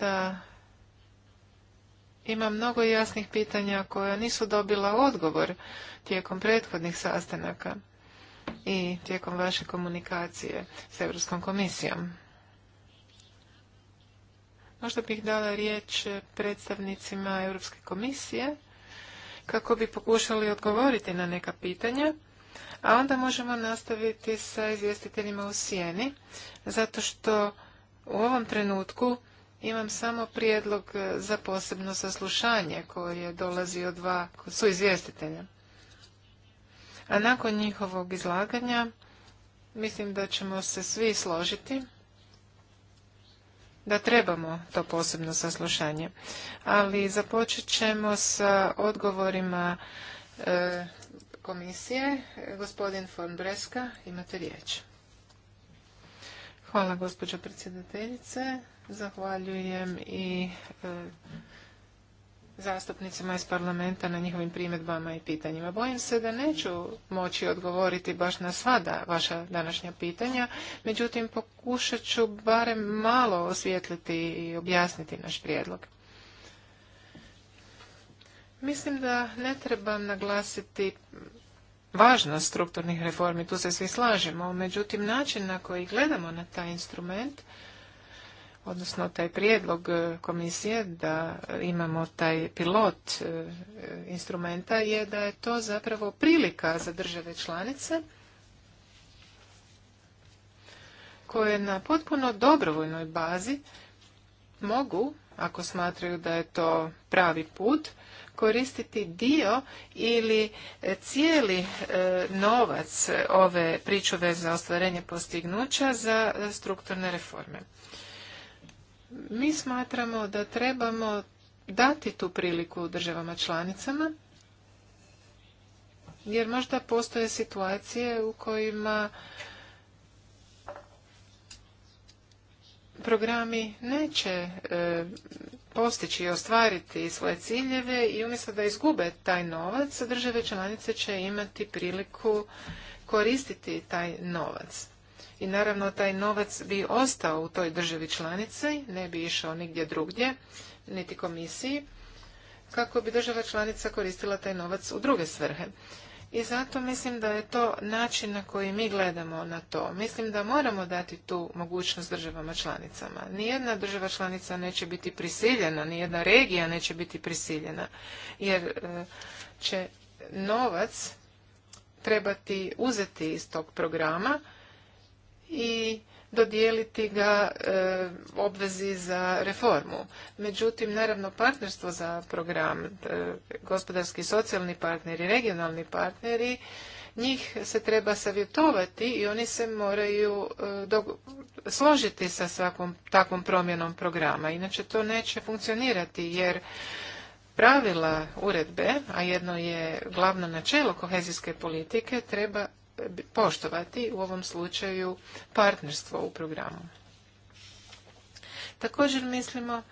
da ima mnogo jasnih pitanja koja nisu dobila odgovor tijekom prethodnih sastanaka i tijekom vaše komunikacije s Europskom komisijom. Možda bih dala riječ predstavnicima Europske komisije kako bi pokušali odgovoriti na neka pitanja, a onda možemo nastaviti sa izvjestiteljima u sjeni, zato što u ovom trenutku imam samo prijedlog za posebno saslušanje koje dolazi od dva su izvjestitelja. A nakon njihovog izlaganja mislim da ćemo se svi složiti da trebamo to posebno saslušanje. Ali započet ćemo sa odgovorima e, komisije. Gospodin von Breska, imate riječ. Hvala gospođo predsjedateljice. Zahvaljujem i e, zastupnicima iz parlamenta na njihovim primjedbama i pitanjima. Bojim se da neću moći odgovoriti baš na da vaša današnja pitanja, međutim pokušat ću barem malo osvijetliti i objasniti naš prijedlog. Mislim da ne treba naglasiti važnost strukturnih reformi, tu se svi slažemo, međutim način na koji gledamo na taj instrument odnosno taj prijedlog e, komisije da e, imamo taj pilot e, instrumenta je da je to zapravo prilika za države članice koje na potpuno dobrovoljnoj bazi mogu, ako smatraju da je to pravi put, koristiti dio ili cijeli novac ove pričuve za ostvarenje postignuća za strukturne reforme. Mi smatramo da trebamo dati tu priliku državama članicama, jer možda postoje situacije u kojima programi neće e, postići i ostvariti svoje ciljeve i umjesto da izgube taj novac, države članice će imati priliku koristiti taj novac i naravno taj novac bi ostao u toj državi članici, ne bi išao nigdje drugdje, niti komisiji, kako bi država članica koristila taj novac u druge svrhe. I zato mislim da je to način na koji mi gledamo na to. Mislim da moramo dati tu mogućnost državama članicama. Nijedna država članica neće biti prisiljena, nijedna regija neće biti prisiljena, jer e, će novac trebati uzeti iz tog programa i dodijeliti ga e, obvezi za reformu. Međutim, naravno, partnerstvo za program, e, gospodarski i socijalni partneri, regionalni partneri, njih se treba savjetovati i oni se moraju e, složiti sa svakom takvom promjenom programa. Inače, to neće funkcionirati jer pravila uredbe, a jedno je glavno načelo kohezijske politike, treba poštovati, u ovom slučaju partnerstvo u programu. Također mislimo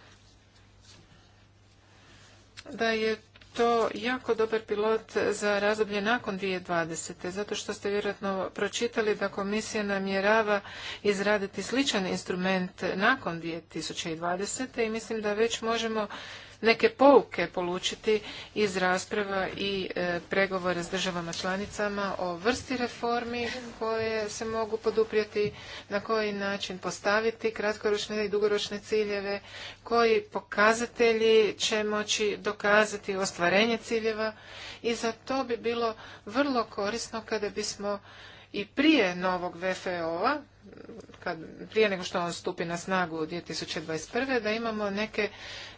da je to jako dobar pilot za razdoblje nakon 2020. Zato što ste vjerojatno pročitali da komisija namjerava izraditi sličan instrument nakon 2020. i mislim da već možemo neke pouke polučiti iz rasprava i e, pregovora s državama članicama o vrsti reformi koje se mogu poduprijeti, na koji način postaviti kratkoročne i dugoročne ciljeve, koji pokazatelji će moći dokazati ostvarenje ciljeva i za to bi bilo vrlo korisno kada bismo i prije novog VFO-a, prije nego što on stupi na snagu 2021. da imamo neke,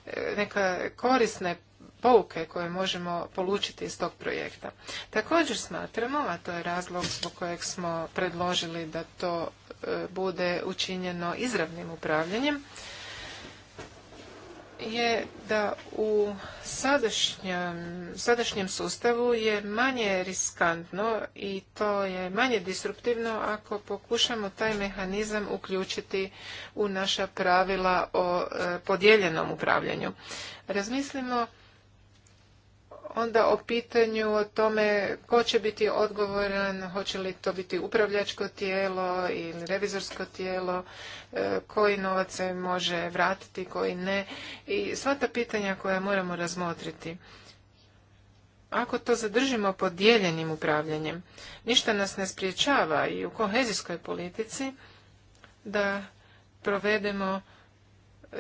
e, neka korisne pouke koje možemo polučiti iz tog projekta. Također smatramo, a to je razlog zbog kojeg smo predložili da to e, bude učinjeno izravnim upravljanjem, je da u sadašnjem, sadašnjem sustavu je manje riskantno i to je manje disruptivno ako pokušamo taj mehanizam uključiti u naša pravila o e, podijeljenom upravljanju. Razmislimo onda o pitanju o tome ko će biti odgovoran, hoće li to biti upravljačko tijelo ili revizorsko tijelo, e, koji novac se može vratiti, koji ne i sva ta pitanja koja moramo razmotriti. Ako to zadržimo pod dijeljenim upravljanjem, ništa nas ne spriječava i u kohezijskoj politici da provedemo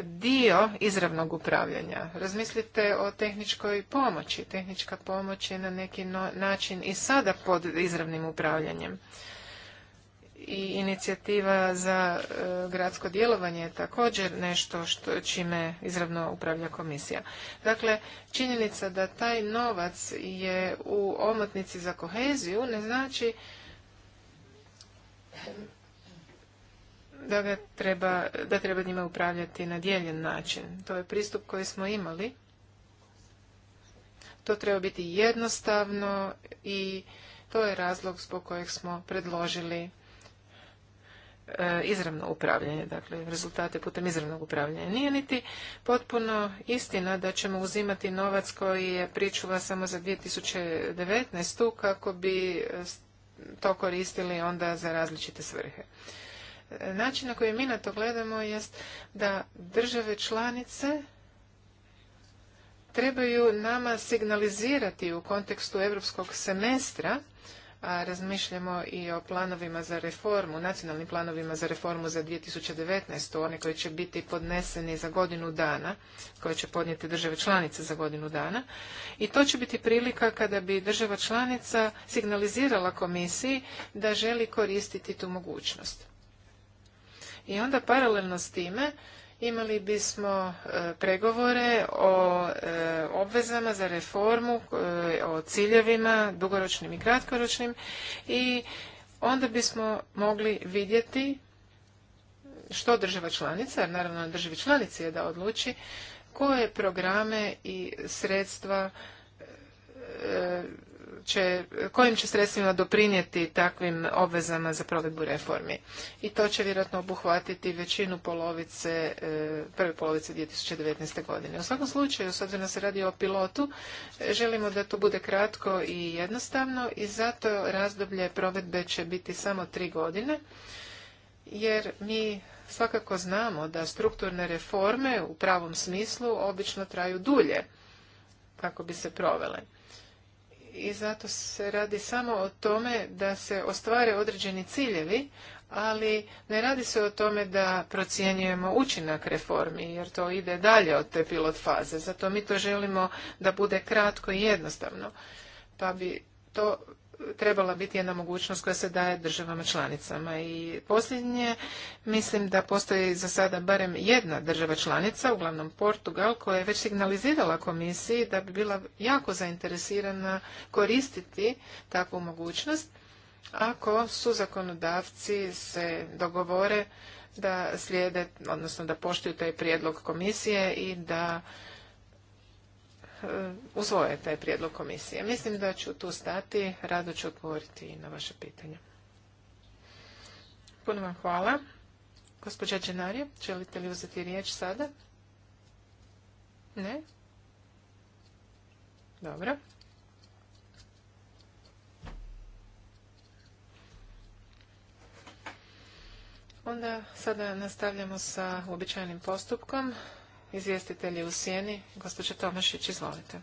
dio izravnog upravljanja. Razmislite o tehničkoj pomoći. Tehnička pomoć je na neki način i sada pod izravnim upravljanjem. I inicijativa za e, gradsko djelovanje je također nešto što, čime izravno upravlja komisija. Dakle, činjenica da taj novac je u omotnici za koheziju ne znači da, ga treba, da treba njima upravljati na dijeljen način. To je pristup koji smo imali. To treba biti jednostavno i to je razlog zbog kojeg smo predložili e, izravno upravljanje, dakle rezultate putem izravnog upravljanja. Nije niti potpuno istina da ćemo uzimati novac koji je pričuva samo za 2019. kako bi e, to koristili onda za različite svrhe način na koji mi na to gledamo jest da države članice trebaju nama signalizirati u kontekstu europskog semestra a razmišljamo i o planovima za reformu, nacionalnim planovima za reformu za 2019. One koji će biti podneseni za godinu dana, koje će podnijeti države članice za godinu dana. I to će biti prilika kada bi država članica signalizirala komisiji da želi koristiti tu mogućnost. I onda paralelno s time imali bismo e, pregovore o e, obvezama za reformu, e, o ciljevima, dugoročnim i kratkoročnim i onda bismo mogli vidjeti što država članica, jer naravno na državi članici je da odluči, koje programe i sredstva će, kojim će sredstvima doprinijeti takvim obvezama za provedbu reformi. I to će vjerojatno obuhvatiti većinu polovice, e, prve polovice 2019. godine. U svakom slučaju, s obzirom da se radi o pilotu, želimo da to bude kratko i jednostavno i zato razdoblje provedbe će biti samo tri godine, jer mi svakako znamo da strukturne reforme u pravom smislu obično traju dulje kako bi se provele i zato se radi samo o tome da se ostvare određeni ciljevi, ali ne radi se o tome da procjenjujemo učinak reformi, jer to ide dalje od te pilot faze. Zato mi to želimo da bude kratko i jednostavno. Pa bi to trebala biti jedna mogućnost koja se daje državama članicama. I posljednje, mislim da postoji za sada barem jedna država članica, uglavnom Portugal, koja je već signalizirala komisiji da bi bila jako zainteresirana koristiti takvu mogućnost ako su zakonodavci se dogovore da slijede, odnosno da poštuju taj prijedlog komisije i da E, usvoje taj prijedlog komisije. Mislim da ću tu stati, rado ću odgovoriti na vaše pitanje. Puno vam hvala. Gospođa Čenarija, želite li uzeti riječ sada? Ne? Dobro. Onda sada nastavljamo sa uobičajenim postupkom izvjestitelji u sjeni. Gospođa Tomašić, izvolite.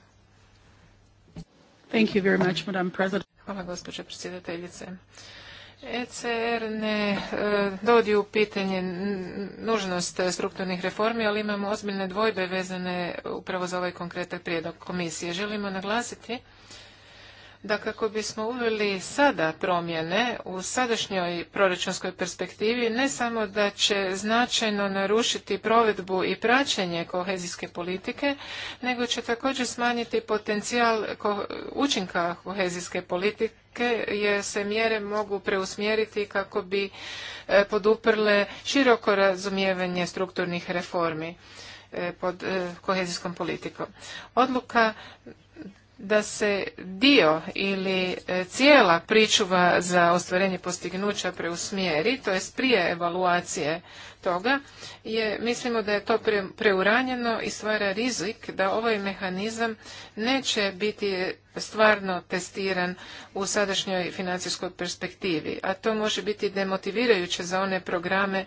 Hvala, gospođo predsjedateljice. ECR ne e, dodi u pitanje nužnost strukturnih reformi, ali imamo ozbiljne dvojbe vezane upravo za ovaj konkretan prijedlog komisije. Želimo naglasiti da kako bismo uveli sada promjene u sadašnjoj proračunskoj perspektivi ne samo da će značajno narušiti provedbu i praćenje kohezijske politike, nego će također smanjiti potencijal učinka kohezijske politike jer se mjere mogu preusmjeriti kako bi e, poduprle široko razumijevanje strukturnih reformi e, pod e, kohezijskom politikom. Odluka da se dio ili e, cijela pričuva za ostvarenje postignuća preusmjeri, to jest prije evaluacije toga, je, mislimo da je to preuranjeno i stvara rizik da ovaj mehanizam neće biti stvarno testiran u sadašnjoj financijskoj perspektivi, a to može biti demotivirajuće za one programe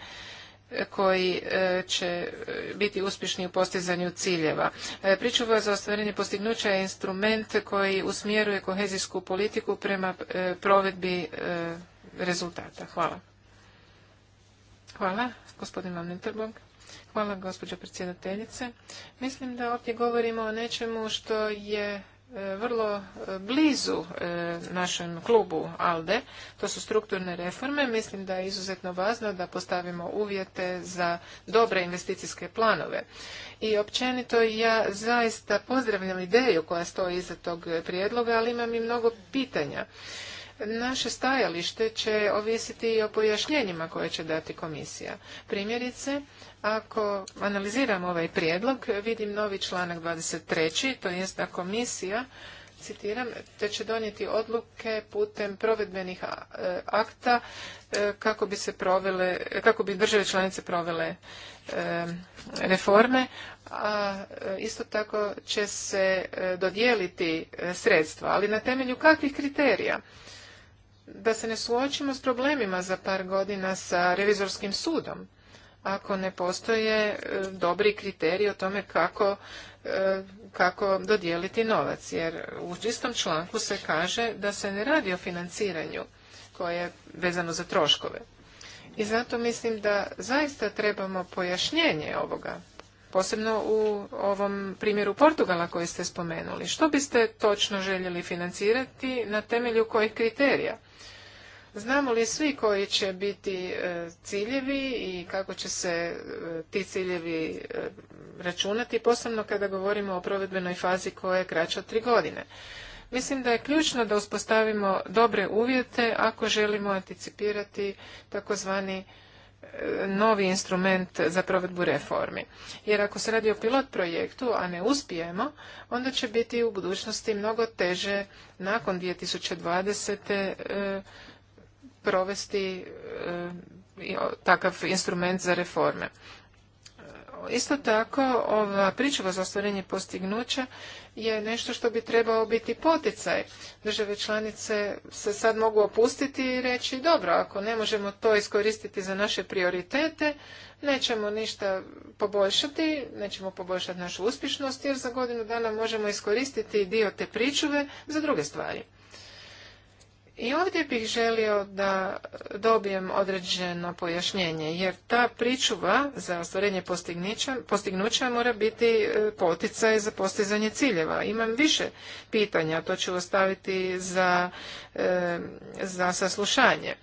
koji e, će e, biti uspješni u postizanju ciljeva. E, pričuva za ostvarenje postignuća je instrument koji usmjeruje kohezijsku politiku prema provedbi rezultata. Hvala. Hvala, gospodin Van Hvala, gospođo predsjedateljice. Mislim da ovdje govorimo o nečemu što je E, vrlo e, blizu e, našem klubu ALDE. To su strukturne reforme. Mislim da je izuzetno važno da postavimo uvjete za dobre investicijske planove. I općenito ja zaista pozdravljam ideju koja stoji iza tog prijedloga, ali imam i mnogo pitanja. Naše stajalište će ovisiti i o pojašnjenjima koje će dati komisija. Primjerice, ako analiziram ovaj prijedlog, vidim novi članak 23. to jest da komisija citiram, te će donijeti odluke putem provedbenih e, akta e, kako bi se provele, kako bi države članice provele e, reforme, a isto tako će se dodijeliti sredstva, ali na temelju kakvih kriterija? da se ne suočimo s problemima za par godina sa revizorskim sudom ako ne postoje e, dobri kriteriji o tome kako, e, kako dodijeliti novac. Jer u čistom članku se kaže da se ne radi o financiranju koje je vezano za troškove. I zato mislim da zaista trebamo pojašnjenje ovoga, posebno u ovom primjeru Portugala koji ste spomenuli. Što biste točno željeli financirati na temelju kojih kriterija? Znamo li svi koji će biti e, ciljevi i kako će se e, ti ciljevi e, računati, posebno kada govorimo o provedbenoj fazi koja je kraća od tri godine. Mislim da je ključno da uspostavimo dobre uvjete ako želimo anticipirati takozvani novi instrument za provedbu reformi. Jer ako se radi o pilot projektu, a ne uspijemo, onda će biti u budućnosti mnogo teže nakon 2020 provesti e, takav instrument za reforme. Isto tako, ova pričuva za ostvarenje postignuća je nešto što bi trebao biti poticaj. Države članice se sad mogu opustiti i reći dobro, ako ne možemo to iskoristiti za naše prioritete, nećemo ništa poboljšati, nećemo poboljšati našu uspješnost jer za godinu dana možemo iskoristiti dio te pričuve za druge stvari. I ovdje bih želio da dobijem određeno pojašnjenje, jer ta pričuva za ostvarenje postignuća mora biti e, poticaj za postizanje ciljeva. Imam više pitanja, to ću ostaviti za, e, za saslušanje.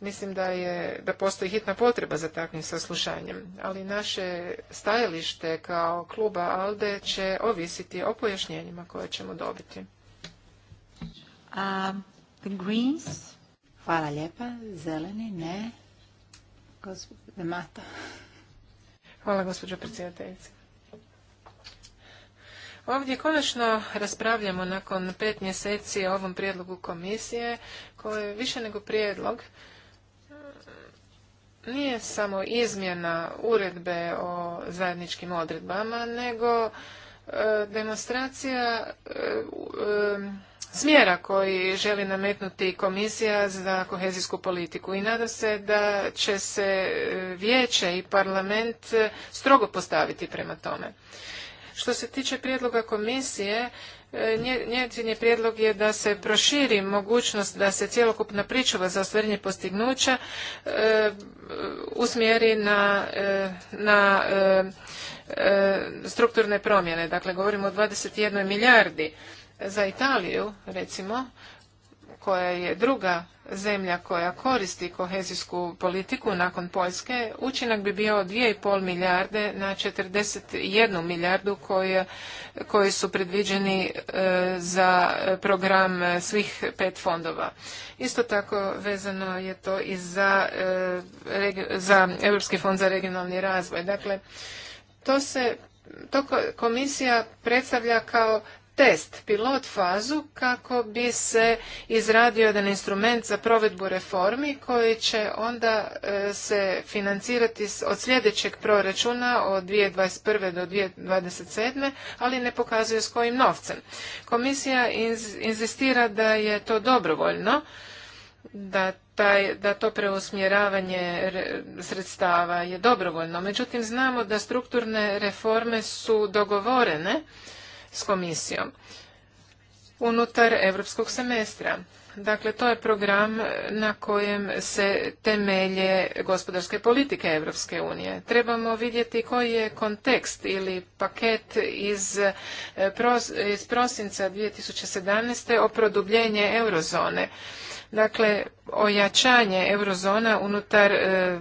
Mislim da, je, da postoji hitna potreba za takvim saslušanjem, ali naše stajalište kao kluba ALDE će ovisiti o pojašnjenjima koje ćemo dobiti. Um. The Greens. Hvala lijepa. Zeleni, ne. gospodine Mata. Hvala gospođo predsjedateljice. Ovdje konačno raspravljamo nakon pet mjeseci o ovom prijedlogu komisije koji je više nego prijedlog nije samo izmjena uredbe o zajedničkim odredbama, nego E, demonstracija e, e, smjera koji želi nametnuti komisija za kohezijsku politiku i nada se da će se vijeće i parlament strogo postaviti prema tome. Što se tiče prijedloga komisije, njezin je prijedlog je da se proširi mogućnost da se cjelokupna pričuva za ostvarenje postignuća usmjeri na, na E, strukturne promjene. Dakle, govorimo o 21 milijardi za Italiju, recimo, koja je druga zemlja koja koristi kohezijsku politiku nakon Poljske, učinak bi bio 2,5 milijarde na 41 milijardu koji su predviđeni e, za program svih pet fondova. Isto tako vezano je to i za, e, za Europski fond za regionalni razvoj. Dakle, to se to komisija predstavlja kao test, pilot fazu kako bi se izradio jedan instrument za provedbu reformi koji će onda e, se financirati od sljedećeg proračuna od 2021. do 2027. ali ne pokazuje s kojim novcem. Komisija inzistira da je to dobrovoljno, da taj, da to preusmjeravanje sredstava je dobrovoljno. Međutim, znamo da strukturne reforme su dogovorene s komisijom unutar europskog semestra. Dakle, to je program na kojem se temelje gospodarske politike Europske unije. Trebamo vidjeti koji je kontekst ili paket iz, e, iz prosinca 2017. o produbljenje eurozone. Dakle, ojačanje eurozona unutar e,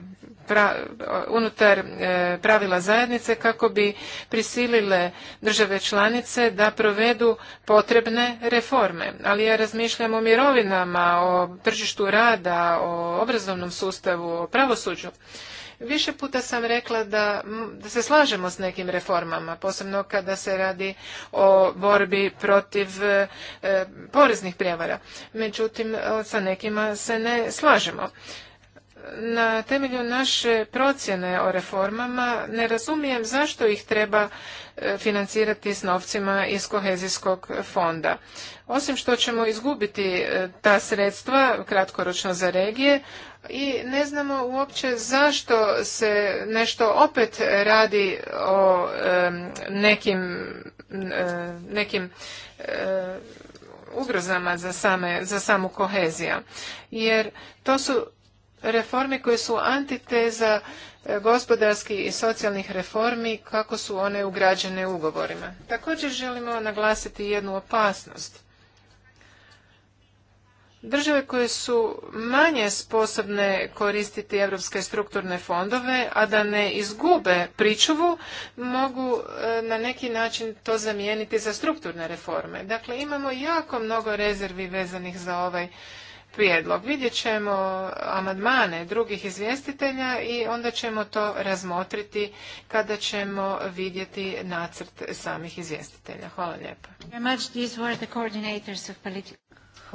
unutar e, pravila zajednice kako bi prisilile države članice da provedu potrebne reforme. Ali ja razmišljam o mirovinama, o tržištu rada, o obrazovnom sustavu, o pravosuđu. Više puta sam rekla da, da se slažemo s nekim reformama, posebno kada se radi o borbi protiv e, poreznih prijevara. Međutim, e, sa nekima se ne slažemo. Na temelju naše procjene o reformama ne razumijem zašto ih treba e, financirati s novcima iz kohezijskog fonda. Osim što ćemo izgubiti ta sredstva kratkoročno za regije, i ne znamo uopće zašto se nešto opet radi o nekim, nekim ugrozama za, same, za samu kohezija. Jer to su reforme koje su antiteza e, gospodarskih i socijalnih reformi kako su one ugrađene ugovorima. Također želimo naglasiti jednu opasnost. Države koje su manje sposobne koristiti europske strukturne fondove, a da ne izgube pričuvu, mogu e, na neki način to zamijeniti za strukturne reforme. Dakle, imamo jako mnogo rezervi vezanih za ovaj prijedlog. Vidjet ćemo amandmane drugih izvjestitelja i onda ćemo to razmotriti kada ćemo vidjeti nacrt samih izvjestitelja. Hvala lijepa.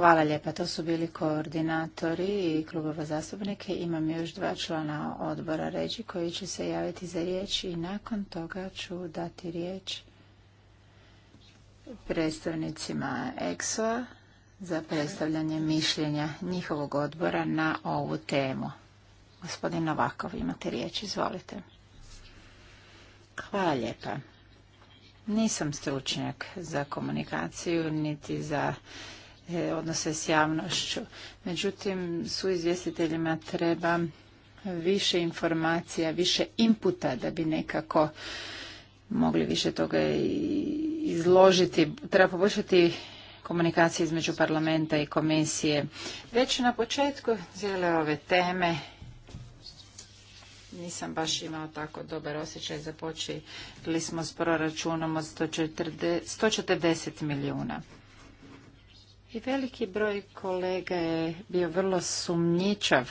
Hvala lijepa. To su bili koordinatori i klubova zastupnike. Imam još dva člana odbora ređi koji će se javiti za riječ i nakon toga ću dati riječ predstavnicima EXO za predstavljanje mišljenja njihovog odbora na ovu temu. Gospodin Novakov, imate riječ, izvolite. Hvala lijepa. Nisam stručnjak za komunikaciju niti za E, odnose s javnošću. Međutim, su izvjestiteljima treba više informacija, više inputa da bi nekako mogli više toga izložiti. Treba poboljšati komunikacije između parlamenta i komisije. Već na početku cijele ove teme nisam baš imao tako dobar osjećaj. Započeli smo s proračunom od 140 milijuna. I veliki broj kolega je bio vrlo sumnjičav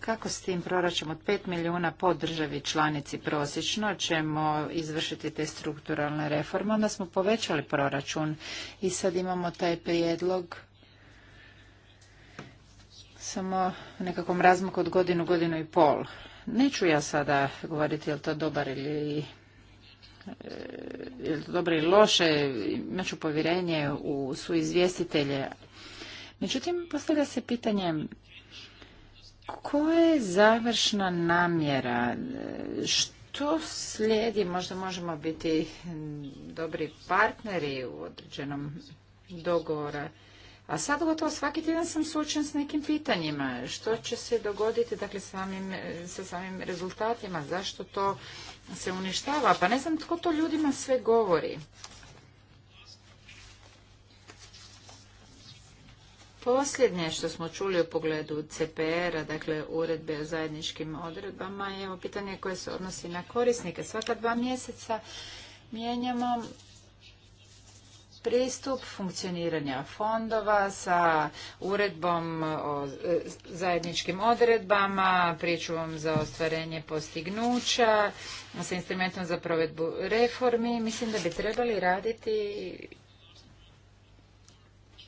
kako s tim proračunom od 5 milijuna po državi članici prosječno ćemo izvršiti te strukturalne reforme, onda smo povećali proračun i sad imamo taj prijedlog samo u nekakvom razmaku od godinu, godinu i pol. Neću ja sada govoriti je li to dobar ili je to dobro ili loše, imat ću povjerenje u su izvjestitelje. Međutim, postavlja se pitanje koja je završna namjera, što slijedi, možda možemo biti dobri partneri u određenom dogovoru. A sad gotovo svaki tjedan sam sučen s nekim pitanjima. Što će se dogoditi dakle, sa samim rezultatima? Zašto to se uništava. Pa ne znam tko to ljudima sve govori. Posljednje što smo čuli u pogledu CPR-a, dakle uredbe o zajedničkim odredbama, je ovo pitanje koje se odnosi na korisnike. Svaka dva mjeseca mijenjamo pristup funkcioniranja fondova sa uredbom o e, zajedničkim odredbama, pričuvom za ostvarenje postignuća, sa instrumentom za provedbu reformi. Mislim da bi trebali raditi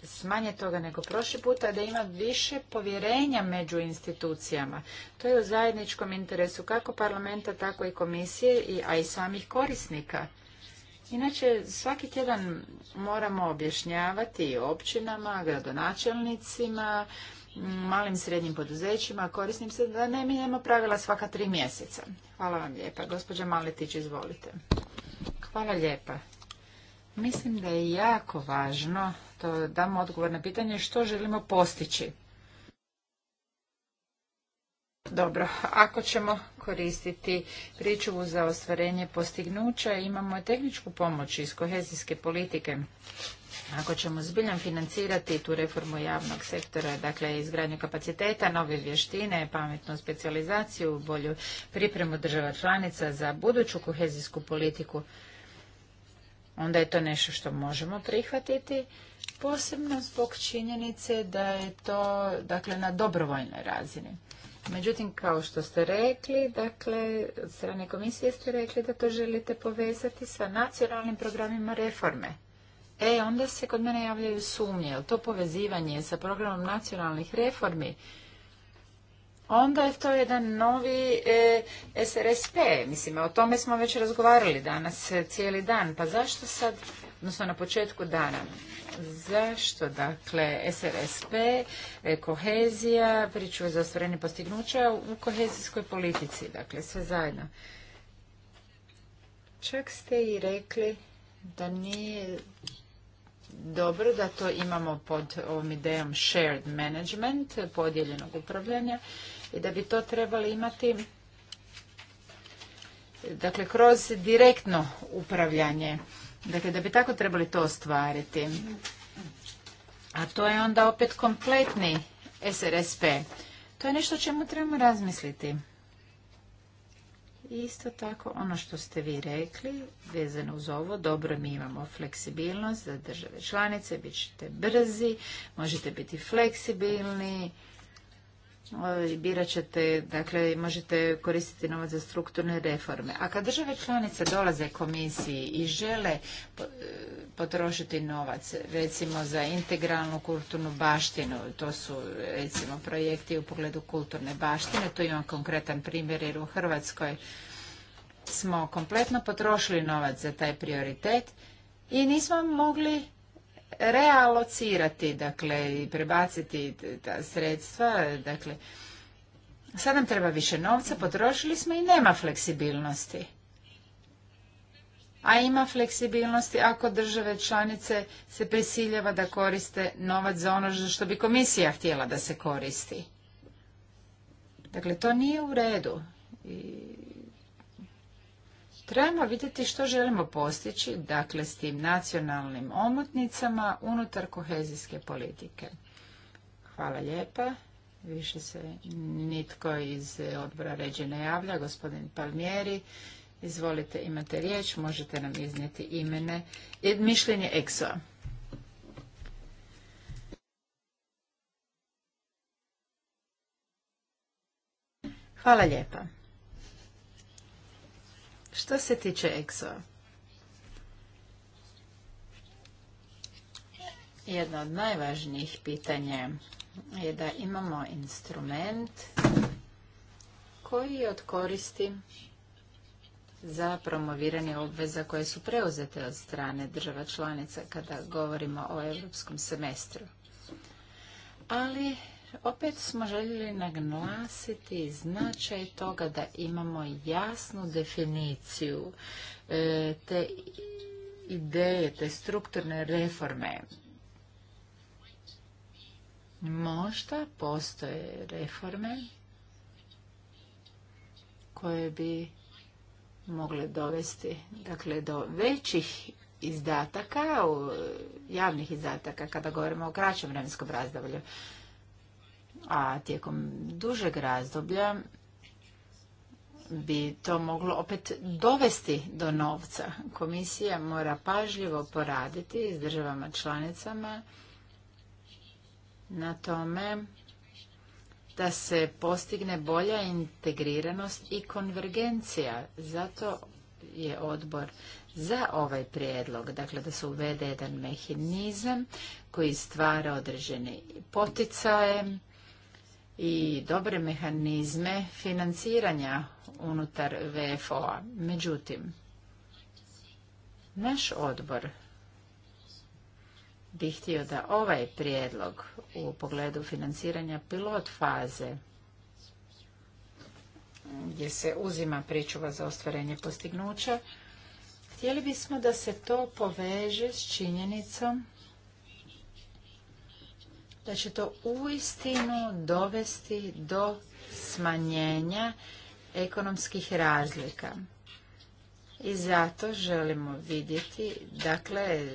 s manje toga nego prošli puta, da ima više povjerenja među institucijama. To je u zajedničkom interesu kako parlamenta, tako i komisije, a i samih korisnika. Inače, svaki tjedan moramo objašnjavati općinama, gradonačelnicima, malim srednjim poduzećima, korisnim se da ne mijenjamo pravila svaka tri mjeseca. Hvala vam lijepa. Gospođa Maletić, izvolite. Hvala lijepa. Mislim da je jako važno to damo odgovor na pitanje što želimo postići dobro, ako ćemo koristiti pričuvu za ostvarenje postignuća, imamo tehničku pomoć iz kohezijske politike. Ako ćemo zbiljno financirati tu reformu javnog sektora, dakle izgradnju kapaciteta, nove vještine, pametnu specijalizaciju, bolju pripremu država članica za buduću kohezijsku politiku, onda je to nešto što možemo prihvatiti, posebno zbog činjenice da je to dakle, na dobrovoljnoj razini. Međutim, kao što ste rekli, dakle, od strane komisije ste rekli da to želite povezati sa nacionalnim programima reforme. E, onda se kod mene javljaju sumnje, to povezivanje sa programom nacionalnih reformi, onda je to jedan novi e, SRSP. Mislim, o tome smo već razgovarali danas e, cijeli dan. Pa zašto sad odnosno na početku dana. Zašto? Dakle, SRSP, e, kohezija, priču za ostvarenje postignuća u kohezijskoj politici, dakle, sve zajedno. Čak ste i rekli da nije dobro da to imamo pod ovom idejom shared management, podijeljenog upravljanja i da bi to trebali imati dakle kroz direktno upravljanje Dakle, da bi tako trebali to ostvariti. A to je onda opet kompletni SRSP. To je nešto o čemu trebamo razmisliti. Isto tako, ono što ste vi rekli, vezano uz ovo, dobro, mi imamo fleksibilnost za države članice, bit ćete brzi, možete biti fleksibilni, E, birat ćete, dakle možete koristiti novac za strukturne reforme. A kad države članice dolaze komisiji i žele e, potrošiti novac, recimo za integralnu kulturnu baštinu, to su recimo projekti u pogledu kulturne baštine, tu imam konkretan primjer jer u Hrvatskoj smo kompletno potrošili novac za taj prioritet i nismo mogli realocirati, dakle, i prebaciti ta sredstva, dakle, sad nam treba više novca, potrošili smo i nema fleksibilnosti. A ima fleksibilnosti ako države članice se prisiljava da koriste novac za ono što bi komisija htjela da se koristi. Dakle, to nije u redu. I Trebamo vidjeti što želimo postići, dakle, s tim nacionalnim omotnicama unutar kohezijske politike. Hvala lijepa. Više se nitko iz odbora ređe ne javlja. Gospodin Palmieri, izvolite, imate riječ, možete nam iznijeti imene. Mišljenje EXO-a. Hvala lijepa. Što se tiče EXO, jedno od najvažnijih pitanja je da imamo instrument koji je od koristi za promoviranje obveza koje su preuzete od strane država članica kada govorimo o europskom semestru. Ali opet smo željeli naglasiti značaj toga da imamo jasnu definiciju e, te ideje, te strukturne reforme. Možda postoje reforme koje bi mogle dovesti dakle, do većih izdataka, javnih izdataka, kada govorimo o kraćem vremenskom razdoblju a tijekom dužeg razdoblja bi to moglo opet dovesti do novca. Komisija mora pažljivo poraditi s državama članicama na tome da se postigne bolja integriranost i konvergencija. Zato je odbor za ovaj prijedlog, dakle da se uvede jedan mehanizam koji stvara određene poticaje i dobre mehanizme financiranja unutar VFO-a. Međutim, naš odbor bi htio da ovaj prijedlog u pogledu financiranja pilot faze gdje se uzima pričuva za ostvarenje postignuća, htjeli bismo da se to poveže s činjenicom da će to uistinu dovesti do smanjenja ekonomskih razlika. I zato želimo vidjeti, dakle,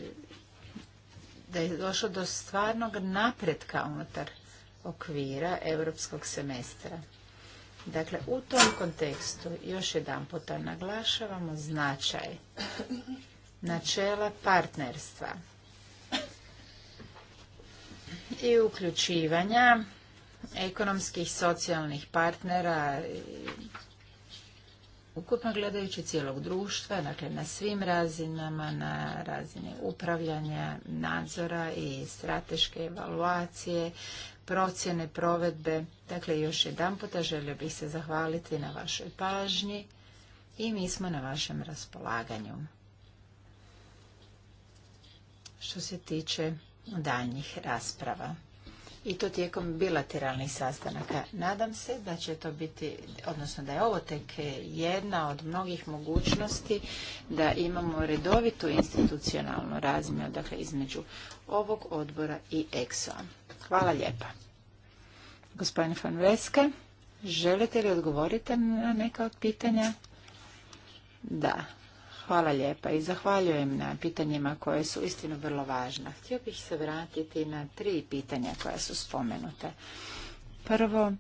da je došlo do stvarnog napretka unutar okvira europskog semestra. Dakle, u tom kontekstu još jedan puta naglašavamo značaj načela partnerstva i uključivanja ekonomskih, socijalnih partnera, ukupno gledajući cijelog društva, dakle na svim razinama, na razini upravljanja, nadzora i strateške evaluacije, procjene, provedbe. Dakle, još jedan puta želio bih se zahvaliti na vašoj pažnji i mi smo na vašem raspolaganju. Što se tiče daljnjih rasprava i to tijekom bilateralnih sastanaka. Nadam se da će to biti, odnosno da je ovo tek jedna od mnogih mogućnosti da imamo redovitu institucionalnu razmjenu, dakle između ovog odbora i EXO-a. Hvala lijepa. Gospodin Van Veske, želite li odgovoriti na neka od pitanja? Da. Hvala lijepa i zahvaljujem na pitanjima koje su istinu vrlo važna. Htio bih se vratiti na tri pitanja koja su spomenuta. Prvo,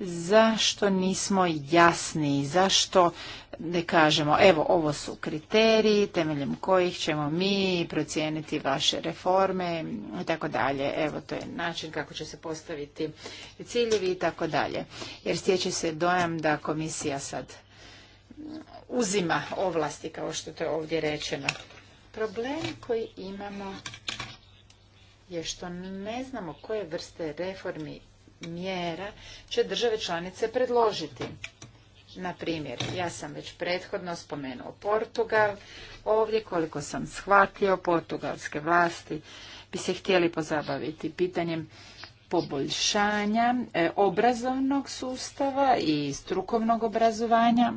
zašto nismo jasni, zašto ne kažemo evo ovo su kriteriji temeljem kojih ćemo mi procijeniti vaše reforme i tako dalje. Evo to je način kako će se postaviti ciljevi i tako dalje. Jer stječe se dojam da komisija sad uzima ovlasti, kao što to je ovdje rečeno. Problem koji imamo je što ne znamo koje vrste reformi mjera će države članice predložiti. Na primjer, ja sam već prethodno spomenuo Portugal. Ovdje, koliko sam shvatio, portugalske vlasti bi se htjeli pozabaviti pitanjem poboljšanja e, obrazovnog sustava i strukovnog obrazovanja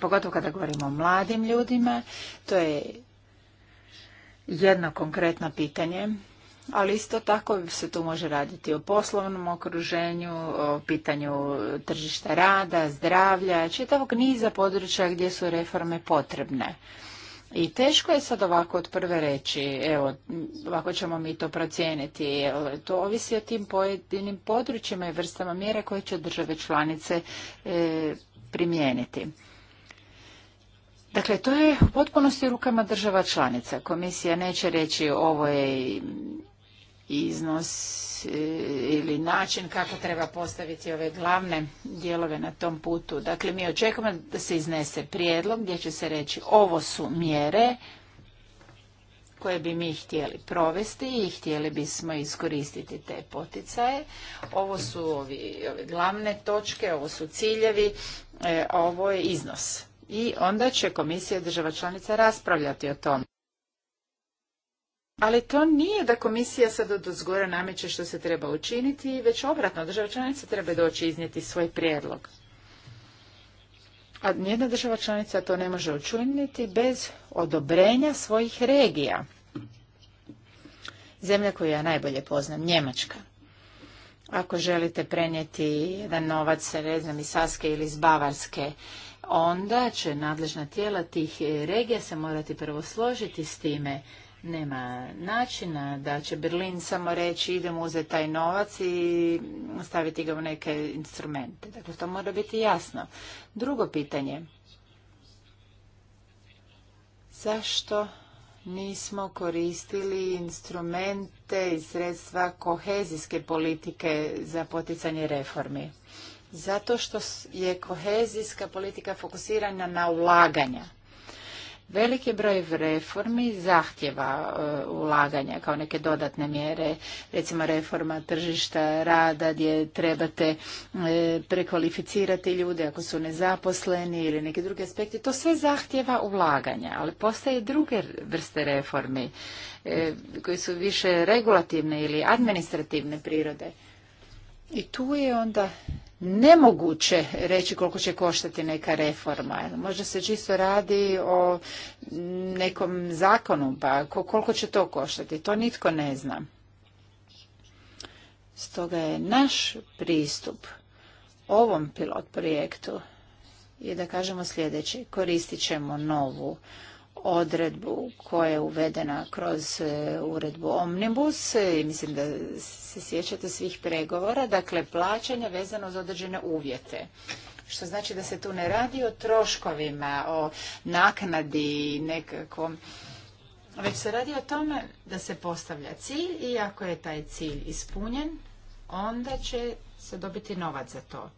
pogotovo kada govorimo o mladim ljudima, to je jedno konkretno pitanje, ali isto tako se tu može raditi o poslovnom okruženju, o pitanju tržišta rada, zdravlja, čitavog niza područja gdje su reforme potrebne. I teško je sad ovako od prve reći, evo, ovako ćemo mi to procijeniti, to ovisi o tim pojedinim područjima i vrstama mjera koje će države članice e, primijeniti. Dakle, to je u potpunosti rukama država članica. Komisija neće reći ovo je iznos e, ili način kako treba postaviti ove glavne dijelove na tom putu. Dakle, mi očekujemo da se iznese prijedlog gdje će se reći ovo su mjere koje bi mi htjeli provesti i htjeli bismo iskoristiti te poticaje. Ovo su ovi, ove glavne točke, ovo su ciljevi, e, ovo je iznos i onda će komisija država članica raspravljati o tom. Ali to nije da komisija sad od uzgora nameće što se treba učiniti, već obratno, država članica treba doći iznijeti svoj prijedlog. A nijedna država članica to ne može učiniti bez odobrenja svojih regija. Zemlja koju ja najbolje poznam, Njemačka. Ako želite prenijeti jedan novac, ne znam, iz Saske ili iz Bavarske, onda će nadležna tijela tih e, regija se morati prvo složiti s time. Nema načina da će Berlin samo reći idem uzeti taj novac i staviti ga u neke instrumente. Dakle, to mora biti jasno. Drugo pitanje. Zašto nismo koristili instrumente i sredstva kohezijske politike za poticanje reformi? Zato što je kohezijska politika fokusirana na ulaganja. Veliki broj reformi zahtjeva e, ulaganja kao neke dodatne mjere, recimo reforma tržišta rada gdje trebate e, prekvalificirati ljude ako su nezaposleni ili neki drugi aspekti. To sve zahtjeva ulaganja, ali postoje druge vrste reformi e, koje su više regulativne ili administrativne prirode. I tu je onda nemoguće reći koliko će koštati neka reforma. Možda se čisto radi o nekom zakonu, pa koliko će to koštati, to nitko ne zna. Stoga je naš pristup ovom pilot projektu je da kažemo sljedeće, koristit ćemo novu odredbu koja je uvedena kroz e, uredbu Omnibus e, i mislim da se sjećate svih pregovora, dakle plaćanja vezano za određene uvjete. Što znači da se tu ne radi o troškovima, o naknadi nekakvom, već se radi o tome da se postavlja cilj i ako je taj cilj ispunjen, onda će se dobiti novac za to.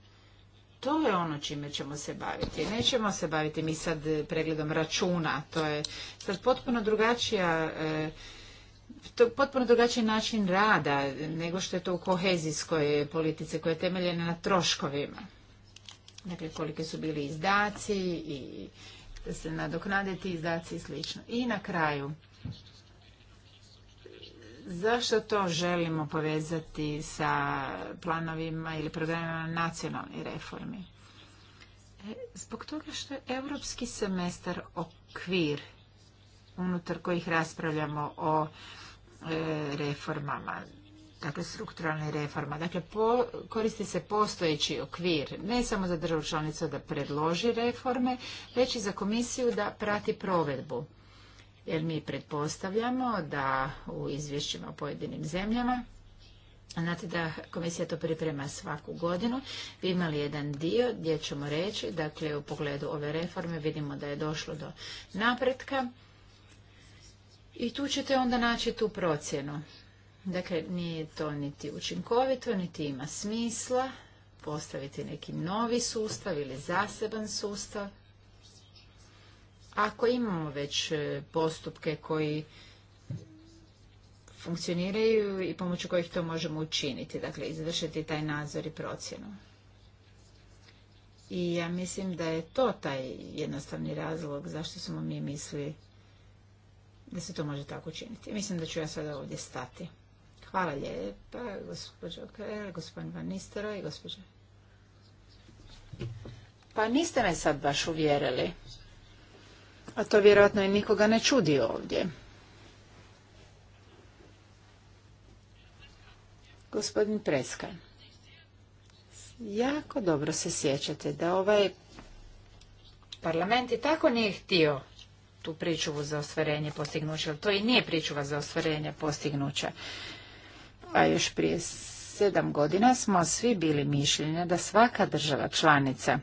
To je ono čime ćemo se baviti. Nećemo se baviti mi sad pregledom računa. To je sad potpuno drugačija e, potpuno drugačiji način rada nego što je to u kohezijskoj politici koja je temeljena na troškovima. Dakle, kolike su bili izdaci i da se nadoknade ti izdaci i slično. I na kraju, Zašto to želimo povezati sa planovima ili programima nacionalnih reformi? E, zbog toga što je europski semestar okvir unutar kojih raspravljamo o e, reformama, dakle strukturalne reforma. Dakle, koristi se postojeći okvir, ne samo za državu članicu da predloži reforme, već i za komisiju da prati provedbu jer mi pretpostavljamo da u izvješćima o pojedinim zemljama Znate da komisija to priprema svaku godinu. Vi imali jedan dio gdje ćemo reći, dakle u pogledu ove reforme vidimo da je došlo do napretka i tu ćete onda naći tu procjenu. Dakle, nije to niti učinkovito, niti ima smisla postaviti neki novi sustav ili zaseban sustav. Ako imamo već e, postupke koji funkcioniraju i pomoću kojih to možemo učiniti, dakle izvršiti taj nadzor i procjenu. I ja mislim da je to taj jednostavni razlog zašto smo mi mislili da se to može tako učiniti. Mislim da ću ja sada ovdje stati. Hvala lijepa, gospođo gospodine gospodin Van Nistero i gospođo... Pa niste me sad baš uvjerili. A to vjerojatno i nikoga ne čudi ovdje. Gospodin Preska, jako dobro se sjećate da ovaj parlament i tako nije htio tu pričuvu za ostvarenje postignuća, ali to i nije pričuva za ostvarenje postignuća. A još prije sedam godina smo svi bili mišljenja da svaka država članica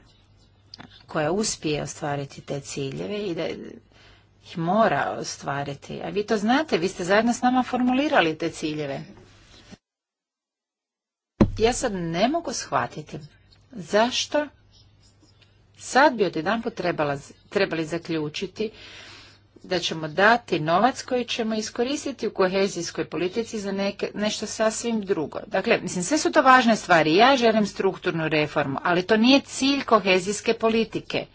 koja uspije ostvariti te ciljeve i da ih mora ostvariti. A vi to znate, vi ste zajedno s nama formulirali te ciljeve. Ja sad ne mogu shvatiti zašto sad bi od jedan trebali zaključiti da ćemo dati novac koji ćemo iskoristiti u kohezijskoj politici za nešto sasvim drugo. Dakle, mislim, sve su to važne stvari. Ja želim strukturnu reformu, ali to nije cilj kohezijske politike.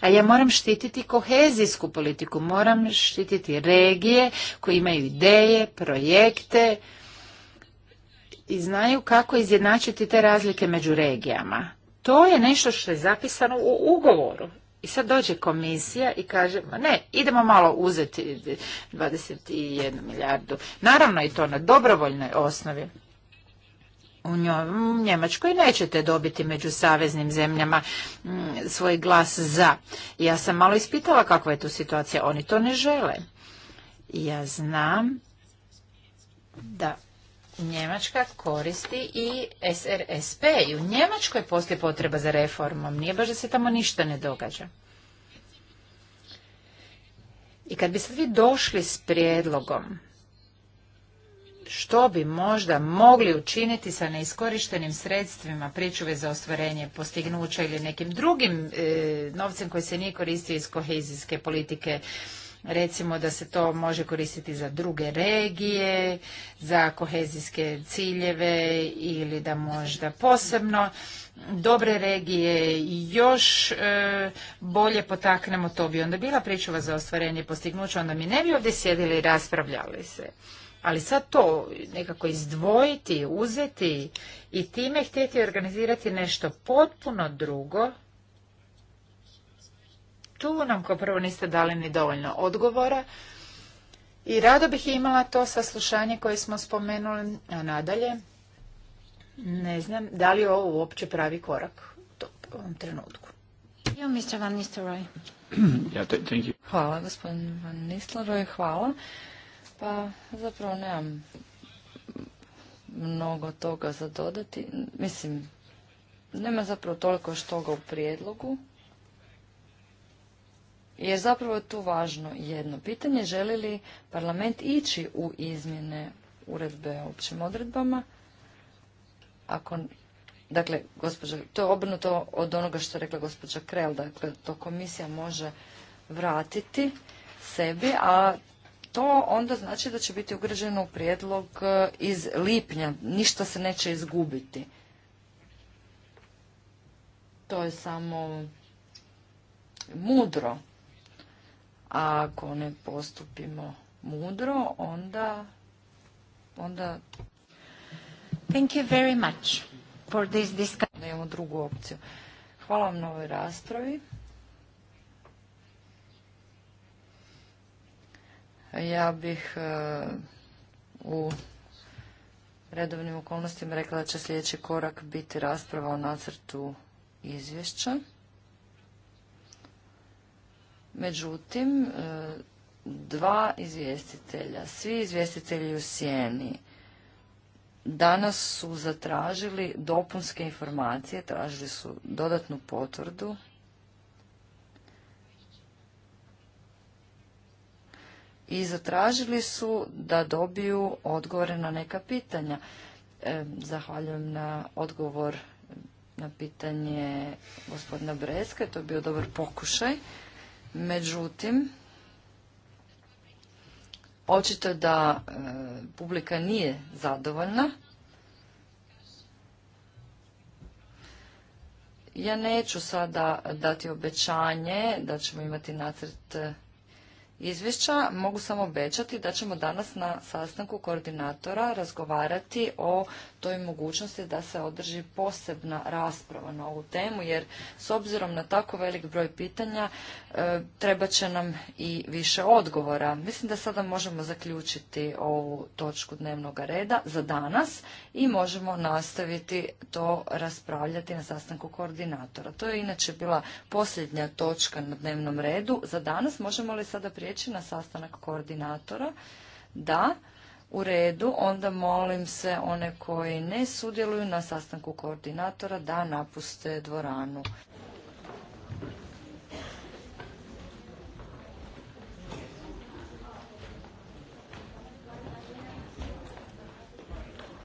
A ja moram štititi kohezijsku politiku, moram štititi regije koje imaju ideje, projekte i znaju kako izjednačiti te razlike među regijama. To je nešto što je zapisano u ugovoru. I sad dođe komisija i kaže, ne, idemo malo uzeti 21 milijardu. Naravno i to na dobrovoljnoj osnovi. U Njemačkoj nećete dobiti među saveznim zemljama mm, svoj glas za. Ja sam malo ispitala kakva je tu situacija. Oni to ne žele. Ja znam da Njemačka koristi i SRSP i u Njemačkoj postoji potreba za reformom. Nije baš da se tamo ništa ne događa. I kad biste vi došli s prijedlogom što bi možda mogli učiniti sa neiskorištenim sredstvima pričuve za ostvarenje postignuća ili nekim drugim e, novcem koji se nije koristio iz kohezijske politike Recimo da se to može koristiti za druge regije, za kohezijske ciljeve ili da možda posebno dobre regije još e, bolje potaknemo, to bi onda bila pričuva za ostvarenje postignuća, onda mi ne bi ovdje sjedili i raspravljali se. Ali sad to nekako izdvojiti, uzeti i time htjeti organizirati nešto potpuno drugo, tu nam kao prvo niste dali ni dovoljno odgovora i rado bih imala to saslušanje koje smo spomenuli, a nadalje ne znam da li je ovo uopće pravi korak u tom trenutku. <clears throat> Hvala gospodin Van Nistelrooy, hvala. Pa zapravo nemam mnogo toga za dodati. Mislim, nema zapravo toliko što ga u prijedlogu jer zapravo tu važno jedno pitanje. Želi li parlament ići u izmjene uredbe o općim odredbama? Ako, dakle, gospođa, to je obrnuto od onoga što je rekla gospođa Krel, dakle, to komisija može vratiti sebi, a to onda znači da će biti ugrađeno u prijedlog e, iz lipnja. Ništa se neće izgubiti. To je samo mudro a ako ne postupimo mudro, onda... onda... Thank you very much for this discussion. imamo drugu opciju. Hvala vam na ovoj raspravi. Ja bih e, u redovnim okolnostima rekla da će sljedeći korak biti rasprava o nacrtu izvješća. Međutim, e, dva izvjestitelja, svi izvjestitelji u sjeni, danas su zatražili dopunske informacije, tražili su dodatnu potvrdu. I zatražili su da dobiju odgovore na neka pitanja. E, zahvaljujem na odgovor na pitanje gospodina Breska, to je bio dobar pokušaj. Međutim, očito da e, publika nije zadovoljna. Ja neću sada dati obećanje da ćemo imati nacrt e, izvješća. Mogu samo obećati da ćemo danas na sastanku koordinatora razgovarati o toj mogućnosti da se održi posebna rasprava na ovu temu, jer s obzirom na tako velik broj pitanja e, treba će nam i više odgovora. Mislim da sada možemo zaključiti ovu točku dnevnog reda za danas i možemo nastaviti to raspravljati na sastanku koordinatora. To je inače bila posljednja točka na dnevnom redu. Za danas možemo li sada prijeći na sastanak koordinatora? Da. U redu, onda molim se one koji ne sudjeluju na sastanku koordinatora da napuste dvoranu.